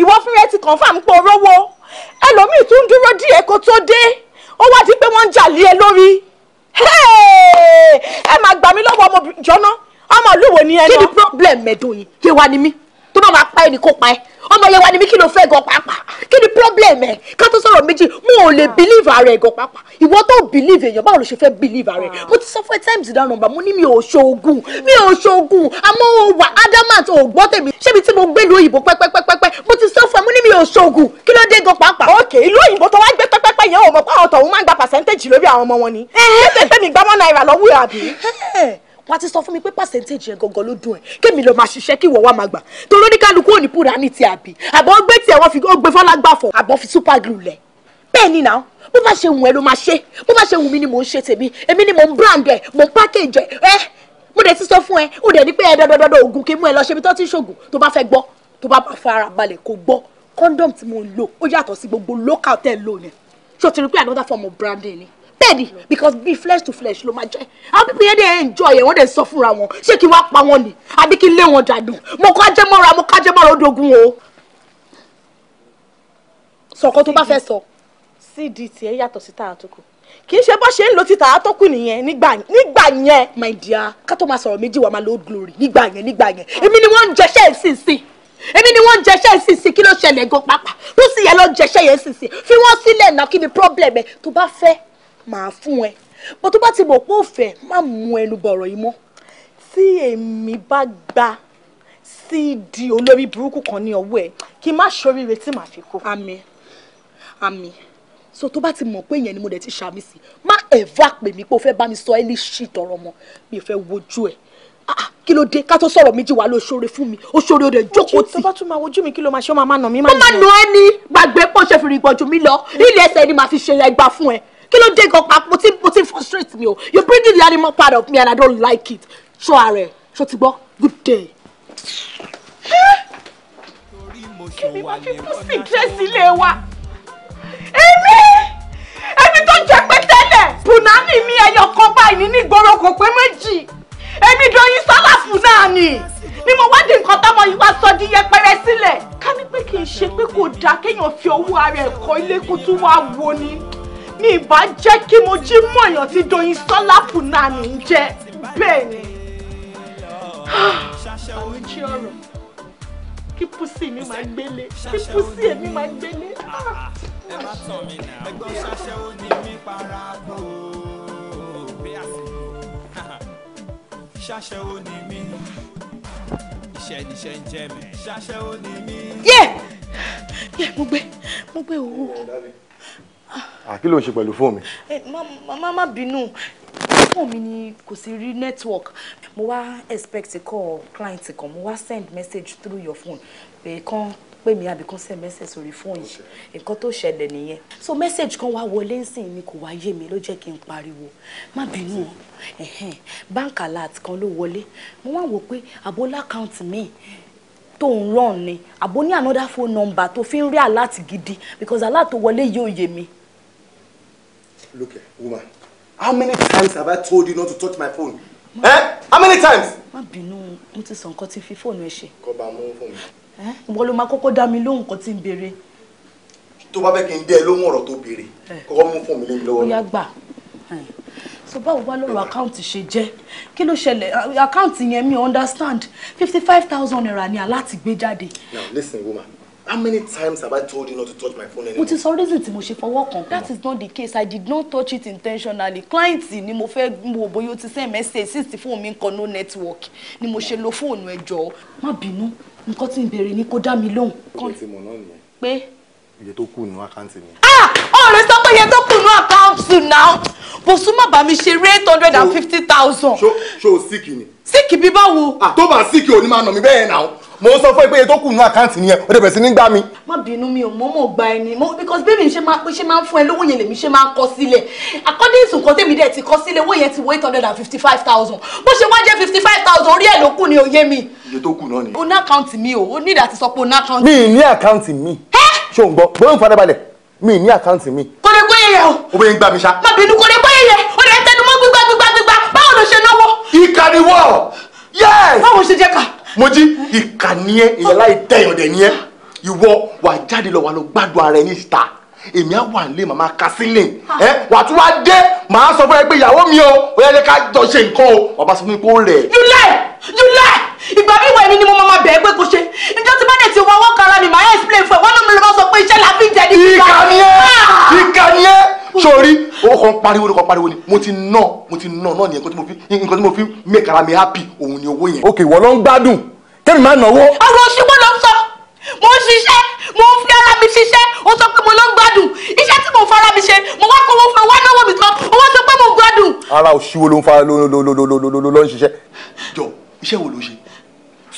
ìwọ fúnra ẹ ti confam pé orówó ẹlòmíì tún dúró díẹ̀ kó tó dé ó wá di pé wọ́n ń jà lé E lórí ẹ máa gbà mí lọ́wọ́ ọmọ jọ́nà ọmọ ìlú wo ni ẹ náà. kí ni problem mẹ́dọ̀ yìí yé wa ni mí tó bá máa pa ẹ ní kó pa ẹ ọmọ yẹn wá ní mi kí ló fẹ́ gan pàápàá kí ni problem ẹ ká tó sọ̀rọ̀ méjì mo ò lè believe ara ẹ gan pàápàá ìwọ tó believe èèyàn báwo ló ṣe fẹ́ believe ara ẹ ah. mo ti sọ fún ẹ times down number mo ní mi ò ṣoògùn mi ò ṣoògùn àmọ́ o wà adamant ò gbọ́ tèmi ṣébi tí mo gbé ìlú òyìnbó pẹ́pẹ́pẹ́pẹ́ mo ti sọ fún ẹ mo ní mi ò ṣoògùn kí ló dé gan pàápàá. ok ìlú òyìnbó tó wá gbé pẹ́pẹ́pẹ́ yẹn ò mọ̀ pé àwọn tọ̀hún máa ń gba percentage lórí àwọn ọmọ wọn ni. Eh. ẹ ẹ ẹ eh wọ́n ti sọ fún mi pé percentage yẹn gangan ló dùn ẹ̀ kémi lọ máa ṣiṣẹ́ kí ìwọ wá máa gbà torí oníkálukú ò ní púra ní ti àbí àbọ̀ ó gbé tiẹ̀ wọ́n fi ó gbé fọ́lá gbà fọ̀ àbọ̀ fi super glue lẹ̀ bẹ́ẹ̀ ni náà bó bá ṣe wù ẹ́ ló máa ṣe bó bá ṣe wù mí ni mò ń ṣe tèmi èmi ni mò ń brand ẹ̀ mò ń package ẹ̀ ẹ́ mo dẹ̀ ti sọ fún ẹ ó dẹ̀ ní pé ẹ dandandandan oògùn kí mú ẹ lọ ṣe ibi tó ti ń ṣoògùn tó bá fẹ́ gbọ́ mo ń lò ó yàtọ̀ local tẹ̀ lónìí ṣó ti rí pé another form of branding ni steady because bí flesh to flesh lo máa jẹ́ àwọn pípẹ́ yẹn dẹ̀ enjoy ẹ̀ wọ́n dẹ̀ sọ fúnra wọn ṣé kí wọ́n pa wọn ni àbí kí lé wọn jàdùn mo kọ́ jẹ́ mọ́ra mo ká jẹ́ mọ́ra o. sọ̀kọ́ tó bá fẹ́ sọ. cd tiẹ̀ yàtọ̀ sí tàà tó kù kì í ṣe bó ṣe ń lo ti tàà nìyẹn nígbà yẹn. my dear ká tó máa sọ̀rọ̀ méjì wà máa lo glory nígbà yẹn nígbà yẹn èmi ni wọ́n ń jẹ́ṣẹ́ ìsinsìn èmi ni wọ́n ń jẹṣẹ́ ìsinsìn kí ló ṣẹlẹ̀ gan pàápàá tó sì yẹ lọ jẹṣẹ́ yẹn ìsinsìn fi wọ́n sílẹ̀ náà kí ni problem ẹ̀ tó bá fẹ́ màá fún ẹ bó tó bá ti mọ̀ pé ó má mú ẹnu bọ̀rọ̀ yìí mọ́ tí èmi bá gba cd olórí burúkú kan ní ọwọ́ ẹ kí n má ṣoríire tí màá fi kú. àmín àmín so tó bá ti mọ̀ pé ìyẹn ni mo dẹ̀ ti ṣàmì sí má ẹ̀fà pè mí pé o fẹ́ bá mi sọ ẹ́ lè ṣì tọrọ mọ́ mi ò fẹ́ wojú ẹ̀ ah, ah, kí ló dé ká tó sọ̀rọ̀ méjì wá ló ṣoore fún mi ó ṣoore jókòó tì. tó bá tún máa wojú mi kí ló máa ṣe ó máa máa nà mí máa nà. ó máa nà ẹ́ gbàgbé pọ́ṣẹ́ fìrìgbọ̀jù mi lọ ilé ẹsẹ̀ ni màá fi ṣe ẹgbà fún ẹ kí ló dé pa mo ti mo ti frustrate mi o you bring the animal part of me and i don't like it ṣọ́ ara ẹ̀ ti gbọ́ good day. kí ni màá fi pussy dress ilé wa èmi èmi tó jẹ́ pé tẹ́lẹ̀ bùnámì mi ẹyọ kan báyìí ní ìgboro kò pé méjì èmi dọ̀yìn sálàfù náà ni ni mo wá di nǹkan tọ́mọ yìí wá sọ di yẹpẹrẹ sílẹ̀ ká ní pé kì í ṣe pé kò dáa kéèyàn fi owó ara ẹ̀ ilé kó tún wá wo ni ìbá jẹ́ kí mo jí mọ̀yàn tí Doyin Sọ́lá Fúnàní ń jẹ́ bẹ́ẹ̀ ni. Ah, àlùjí ọ̀rọ̀ kí púsì mi máa gbélé kí púsì èmi máa gbélé. yẹ ah. yẹ mo gbé mo gbé owó. Ah, kí ló ń ṣe pẹ̀lú fóònù mi. màmá má bínú fóònù mi ni kò sí rí network mo wá expect call client kan mo wá send message through your phone pé kán pè mí àbí kán send message sórí fóònù yìí nǹkan tó ṣẹlẹ̀ nìyẹn so message kan wá wọlé nsìn mi kò wá yé mi ló jẹ́ kí n pariwo má bínú bank alert kan ló wọlé mo wá wò pé àbólá account mi tó ń ràn ni àbó ní another phone number tó fi ń rí alert gidi because alert tó wọlé yóò yé mi. Look here, woman. How many times have I told you not to touch my phone? Ma eh? How many times? Ma binu, mo ti sọ nǹkan fi phone ẹ ṣe. Kọ́ bá mú fóònù. Ẹ́ eh? wọ́n ló máa kọ́kọ́ dá mi lóhùn nǹkan tí ń béèrè. Tó bá fẹ́ kí n dẹ́ ẹ lóhùn ọ̀rọ̀ tó béèrè, eh. kọ́kọ́ mú fóònù mi lẹ́yìn lọ́wọ́. Ó yá eh. so báwo wá lọ́rọ̀ àkáǹtì ṣe je. kí ló ṣẹlẹ̀ àkáǹtì yẹn mi understand fifty five thousand naira ni aláti gbé jáde. now listen woman How many times have I told you not to touch my phone anymore? Mo ti sọ reason tí mo ṣe fọwọ́ kàn. That is not the case. I did not touch it intentionally. Client ni mo fẹ́ wo bóyá o ti send message since the phone mi ń kan no network ni mo ṣe lo fóònù ẹ jọ̀ọ́. Má bínú, nǹkan tí n béèrè ni kó dá mi lóhùn. Kí ni ti mọ̀ náà nìyẹn? Pé. Iye tó kù nínú àkáǹtì mi. Ah! Ọ̀rẹ́ sọ pé iye tó kù capsule now for sún má bá mi ṣe rí eight hundred and fifty thousand. ṣó ṣó síkì ni. síkì bí báwo. Ah, tó bá síkì ò ní máa nà mí bẹ́ẹ̀ náà mo sọ fún ẹ pé ètò kù nù àkáǹtì nìyẹn ó dẹ̀bẹ̀ sí ní gbá mi. má bínú mi ò mọ́ mọ́ gba ẹni mo because baby, ṣe máa ṣe máa ń fún ẹ lówó yẹn lèmi ṣe máa ń kọ according to nǹkan tèmi dẹ̀ ti kọ sílẹ̀ owó yẹn ti wọ eight hundred and fifty five thousand bó ṣe wá jẹ́ fifty five thousand orí ẹ̀ ló kù ni òye mi. iye tó kù náà ni. o ní àkáǹtì mi o o ní ìdá ti sọ pé o ní àkáǹtì. mi ní àkáǹtì mi. ṣé o ń gbọ́ bóyá ń farabalẹ̀ mi ní àkáǹtì mi. kò lè g yẹ o. o bẹ n gbà mí sa. má bínú kò lè bọ́ yẹyẹ o lè tẹnu mọ́ gbígbá gbígbá gbígbá báwo ló ṣe náwó. ìkà yẹs. báwo ṣe jẹ ká. mo jí ìkà ni ẹ ìyàlá ìtẹ̀yọ̀dẹ̀ ni ẹ ìwọ wà jáde lọ wà lọ gbádùn ara ẹ ní ìta èmi á wà nílé màmá kásílẹ̀ ẹ wà tún wá dé màá sọ fún ẹ pé ìyàwó mi o ó yẹ ká jọ ṣe nǹkan o bàbá sọ fún mi pé ó rẹ̀. you lie you lie ìgbà bí ìwà ẹni ni mo máa bẹ̀ẹ́ pé kò ṣe ìjọ tí bá dẹ̀ ti wọ ọwọ́ kan ara mi màá yẹ explain fún ẹ wọn ló mi lọ sọ pé iṣẹ́ làbí jẹ ní ìgbà. ìkànnì ẹ ìkànnì ẹ sórí owó kan pariwo ni kan pariwo ni mo ti ná mo ti ná náà ni nǹkan tí mo fi nǹkan tí mo fi make ara mi happy òun ni owó yẹn. ok ìwọ ló ń gbádùn kẹ́mi máa náwó. ọ̀rọ̀ òṣìwọ́ ló sọ mo ṣiṣẹ́ mo ń fi ara mi ṣiṣẹ́ o sọ pé mo ló ń gbádùn iṣẹ́ tí mo ń fara mi ṣe mo wá kówó fún ẹ wá náwó mi tán o wá sọ pé mo ń gbádùn. ara òṣìwò ló ń fara ló ló ló ló ló ló ló ń ṣiṣẹ́. jọ iṣẹ́ wo ló ṣe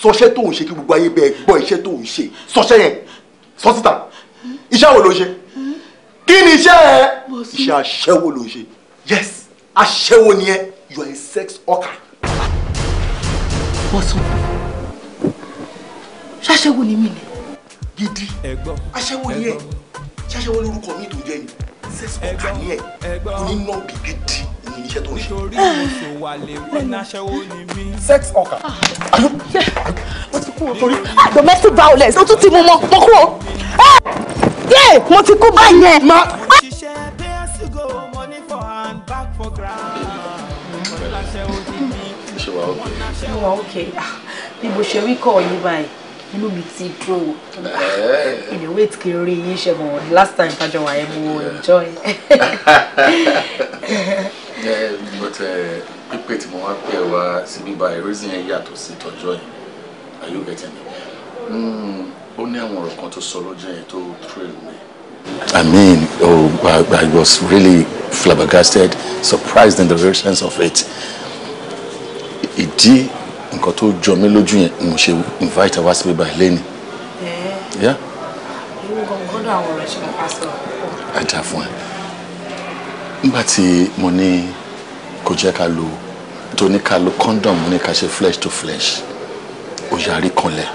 sọṣẹ́ tó ń ṣe kí gbogbo ayé bẹ́ẹ̀ gbọ́ iṣẹ́ tó ń ṣe sọṣẹ́ yẹn sọ síta iṣẹ́ wo ló ṣe kí ni iṣẹ́ ẹ iṣẹ́ aṣẹ́wó ló ṣe yes aṣẹ́wó ni ẹ you are a sex hawker. bọ́sùn ṣáṣẹ́wó ni mí ni gidi aṣẹ́wó ni ṣaṣẹ́wó lórúkọ mi tó jẹ́ ni sẹ́sọ̀kà ni ẹ̀ onínàbì gidi ni tó ń ṣe. torí oṣù wà lè wí náṣẹ́wó ni mí. sex ọkà ah. mo ti kú o torí domestic violence o tún ti mú mọ mo kú o yé mo ti kú báyẹn. ṣiṣẹ́ ṣe wà ókè. ṣe wà ah, bí mo ṣe rí kọ́ ọ yí báyìí inú mi ti dùn o in a way kí n rí yín ṣe mọ̀ last time tájọ wà yẹn mo enjoy. but eh, pípé tí mo wá pè wá síbí báyìí reason yẹn yàtọ̀ sí tọjọ́ yẹn are you getting me? Hmm, ó ní àwọn ọ̀rọ̀ kan tó sọ lọ́jọ́ yẹn tó trail me. I mean, oh, I, I was really flabbergasted, surprised in the real sense of it. Ìdí nǹkan tó jọ mí lójú yẹn mo ṣe invite wá síbí báyìí lẹ́ni. ajá fún ẹ nígbà tí mo ní kò jẹ́ ká lo tó ní ká lo condom ní ká ṣe flesh to flesh ó yarí kanlẹ̀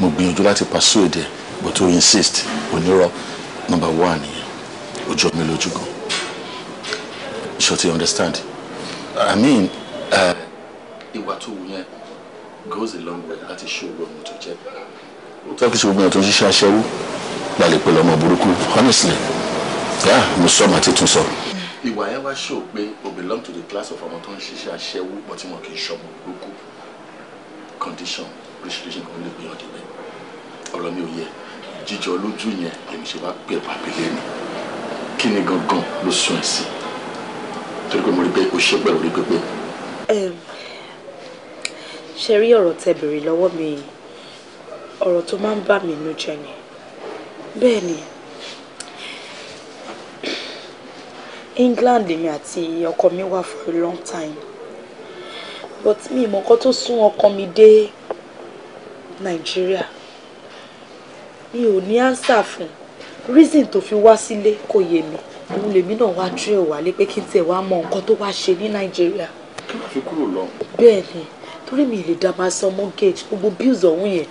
mo gbìyànjú láti persuade ẹ̀ but ó insist onírọ́ number one nìyẹn ó jọ mí lójú gan ṣó ti understand i mean. Uh, ìwà tó wù yẹn goes a long way láti ṣe ogun tó jẹ́. ó tẹ́ kí ṣe ogun tó ṣiṣẹ́ aṣẹ́wó la lè pè lọ́mọ burúkú honestly yeah mo sọ màá ti tún sọ. ìwà yẹn wá ṣó pé o belong to the class of ọmọ tó ń ṣiṣẹ́ aṣẹ́wó but wọn kì í ṣọmọ burúkú condition restriction kan lè gbìyànjú bẹ́ẹ̀ ọ̀rọ̀ mi ò yẹ jíjọ lójú yẹn lèmi ṣe wá pè pàbílẹ̀ mi kí ni gangan ló sún ẹ̀ sí torí pé mo rí pé o ṣe pẹ̀lú rí pé pé ṣe rí ọ̀rọ̀ tẹ bèrè lọ́wọ́ mi yìí ọ̀rọ̀ tó máa ń bà mí nú jẹ́ ni bẹ́ẹ̀ ni England èmi àti ọkọ mi wà for a long time but mi mọ nǹkan tó sún ọkọ mi dé Nàìjíríà mi ò ní ánsà fún reason tó fi wá sílé kò yé mi òun lèmi náà wá dúró wálé pé kí n tiẹ̀ wá mọ nǹkan tó wá ṣe ní Nàìjíríà. kí ló fi kúrò lọ. bẹ́ẹ̀ torí mi lè dá máa san mortgage gbogbo bills ọ̀hún yẹn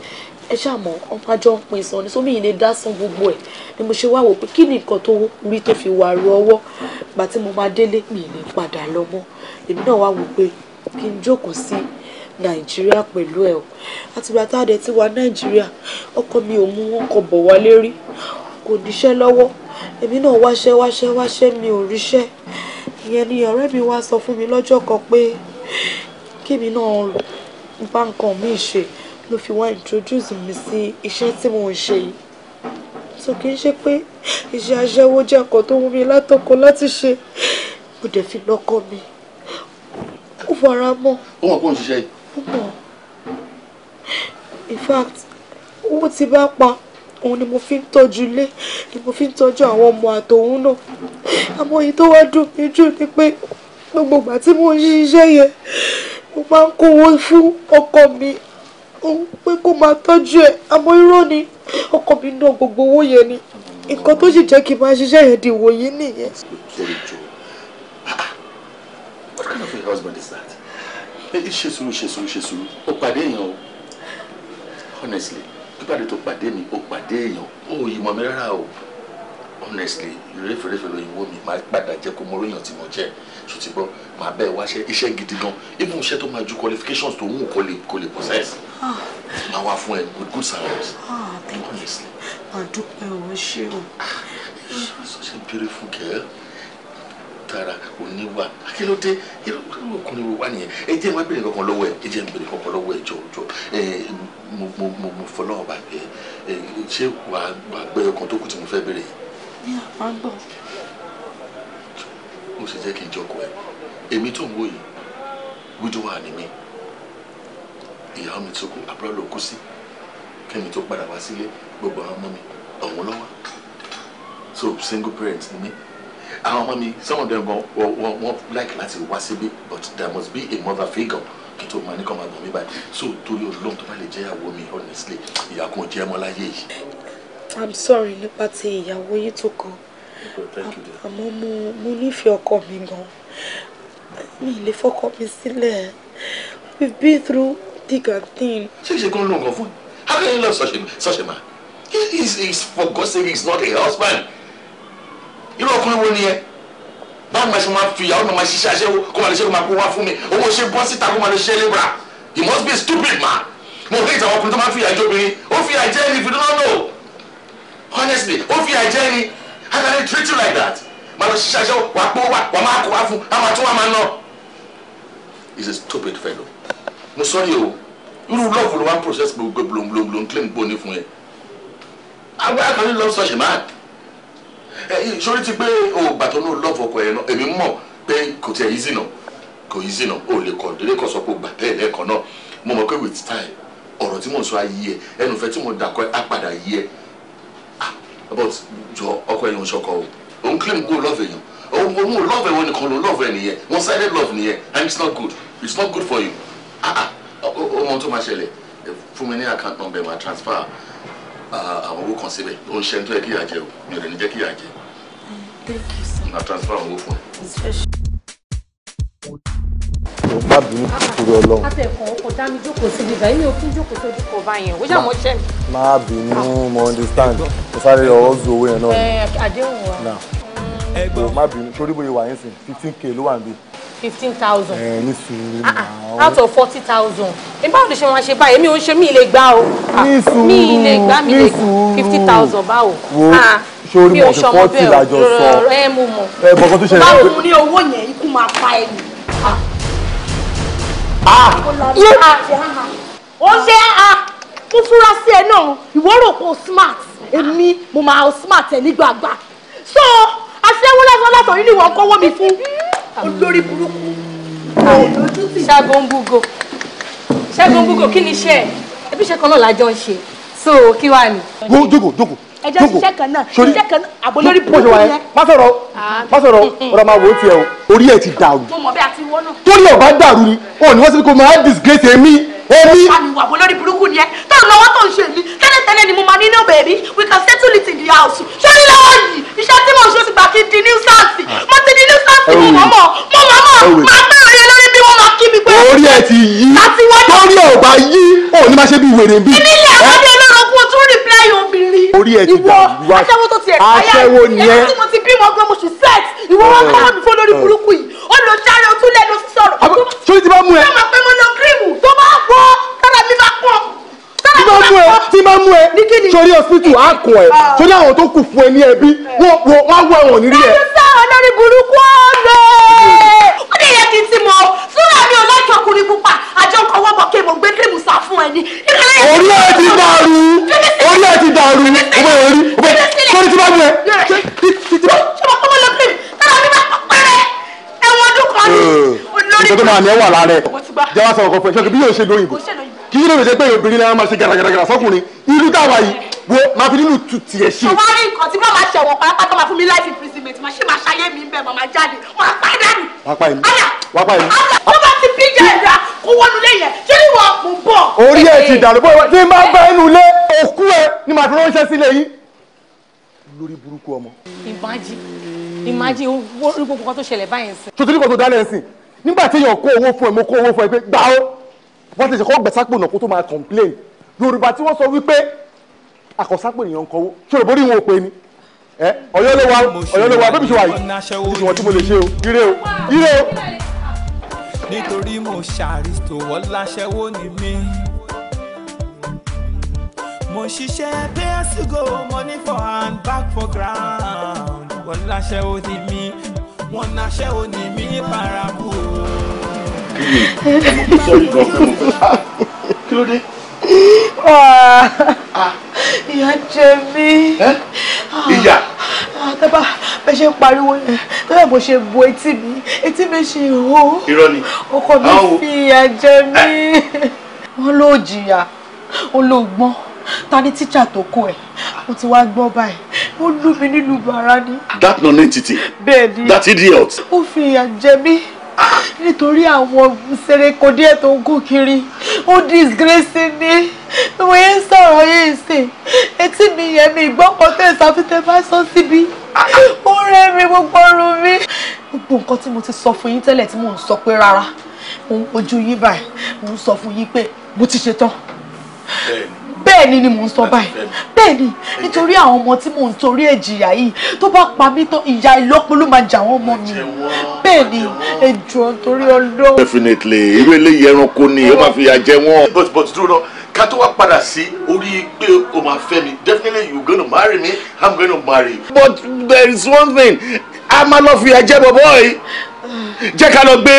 ẹ ṣàmọ ọmọ àjọ ń pin san ni sómi yìí lè dá san gbogbo ẹ ni mo ṣe wá wò pé kí ni nǹkan tó rí tó fi wà ru ọwọ́ gbà tí mo máa délé mi lè padà lọ mọ́ èmi náà wá wò pé kí n jókòó sí nàìjíríà pẹ̀lú ẹ̀ o àtìgbà tá a dẹ̀ ti wà nàìjíríà ọkọ mi ò mú wọn kọ bọ̀ wálé rí kò níṣẹ́ lọ́wọ́ èmi náà wáṣẹ́ wáṣẹ́ wáṣẹ́ mi ò ríṣẹ́ ìyẹn ni ọ̀rẹ́ mi wá sọ fún mi lọ́jọ́ kan pé kémi náà bá nǹkan mi ṣe ló fi wá introduce mi sí iṣẹ́ tí mò ń ṣe yìí so kì í ṣe pé iṣẹ́ aṣẹ́wó jẹ́ nǹkan tó wù mí látọkọ láti ṣe mo dẹ̀ fi lọ́kọ mi ó fara mọ́. ó mọ̀ kó ń ṣiṣẹ́ yìí. ó mọ̀ in fact owó tí bá pa òun ni mo fi ń tọ́jú ilé ni mo fi ń tọ́jú àwọn ọmọ àtòun náà àmọ́ èyí tó wá dùn mí jù ni pé gbogbo ìgbà tí mo ń ṣe iṣẹ́ yẹn mo máa ń kówó fún ọkọ mi òun pé kó máa tọ́jú ẹ̀ àmọ́ irọ́ ni ọkọ mi ná gbogbo owó yẹn ni nǹkan tó sì jẹ́ kí n máa ṣiṣẹ́ yẹn di ìwòye nìyẹn. sorry a husband is ṣe sùúrù ṣe sùúrù ṣe sùúrù ó pàdé èèyàn o honestly pípàdé tó pàdé mi ó pàdé èèyàn ó yìí mọ̀ mi rárá o honestly ìrẹ́fẹ̀rẹ́fẹ̀ lóyìnbó mi máa padà jẹ́ kó mo ròyìn tí mo jẹ́ ṣùtìgbọ́ máa bẹ́ẹ̀ wá ṣe iṣẹ́ gidi gan even iṣẹ́ tó máa ju qualifications tó wù kó lè kó lè possess ah. máa wá fún ẹ with good salaries ah, honestly. àdúpẹ́ ò ah, ṣe o. such a beautiful girl tara oníwà akílódé ọkùnrin wo wà nìyẹn ẹ jẹ́ má bèrè kankan lọ́wọ́ ẹ ẹ jẹ́ ń bèrè kankan lọ́wọ́ ẹ jọ̀ọ́jọ́ ẹ mo mo mo fọlọ́wọ́ bàbá ẹ ṣé wàá gbẹ ọkàn tó kù tí mo fẹ́ bèrè yìí ní àpágbọ̀. mo sì jẹ́ kí n jókòó ẹ̀ èmi tó ń wò yìí wíjọwà ni mí ìyá mi tó kú àbúrò ló kú sí kẹ́mi tó padà wá sílé gbogbo àwọn ọmọ mi ọ̀hún lọ́wọ́ so single parent ni mí àwọn ọmọ mi some of them wọ́n like láti wá síbí but there must be a mother figure kí tó máa ní kọ́ máa bọ̀ mí báyìí so torí olóhùn tó bá lè jẹ́ ìyàwó mi honestly ìyàkùn jẹ́ ọmọ láyé yìí i'm sorry nípa ti ìyàwó yìí tó kan àmọ́ mo mo nífẹ̀ẹ́ ọkọ mi gan mi ì lè fọkọ mi sílẹ̀ we've been through thick and thin. ṣé ṣe kán ló ń gan fún how can you love such a such a man he is is for God's sake he is not a husband irú ọkùnrin wo ni ẹ báwo máa ṣe máa fi ìyàwó náà máa ṣiṣẹ́ aṣẹ́wó kó máa lè ṣe kó máa kó wá fún mi owó ṣe bọ́ síta kó máa lè ṣe lébra You must be stupid man mo hate àwọn ọkùnrin tó máa ń fi ìyà jẹ obìnrin ó fi ìyà ẹni if you don't know honestly ó fi àìjẹ́ ni how can they treat you like that màá lọ ṣiṣẹ́ aṣọ wàá pọ́ wá wàá máa kó wá fún àwọn àtúwọ̀n máa ná he is a stupid fellow mo sọ ni o irú love ló wá ń process gbogbo blomblomblom claim gbóni fún yẹn àwọn akọni love such a man sori ti pé o gbàtọ́ ní love ọkọ yẹn náà èmi mọ̀ pé kò tiẹ̀ easy náà kò easy náà o lè kọ̀ délé kan sọ pé o gbà bẹ́ẹ̀ lẹ́ẹ̀kan náà mo mọ̀ pé with time ọ̀rọ̀ tí mo sọ ayé ẹ ẹnu fẹ́ tí mo dàkọ́ apàdà yé ẹ about jọ ọkọ ẹ̀yàn ṣọkọ o òun claim kó love èèyàn òun òun love ẹ̀wọ̀n nìkan lòun love ẹ̀ nìyẹn one sided love nìyẹn and it's not good it's not good for you ah ah ọmọ tó máa ṣẹlẹ̀ fún mi ní account number ma transfer ah, àwọn owó kan síbẹ̀ ó ń ṣe tó yẹ kí ìyà jẹ o mi ò lè ní jẹ́ kí ìyà jẹ. thank you ma transfer owó fún ẹ jọ̀ọ́ má bínú torí Ọlọ́run. látẹ̀kọ̀ ọkọ̀ mi mo understand mo sáré ọwọ́ zu owó yẹn náà. ẹ àdéhùn wa. jọ̀ọ́ má bínú torí bóyá wà yín sìn fifteen k ló wà níbí. fifteen thousand. ẹ ní sùúrù ah, ah, náà. out of forty thousand nígbà wo ló ṣe wọn ṣe báyìí mi ò ń ṣe mí ilé gbá o. Ah, ní sùúrù ní sùúrù fifty thousand báwo sórí mọ̀ọ́sì pọ́ọ̀tì làjọ sọ ẹ bọ̀kan tó ṣẹlẹ̀ báwo ni owó yẹn ikú máa pa ẹni Ah. Ah. Ah. ó ṣe á mo fura sí ẹ náà ìwọ rò kó smart èmi mo máa smart ẹ nígbàgbà so aṣẹ́wó lásán látọ̀ yìí ni wọ́n kọ́wọ́ mi fún olórí burúkú. ṣàgùn búgò ṣàgùn búgò kí ni iṣẹ́ ẹ ẹbí iṣẹ́ kan náà lájọ ń ṣe so kí wàá ní. jókòó jókòó ẹjẹ ṣiṣẹ́ kan náà ṣiṣẹ́ kan náà àbólórí burúkú yẹn. má sọ̀rọ̀ ah. má sọ̀rọ̀ mm, mm. ọ̀rọ̀ máa wò ó tiẹ̀ o orí ẹ̀ ti dàrú. mo mọ̀ bí a ti wọ́n náà. torí ọba dàrú ni òun ni wọ́n ti kó máa disgrace èmi èmi. àmìwà àbólórí burúkú yẹn tó ń lọ́wọ́ tó ń ṣe mí tẹ́lẹ̀tẹ́lẹ̀ ni mo máa nínú bẹ̀ẹ̀mí we can settle it in the house. sórí lọ́wọ́ yìí iṣẹ́ tí mo ṣe ti gbà kí di new start ah. mo ti di new start mo mọ̀ mọ̀ mo mọ̀ mọ̀ máa gbé òye lórí bí wọ́n máa kí mi pé. orí ẹ̀ ti yí torí ọba yí òun ni máa ṣe bí wèrè bí. èmi orí ẹ ti dàrú wá aṣẹ́wó tó ti aṣẹ́wó ni ẹ ẹni tí mo ti bímọ gan mo ṣì set ìwọ wọn káwọn mi fún lórí burúkú yìí ó lọ sáré o tún lẹ́nu sọ̀rọ̀. sori ti bá mú ẹ. ṣé màá pẹ́ mo lọ kírìmù tó bá wọ tára mi bá pọ̀ tí máa mú ẹ tí máa mú ẹ sórí hospital á kún ẹ ah. sórí àwọn tó kù fún ẹ ní ẹbí wọn á wọ ẹwọn nírí ẹ. ẹ ló sọ ọ lórí àmì ẹ̀ wà lára ẹ̀ jẹ́wọ́ sọ̀rọ̀ kan fún ẹ ṣọ́kì bí yóò ṣe lóyìnbó kí yóò lè ṣe pé obìnrin náà máa ṣe gàràgàràgàrà fọkùnrin irú táwa yìí wo máa fi nínú tu tiẹ̀ ṣe. ọwọ́ rí nǹkan tí mo máa ṣẹ̀wọ̀n pátápátá máa fún mi láti imprisonment máa ṣe máa ṣayé mi bẹ́ẹ̀ máa jáde máa pa dànù. wàá pa èmi wàá pa èmi. àlà tó bá ti bí jẹ́ ìra kó wọnú lé yẹn ṣé ìwọ kò bọ̀. orí ẹ ti eh, eh. dàrú bóyá tí n bá bá inú ilé òkú ẹ ni màá fi ránṣẹ́ sílé yìí. lórí burúkú ọmọ. ìmájì ìmájì orí gbogbo kan tó ṣẹlẹ̀ báyìí nígbà tí èèyàn kó owó fún ẹ mo kó owó fún ẹ pé gbà ó wọ́n ti ṣe kọ́ gbẹ̀sápò náà kó tó máa complain yorùbá tí wọ́n sọ wípé àkọsápò èèyàn kọ́ owó ṣòro borí wọn ò pé ni ọ̀yọ́ ló wà ọ̀yọ́ ló wà bébí ṣe wà yìí ìṣòwò wọn tí mo lè ṣe o ire o ire o. nítorí mo ṣàrìsò wọ́n láṣẹ́wó ni mí mo ṣiṣẹ́ pay as you go money for hand back for ground wọ́n láṣẹ́wó ni mí wọn naṣẹ́ òní mi paraku. kí ló dé. Ah, ah. ìyà jẹ mí. Ah, ìyà. tábà bẹ́ẹ̀ ṣe ń pariwo yẹn tábà bó ṣe bo etí mi etí mi ṣe hó. irọ́ ni. ọkọ mi fi ìyà jẹ mí. wọ́n ló jìyà ó ló gbọ́n ta ni tíjà tó kọ ẹ mo ti wá gbọ́ báyìí ó lù mí nínú bàrá ni. that non-entity. bẹ́ẹ̀ni that idiot. ó fi ìyà jẹ mí nítorí àwọn sereko díẹ̀ tó ń kú kiri ó disgrace ni ìwé yẹn sọ̀rọ̀ yẹn sè etí mi yẹn ni ìgbọ́kàn tẹ̀ sáfìtẹ́ bá sọ síbi ó rẹ́ mi gbogbo ọrùn mi. gbogbo nǹkan tí mo ti sọ fún yín tẹ́lẹ̀ tí mò ń sọ pé rárá ojú yín báyìí mo ń sọ fún yín pé mo ti ṣetán. bẹ́ẹ̀ni bẹ́ẹ̀ ni ni mò ń sọ báyìí bẹ́ẹ̀ ni nítorí àwọn ọmọ tí mò ń torí ẹ̀ yìí tó bá pa mí tán ìyà ìlọ́po ló máa jà wọ́n mọ́ mi bẹ́ẹ̀ ni ẹjọ́ torí ọlọ́run. definitely irú eléyìí ẹranko ni ó máa fi yà jẹ wọ́n. but but dúró ká tó wá padà sí orí pé o máa fẹ́ mi definitely you gonna marry me i'm gonna marry but there is one thing a máa lọ fi yà jẹ bọ̀bọ̀ yìí jẹ́ ká lọ gbé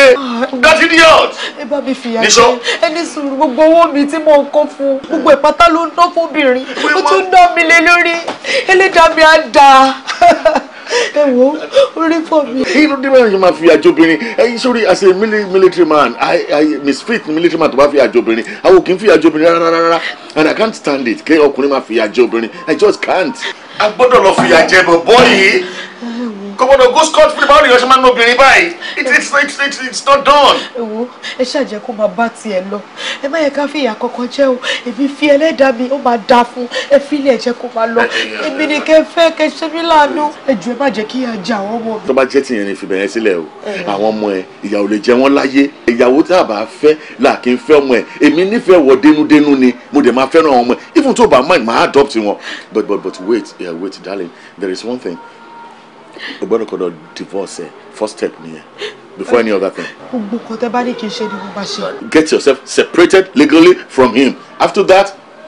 dọ́tí ah. idiot. ẹ bá mi fìyà jẹ ẹni sùúrù gbogbo owó mi tí mo kọ́ fún gbogbo ìpátá ló ń ná fóbìnrin ó tún ná mi lé lórí ẹlẹ́dàá mi á dáa ẹ wo orí fọ mi. inú dé mẹ́rin yìí máa fi àjò obìnrin ẹyin sórí as a military man i i misfit military man tó bá fi àjò obìnrin àwọn kì í fi àjò obìnrin rárá rárá and i can't stand it kí ọkùnrin máa fi àjò obìnrin i just can't. a gbọ́dọ̀ lọ fìyà jẹ bọ̀ bọ́ yìí kò go scot free báwo ni ìyọ̀ṣẹ́ máa obìnrin báyìí it's it's it's it's not done. ewu ẹ ṣàjẹ́ kó máa bá tiẹ̀ lọ ẹ má yẹ ká fi ìyà kankan jẹ́ o èmi fi ẹlẹ́dàá mi ó máa da fún ẹ fi ilé ẹ̀jẹ̀ kó máa lọ èmi ni kẹ fẹ́ kẹ ṣe mí láàánú ẹ jù ẹ má jẹ́ kí ìyà jẹ àwọn ọmọ mi. tó bá jẹ́ tìyẹn ni fìbẹ̀ yẹn sílẹ̀ o àwọn ọmọ ẹ ìyàwó lè jẹ wọ́n láyé ìyàwó tá a bá fẹ́ là kí n fẹ́ ọmọ ẹ èmi nífẹ̀ẹ́ wọ dénúdénú ni mo dẹ̀ máa fẹ́ràn ọmọ ẹ even tó bá mind máa adopt wọn but but but wait yeah, wait darling there is one thing o gbọ́dọ̀ kọ́dọ̀ divorce first step nìyẹn before any other thing. gbogbo kọtẹ bá ní kí n ṣe ni mo bá ṣe. get yourself separated legally from him after that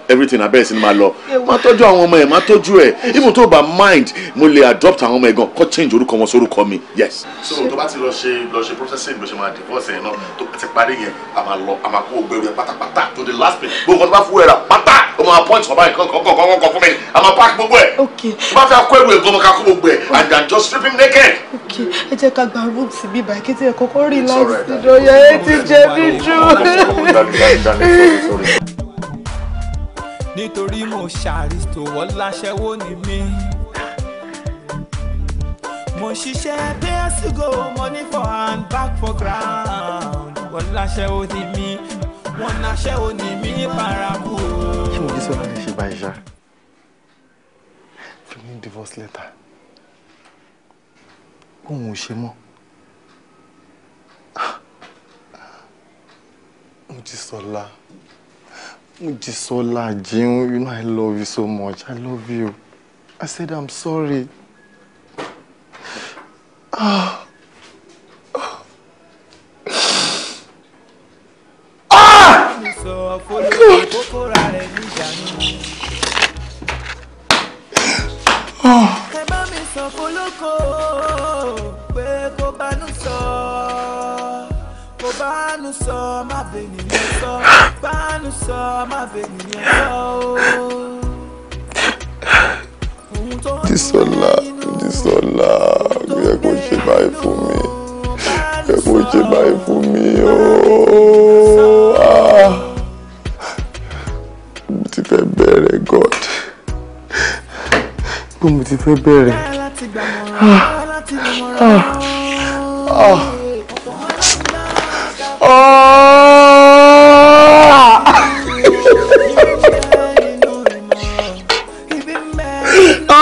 everything abẹ́rẹ́ sí ni máa lọ máa tọ́jú àwọn ọmọ ẹ̀ máa tọ́jú ẹ̀ even tó bá mind mo lè adopt àwọn ọmọ ẹ̀ gan kọ́ change orúkọ wọn sórúkọ mi yes. so tó bá ti lọ ṣe lọ ṣe processing ló ṣe máa divorce yẹn náà tó bá ti parí yẹn a máa lọ a máa kó gbẹrù yẹn pátápátá to the last bit. gbogbo nǹkan tó bá fún ẹ̀rà pátá ó máa point ọba nǹkan kọ̀ọ̀kan kọ̀ọ̀kan fún mi a máa pack gbogbo ẹ̀ tó bá fẹ́ kó ẹrù ẹ̀gbọ́n ká kó gbogbo ẹ̀ and then just strip him naked. ok ẹ jẹ́ ká gba room sí bí ibà kí tí ẹ kọ́kọ́ rí láti dọ̀yà ẹ ti jẹ́ bí jù. nítorí mo ṣàrìsò wọ́n láṣẹ́wó ni mí. mo ṣiṣẹ́ pay as you go money for hand back for ground wọ́n láṣẹ́wó ni mí wọ́n láṣẹ́wó ni mí paraku. ṣé mo jẹ́ sọ́nà lè ṣe báyìí ṣá tó ní divorce letter òun ò ṣe mọ́. Ah, mo ti sọ̀la. So Mujisola Jiun, you know I love you so much. I love you. I said I'm sorry. Ah. Ah! God. Oh kò bánu sọ má bẹ nìyẹn sọ bánu sọ má bẹ nìyẹn sọ o. Dísọ́lá Dísọ́lá bí ẹ kò ṣe báyìí fún mi ẹ kò ṣe báyìí fún mi ooo ah. mo ti fẹ́ bẹ̀rẹ̀ God mo ti fẹ́ bẹ̀rẹ̀. Ah. ah. Ah. Ah. Oh. Oh.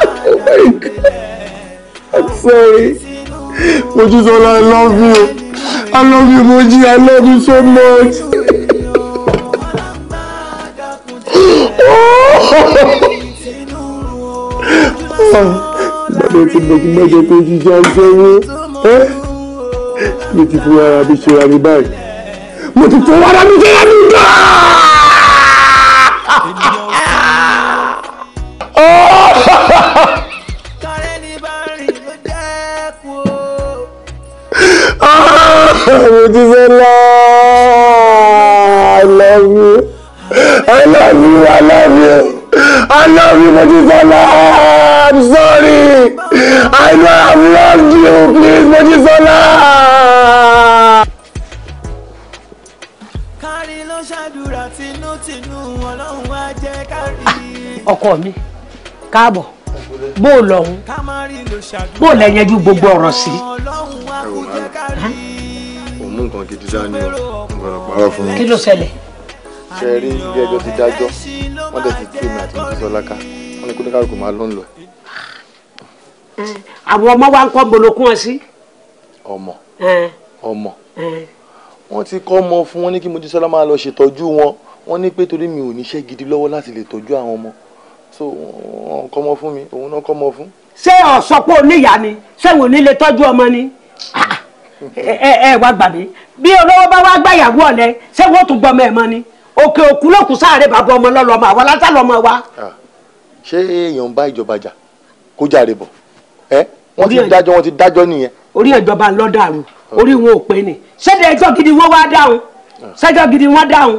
I'm sorry. Mojisola, I love you. I love you, Moji. I love you so much. Oh. Oh. Oh. Oh. Oh. Oh mi ti fún ara mi ṣe ara mi báyìí mo ti fún ara mi ṣe ara mi gbà. Ah, mo ti fẹ́ láà I love you I love you I love you I love you mo ti fẹ́ láà I'm sorry I know I've loved you please mo ti fẹ́ láà. bínú ọlọ́run wá jẹ́ kárí. ọkọ mi káàbọ̀ bó o lọ́hún bó o lẹ́yẹjú gbogbo ọ̀rọ̀ sí. òun mú nǹkan gidi dání o gbọ́dọ̀ pààrọ̀ fún mi. kí ló ṣẹlẹ̀. ṣe rí ilé ẹjọ́ ti dájọ́ wọ́n dẹ̀ ti tú èmi àti mọ́tòsọ́lá ká wọ́n ní kó ní kálukú máa lọ́n lọ. àwọn ọmọ wa ń kọ́ bolokún ọ sí. ọmọ ọmọ wọ́n ti kọ́ ọmọ fún wọn ní kí mọ́tòsọ́lá máa lọ ṣètọ́jú wọn wọ́n ní pé torí mi ò níṣẹ́ gidi lọ́wọ́ láti lè tọ́jú àwọn ọmọ so wọ́n kọ́mọ fún mi òun náà kọ́mọ fún. ṣé ọ̀sọ́pọ̀ oníyà ni ṣé wò ní lè tọ́jú ọmọ ni ẹ ẹ wá gbà mí bí olówó bá wá gbàyàwó ọ̀lẹ ṣé wọ́n tún gbọmọ ẹ̀ mọ́ ni òkè òkú ló kù sáré bàbá ọmọ lọ́lọ́mọ àwa látàlọ́mọ wa. ṣé èèyàn bá ìjọba jà kó jàre bọ̀ ẹ wọ́n ti dájọ́ wọ́n ti dájọ́ nìyẹn. orí ìjọba lọ́dàrú orí wọn ò pé ni ṣé ẹjọ́ gidi wọ́n wá dáhùn ṣẹ́jọ́ gidi wọ́n dáhùn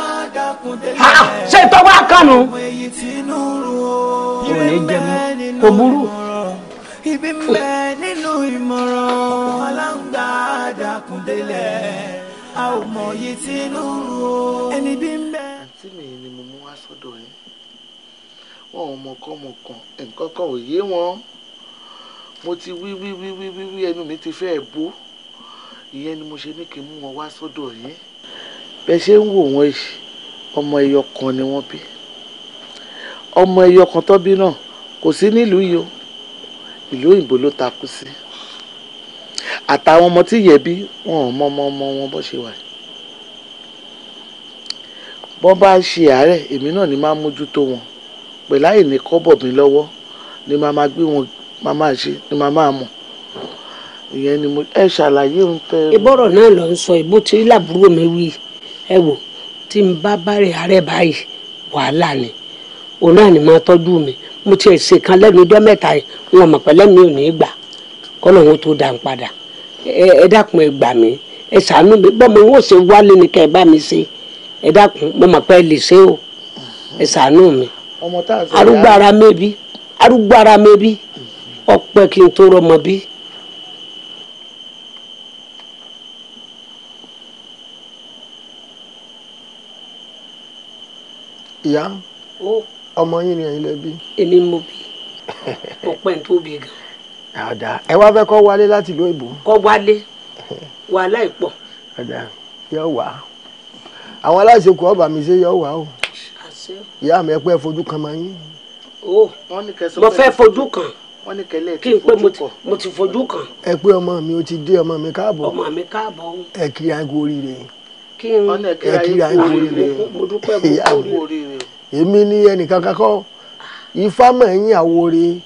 ṣe tọ́wọ́ àkànnù kò ní jẹ mọ́ kò burú. ibi mbẹ nínú ìmọ̀ràn aláǹgbá dàkúndélẹ̀ a ò mọ iye tí inú rú o. ẹni bí mbẹ. àǹtí mi ni mo mú wá sọ́dọ̀ ẹ̀ wọn ò mọ̀kọ́mọ̀kan nǹkan kan ò yé wọn mo ti wí wí wí wí wí ẹnu mi ti fẹ́ẹ́ bó ìyẹn ni mo ṣe ní kí n mú wọn wá sọ́dọ̀ yìí bẹ́ẹ̀ ṣe ń wò wọ́n yìí ọmọ ẹyọ kan ni wọ́n bí ọmọ ẹyọ kan tó bí náà kò sí nílùú yìí o ìlú òyìnbó ló takú sí àtàwọn ọmọ tí yẹ wọn ò mọ ọmọ ọmọ wọn bó ṣe wà bọ́n bá ṣe àárẹ̀ èmi náà ni máa mójútó wọn pẹ̀lú àìní kọ́bọ̀ mi lọ́wọ́ ni màá máa gbé wọn màá máa ṣe ni màá máa mọ̀ ìyẹn ni mo ẹ ṣàlàyé ń tẹ. ìbọ̀rọ̀ náà ló ń sọ ìbò tí làbúrò mi wí ẹ wò tí n bá bárẹ̀ àárẹ̀ báyìí wàhálà ni òun náà ni máa tọ́jú mi mo tiẹ̀ ṣe kan lẹ́nu ọjọ́ mẹ́ta yìí wọn mọ̀ pẹ́ lẹ́mìí ò ní gbà kọ́nà wọn tó dà ń padà ẹ dákun ẹ gbà mí ẹ ṣàánú mi bọ́ mo ń wò ṣe wálé ni kẹ́ ẹ bá mi ṣe ẹ dákun mo mọ̀ pé ẹ lè ṣe o ẹ ṣàánú mi arúgbó ara mẹ́bí arúgbó ara mẹ́bí ọpẹ́ kí n tó rọmọ bí. ìyá ọmọ yín ni ẹ̀yin lẹ bí. èmi mo bí mo pẹ́ tó bí gan. ọ̀dà ẹ wá fẹ́ kọ́ wálé láti ìlú òyìnbó. kọ́ wálé wàhálà ìpọ̀. ọ̀dà yóò wá àwọn aláṣẹ kù ọba mi ṣe yóò wá o ìyá mi ẹ pẹ́ fojú kan máa yín. mo fẹ́ fojú kan kí n pé mo ti fojú kan. ẹ pé ọmọ mi ó ti dé ọmọ mi káàbọ̀. ọmọ mi káàbọ̀. ẹ kí aago oríire kí n ẹkíra ikú oríire mo dúpẹ́ mo kú oríire. èmi ni ẹnìkan kankan ifá mẹ́yìn àwòrè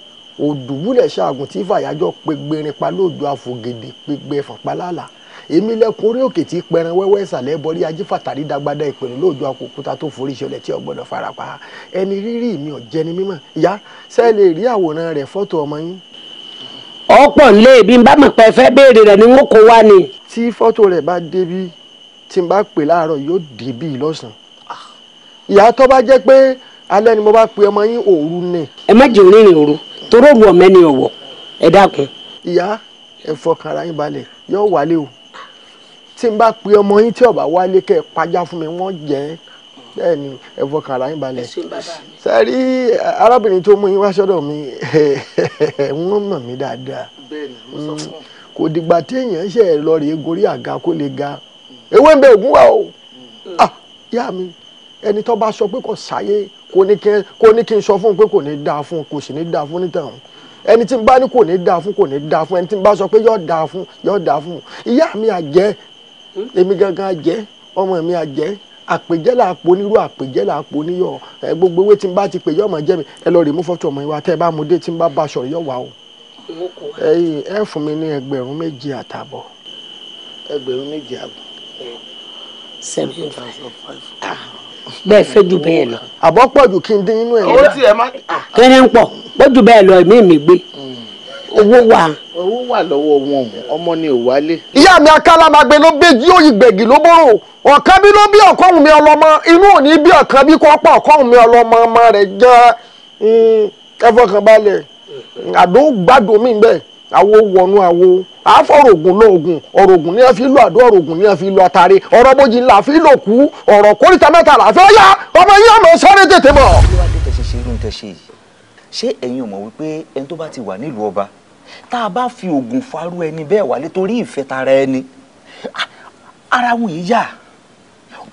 òdùbúlẹ̀ ṣaagun tí fàyàjọ́ pẹgbẹrin pa lóòjọ àfògèdè pẹgbẹ fàpálàlà èmi lẹkùn orí òkè tí pẹran wẹ́wẹ́ ìsàlẹ̀ bọ́rí ajé fàtàrí dagbada ìpẹ̀lú lóòjọ àkókúta tó forí ṣọlẹ̀ tí ọgbọ́dọ̀ farapa ẹni rírì mi ò jẹni mímọ̀ ìyá ṣe rí àwòrán rẹ̀ fọ́tò ọmọ yín. ọ̀pọ̀ nílé ibi bá mọ̀ fẹ́ béèrè rẹ̀ ni wọ́n kó wá ni. tí fọ́tò rẹ̀ bá débi tí n bá pè láàárọ̀ yóò dé bíi lọ́sàn-án bá jẹ́ pé alẹ́ ni mo bá pe ọmọ yín òru ni. ẹ má jẹ́ rìnrìn òru toró òru ọ̀mẹ́ ni ọ̀wọ̀ ẹ dákun. ìyá ẹ fọkàn ara yín balẹ̀ yóò wálé o tí n bá pe ọmọ yín tí ó wálé kẹ́ ẹ fún mi wọ́n jẹ́ bẹ́ẹ̀ ni ẹ fọkàn ara yín balẹ̀. sẹ́rí arábìnrin tó mú yín wá sọ́dọ̀ mi wọ́n mọ̀ mí dáadáa mm, kò dìgbà téèyàn ṣe lọ rèé gorí àga kó lè ga ewé ń bẹ ògùn wa o ah yá mi ẹni tó bá sọ pé kò sáyé kò ní kí n sọ fún un pé kò ní dáa fún un kò sì ní da fún nítàn òun ẹni tí n bá ní kò ní dáa fún kò ní dáa fún ẹni tí n bá sọ pé yóò dáa fún yóò dáa fún ìyá mi àjẹ́ èmi gangan àjẹ́ ọmọ mi àjẹ́ àpèjẹ́ là àpò onírú àpèjẹ́ là àpò oníyọ̀ ẹ gbogbo ewé tí n bá ti pè yọ̀mọ̀ jẹ́ mi ẹ lọ rè mú fọ́tò ọmọ ìwà tẹ́ ẹ bá mu dé tí n bá ba sọ̀rọ̀ yọ̀ wá o ẹ fún mi ní ẹgbẹ̀rún méjì àtààbọ̀ ẹgbẹ̀rún méjì àbọ̀ seventeen thousand five. bẹ́ẹ̀ fẹ́ ju bẹ́ẹ̀ lọ. àbọ̀ pọ̀ ju kí n dín inú ẹ̀. owó tí ẹ má. Ah. kẹ́ni ń pọ̀ pọ̀ ju bẹ́ẹ̀ lọ ẹ̀mí mi gbé hmm. owó wà. owó wà lọ́wọ́ wọn ọmọ ni ò wálé. ìyá mi akálàmàgbé ló béjì òyì gbẹ̀gì ló bòrò ọ̀kan bí ló bí ọ̀kọ́hùn mi ọlọ́mọ inú òní bí ọ̀kan bí kò pa ọ̀kọ́hùn mi ọlọ́mọ ọmọ rẹ̀ jẹ́ hmm, ẹfọkànbalẹ̀ hmm. àdó gbádùn mi bẹ́ẹ̀ awo wọnú awo àfọ̀rọ̀gùn lóògùn ọ̀rọ̀gùn ni a fi lo àdó ọ̀rọ̀gùn ni a fi lo àtàrí ọ̀rọ̀ bójì la fi lò kú ọ̀rọ̀ kórìtà mẹ́ta la fi ọ̀yà ọmọ yìí ọmọ sáré tètè bọ̀. kí ló wá dé tẹ̀sí ṣe irú tẹ̀ ṣe yìí ṣé ẹ̀yin ò mọ̀ wípé ẹni tó bá ti wà nílùú ọba tá a bá fi oògùn farú ẹni bẹ́ẹ̀ wálé torí ìfẹ́ tara ẹni ara wọn yìí yà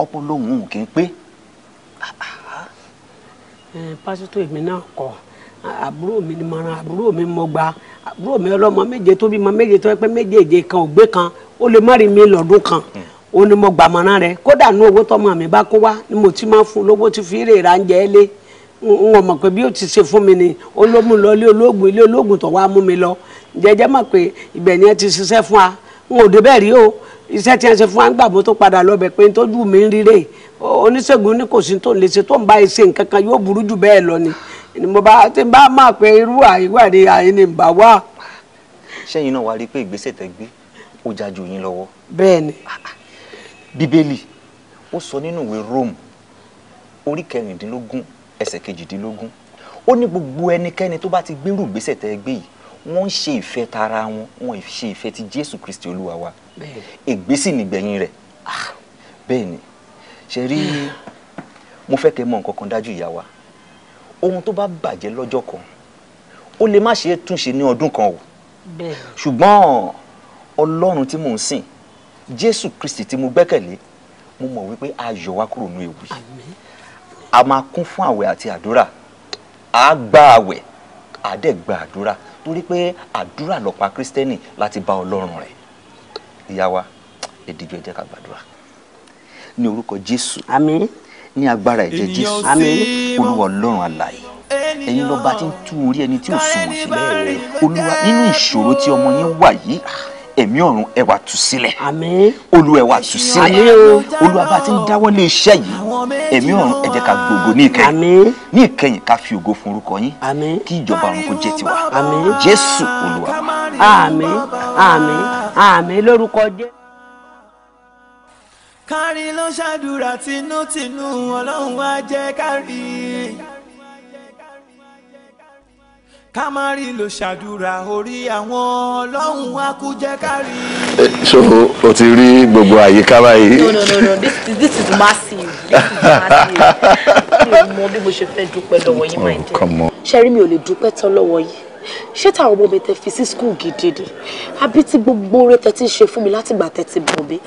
ọpọlọ òun kì í pé. pásítọ̀ èmi náà kọ̀ àbúrò mi ni mo ran àbúrò mi mo gba àbúrò mi ọlọ́mọ méje tó bímọ méje tó pẹ́ méjèèje kan ò gbé kan ó lè má rí mi lọ́dún kan hmm. ó ní mo gbà mọ́ná rẹ kódà ní owó tọmọ mi bá kó wá ni mo ti máa fún lówó tí fi rè ra ń jẹ ẹ́ lé n ò mọ̀ pé bí ó ti ṣe fún mi ni olómù lọ ilé olóògùn ilé olóògùn tó wá mú mi lọ jẹjẹ mọ̀ pé ibẹ̀ ni ẹ ti ṣiṣẹ́ fún wa n ò débẹ̀ rí o iṣẹ́ tí ẹ ṣe fún wa ń gbà bó tó padà lọ bẹ̀ pé tójú mi ń rí rè oníṣègùn ní kò sí tó ń lè ṣe tó ń bá ẹ ṣe nǹkan kan yóò burú jù bẹ́ẹ̀ lọ ni ni mo bá ti bá máa pé irú àìwádé àyè ni bá wà. sẹ́yìn náà wàá rí i pé ìgbésẹ̀ tẹ́ gbé ó já ju yín lọ́wọ́. bẹ́ẹ̀ ni. Ah, ah. bíbélì ó sọ nínú ìwé Rome orí kẹrìndínlógún ẹsẹ̀ kejìdínlógún ó ní gbogbo ẹnikẹ́ni tó bá ti gbérù ìgbésẹ̀ tẹ́ gbé yìí wọ́n ń ṣe ìfẹ́ tara wọn wọ́n ṣe ìfẹ́ ti Jésù Kristi Olúwa wa ègbé sì nìgbẹ̀yìn rẹ̀ ah. bẹ́ẹ̀ ni ṣe rí mo fẹ́ kẹ́ mọ̀ nǹkan kan dájú ìyá wa ohun tó bá bàjẹ́ lọ́jọ́ kan ó lè má ṣe é túnṣe ní ọdún kan o ṣùgbọ́n ọlọ́run tí mò ń sìn jésù kristi tí mo gbẹ́kẹ̀lé mo mọ̀ wípé a yọ wá kúrò ní ewu yìí a máa kún fún àwẹ̀ àti àdúrà a gba àwẹ̀ a dẹ̀ gba àdúrà torí pé àdúrà lọ̀pá kristẹni láti bá ọlọ́run rẹ̀ ìyá wa ẹ̀dìjọ́ ẹ jẹ́ ká gbàdúrà ní orúkọ jésù. àmín ní agbára ẹ̀jẹ̀ jésù olúwa ọlọ́run alààyè ẹ̀yin lọ́ba tí ń tú orí ẹni tí ò sunwọ̀n sílẹ̀ olúwa nínú ìṣòro tí ọmọ yín wà yìí ah, ẹ̀mí ọ̀run ẹ wá sílẹ̀ olúwa ẹ wá sílẹ̀ olúwa bá ti ń dáwọ́lé iṣẹ́ yìí ẹ̀mí ọ̀run ẹ ká gbogbo ní ìkẹyìn ní ìkẹyìn ká fi ògo fún orúkọ yín kí ìjọba ọ̀run kó jẹ́ tiwa jésù olúwa wa. àmín àmín àmín lórúkọ jésù kárí ló ṣàdúrà tinútinú ọlọ́run wá jẹ́ kárí. kámárì ló ṣàdúrà orí àwọn ọlọ́run wá kú jẹ́ kárí. so o ti rí gbogbo àyíká báyìí. no no no no this, this is massive this is massive mo bí mo ṣe fẹ́ dúpẹ́ lọ́wọ́ yín máa ń jẹ́ ṣẹ́rí mi ò lè dúpẹ́ tán lọ́wọ́ yín ṣé táwọn ọmọ mi tẹ fi sí skul gidi ni àbí tí gbogbo oore tẹ ti ń ṣe fún mi látìgbà tẹ ti bọ̀ mi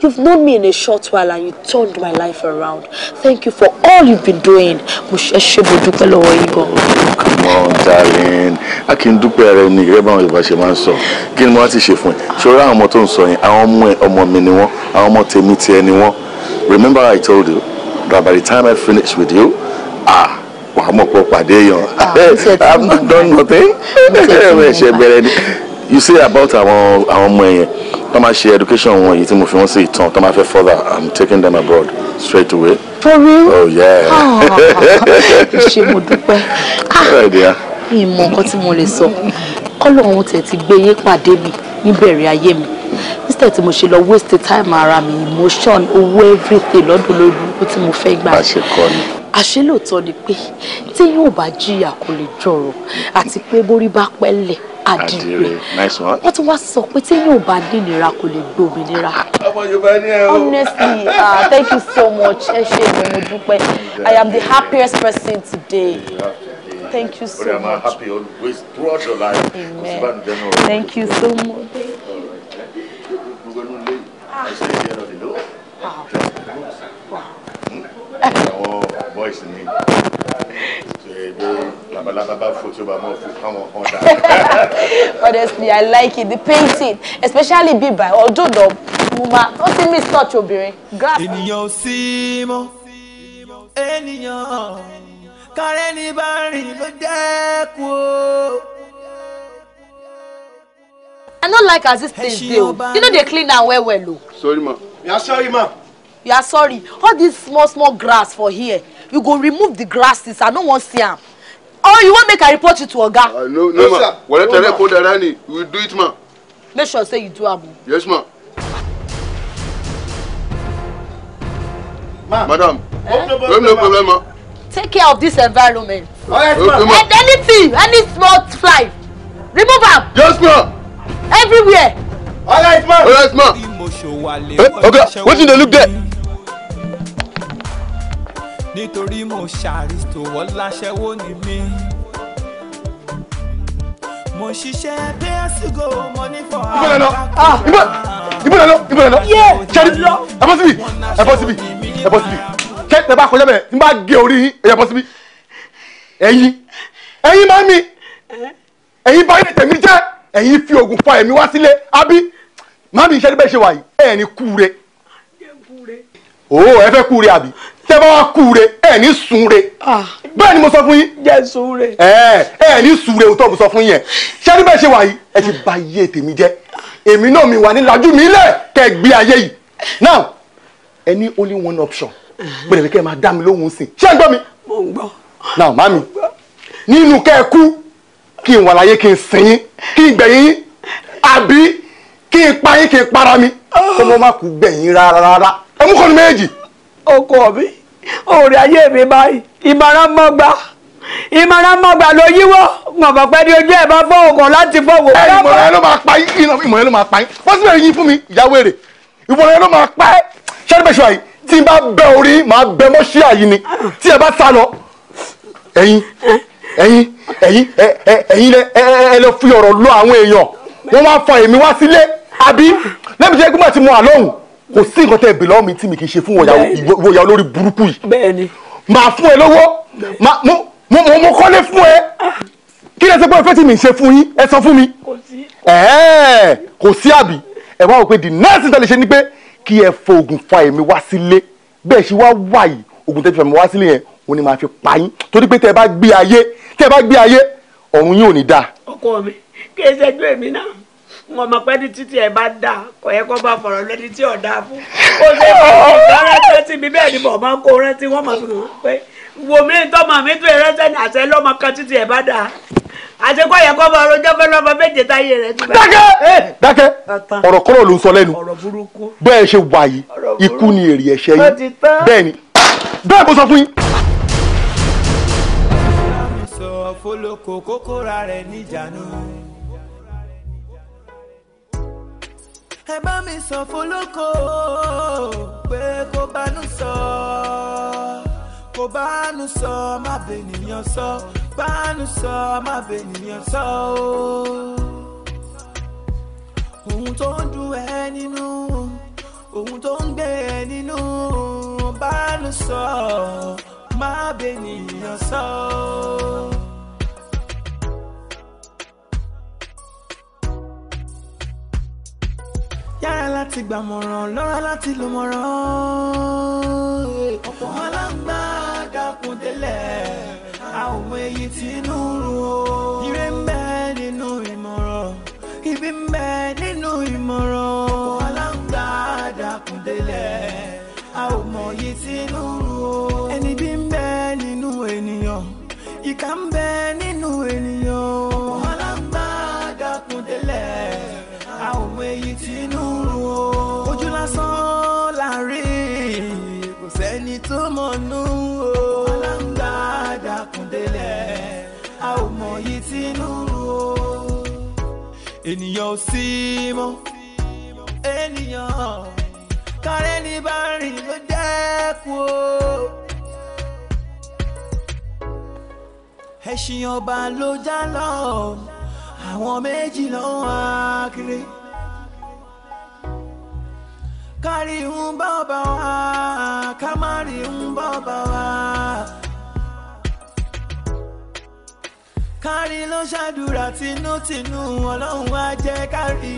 You've known me in a short while and you turned my life around. Thank you for all you've been doing. Mo ṣe mo Come on darling, I kì do dúpẹ́ ara ẹni ìrẹ́ báwọn Yorùbá ṣe máa ń sọ. Kí ni mo wá ti ṣe fún ẹ? Ṣòro àwọn ọmọ tó ń sọ yẹn, àwọn ọmọ ọmọ mi Remember I told you that by the time I finish with you, ah, wàá going to be èèyàn. Ah, I'm not done nothing. Mo ṣe bẹ̀rẹ̀ ni you say about àwọn àwọn ọmọ yẹn tó máa ṣe education wọn yìí tí mo fi wọn sí ìtàn tó máa fẹ́ further i'm taking them abroad straight away. for real oh yeah. Ah, ṣe mo dúpẹ́ ah, mi mọ nǹkan tí mo lè sọ kọ́lọ́hún tẹ̀ ti gbé yé pàdé mi níbẹ̀rẹ̀ ayé mi instead tí mo ṣe lọ waste time ara mi emotion owó everything lọ́dún lórí kó tí mo fẹ́ gbà. bá a ṣe kọ́ ni àṣé lóòótọ́ ni pé téèyàn ò bá jìyà kò lè jọrọ̀ àti pé borí bá pẹ́lẹ̀ àdìrẹ wọ́n tún wá sọ pé téèyàn ò bá nínira kò lè gbòmìnira. ọmọ honestly uh, thank you so much ẹ ṣe mo mo dúpẹ́ i am the happiest person today. thank you so much. amen thank you so much. Ah voice ni eh, honestly i like it the painting especially bíbá although the muma ó ti miss touch obìnrin. ènìyàn ò sí mọ́ ènìyàn kárẹ́ ní bá rìn ló jẹ́ kú i don't like as this place do. you know they clean am well well o. sorry ma. you are sorry ma. you are sorry all this small small grass for here you go remove the glasses i don't want to see him. or you want make a report you to oga. Uh, no no ma wẹrẹ tẹrẹ kó dara ni we do it ma. make sure say you do am. yes ma. ma madam eh? no problem ma. take care of this environment. Oh, yes, ma. and anything any small fly remove am. yes ma. everywhere. all right ma. all right ma. Hey, okay did they look there nítorí mo ṣàrìsò wọ́n láṣẹ́wó ni mí. mo ṣiṣẹ́ pé àsìkò mo ní fọ àwọn akẹ́kọ̀ọ́. ìbúlẹ̀ lọ ìbúlẹ̀ ah, lọ ṣẹ́ni ẹ bọ́ síbi ẹ bọ́ síbi ẹ bọ́ síbi kẹ́ ẹ bá kọjá bẹ̀rẹ̀ n bá gé orí yín ẹ bọ́ síbi ẹ̀yin ẹ̀yin máa mi ẹ̀yin báyìí tèmi jẹ́ ẹ̀yin fi oògùn fa ẹ̀mí wá sílé àbí máa mi ìṣẹ́ níbẹ̀ ṣe wà yìí ẹ̀ ní kú re o oh, ẹ fẹ́ kúure àbí tẹ bá wá kúure ẹ ní sunre ah. bẹ́ẹ̀ ni mo sọ fún yín jẹ́ sunre ẹ ẹ ní sunre òótọ́ mo sọ fún yín yẹn ṣé ní bẹ́ẹ̀ ṣe wà yìí ẹ ti bà iye tèmi jẹ́ èmi náà mi wà ní lajú mi lẹ̀ kẹ́ gbé ayé yìí now ẹ ní only one option gbẹ̀rẹ̀ kẹ́ ẹ máa dá mi lóhùn sí ṣé ń gbọ́ mi. mo ń gbọ́. now mami nínú kẹ́ ẹ kú kí n wà láyé kí n sìn yín kí n gbẹ̀yìn yín àbí kí n pa yín kí n para mi ah. kó mo má kú gbẹ̀yìn rárá rárá ẹ mú kọ́ni méjì. ọkọ mi òòrè ayé mi báyìí ìmọ̀ràn mọ́gbà ìmọ̀ràn mọ́gbà ló yíwọ́ mọ̀mọ́ pẹ́ ní ojú ẹ̀ bá fọ́ òkàn láti fọ́wọ́. ìmọ̀ràn ẹ ló máa pa yín ìmọ̀ràn ẹ ló máa pa yín wọ́n sì bẹ̀rẹ̀ yín fún mi ìyàwó èrè ìmọ̀ràn ẹ ló máa pa ẹ́ ṣẹ́ni bẹ́ẹ̀ ṣọ́ọ̀yì tí n bá bẹ orí màá bẹ mọ́ṣí àyí ni tí ẹ bá sá lọ ẹ̀yin ẹ̀yin ẹ̀yin ẹ̀yin ẹ lọ fi ọ̀rọ̀ lọ àwọn èèyàn wọ́n wá fọ èmi wá sílé àbí lẹ́mi kò sí nǹkan tẹ́ bèèrè lọ́wọ́ mi tí mi kì í ṣe fún ìwòyà olórí burúkú yìí bẹ́ẹ̀ni màá fún ẹ lówó mo mo kọ́lé fún ẹ ah. kí lẹ́sẹ̀ pé ẹ fẹ́ tí mi ṣe fún yín ẹ sọ fún mi kò sí àbí ẹ wá wò pé the next thing tẹ́lẹ̀ ṣe ni pé kí ẹ fo oògùn fa èmi wá sílé bẹ́ẹ̀ ṣe wá wà yìí oògùn tẹ́lẹ̀ fa èmi wá sílé yẹn òun ni màá fi pa yín torí pé tẹ́ ẹ bá gbé ayé tẹ́ ẹ bá gbé ayé ọ̀run yín ò ní dáa. ọkọ mi kí ẹ ṣẹ́jú èmi náà n ọmọ pẹ́ ní títí ẹ̀ bá dà kọ̀ yẹ kó bá fọ̀rọ̀ lẹ́ni tí ọ̀dà o ó ṣe ọ̀gá rántí mi bẹ́ẹ̀ ni bọ̀ máa ń kó rántí wọ́n máa fi hàn pé wò mí tọ́mọ mi tún ìrẹsẹ̀ ní àṣẹ lọ́mọ kan títí ẹ̀ bá dà àti kó yẹ kó bá rojọ́ fẹ́ lọ́mọ méje táyé rẹ̀ ti bẹ̀rẹ̀. dákẹ́ dákẹ́ ọ̀rọ̀ kọ́rọ̀ ló ń sọ lẹ́nu bẹ́ẹ̀ ṣe wà yìí ikú ni èrè ẹ̀ṣẹ̀ yìí bẹ́ẹ̀ ni bẹ́ẹ̀ mo sọ fún yín. fọlọ́kọ̀ kókóra rẹ̀ níjànú. ẹ bá mi sọ fọlọ́kọ pé kó bánú sọ kó bánú sọ má bẹ nìyẹn sọ bánú sọ má bẹ nìyẹn sọ o. ohun tó ń dùn ẹ nínú ohun tó ń gbé ẹ nínú bánú sọ má bẹ sọ o. yára láti gbàmọ̀ràn lọ́ra láti lò mọ̀ràn. ọ̀pọ̀ aláǹgbá dákun délẹ̀ a ò mọ èyí tí inú rú o. ire ń bẹ nínú ìmọ̀ràn ibi ń bẹ nínú ìmọ̀ràn. ọ̀pọ̀ aláǹgbá dákun délẹ̀ a èyí tí inú rú o. ẹni bí ń bẹ nínú ènìyàn ìkà ń bẹ nínú. ènìyàn ò sí mọ́ ènìyàn kárẹ́ ní bá rìn ló dẹ́kun o. ẹṣin ọba ló já lọ àwọn méjì ló ń wá kiri kárí ń bá ọba wa ká má rí ń bá wa. kárí ló ṣàdúrà tinútinú ọlọ́run wá jẹ́ kárí.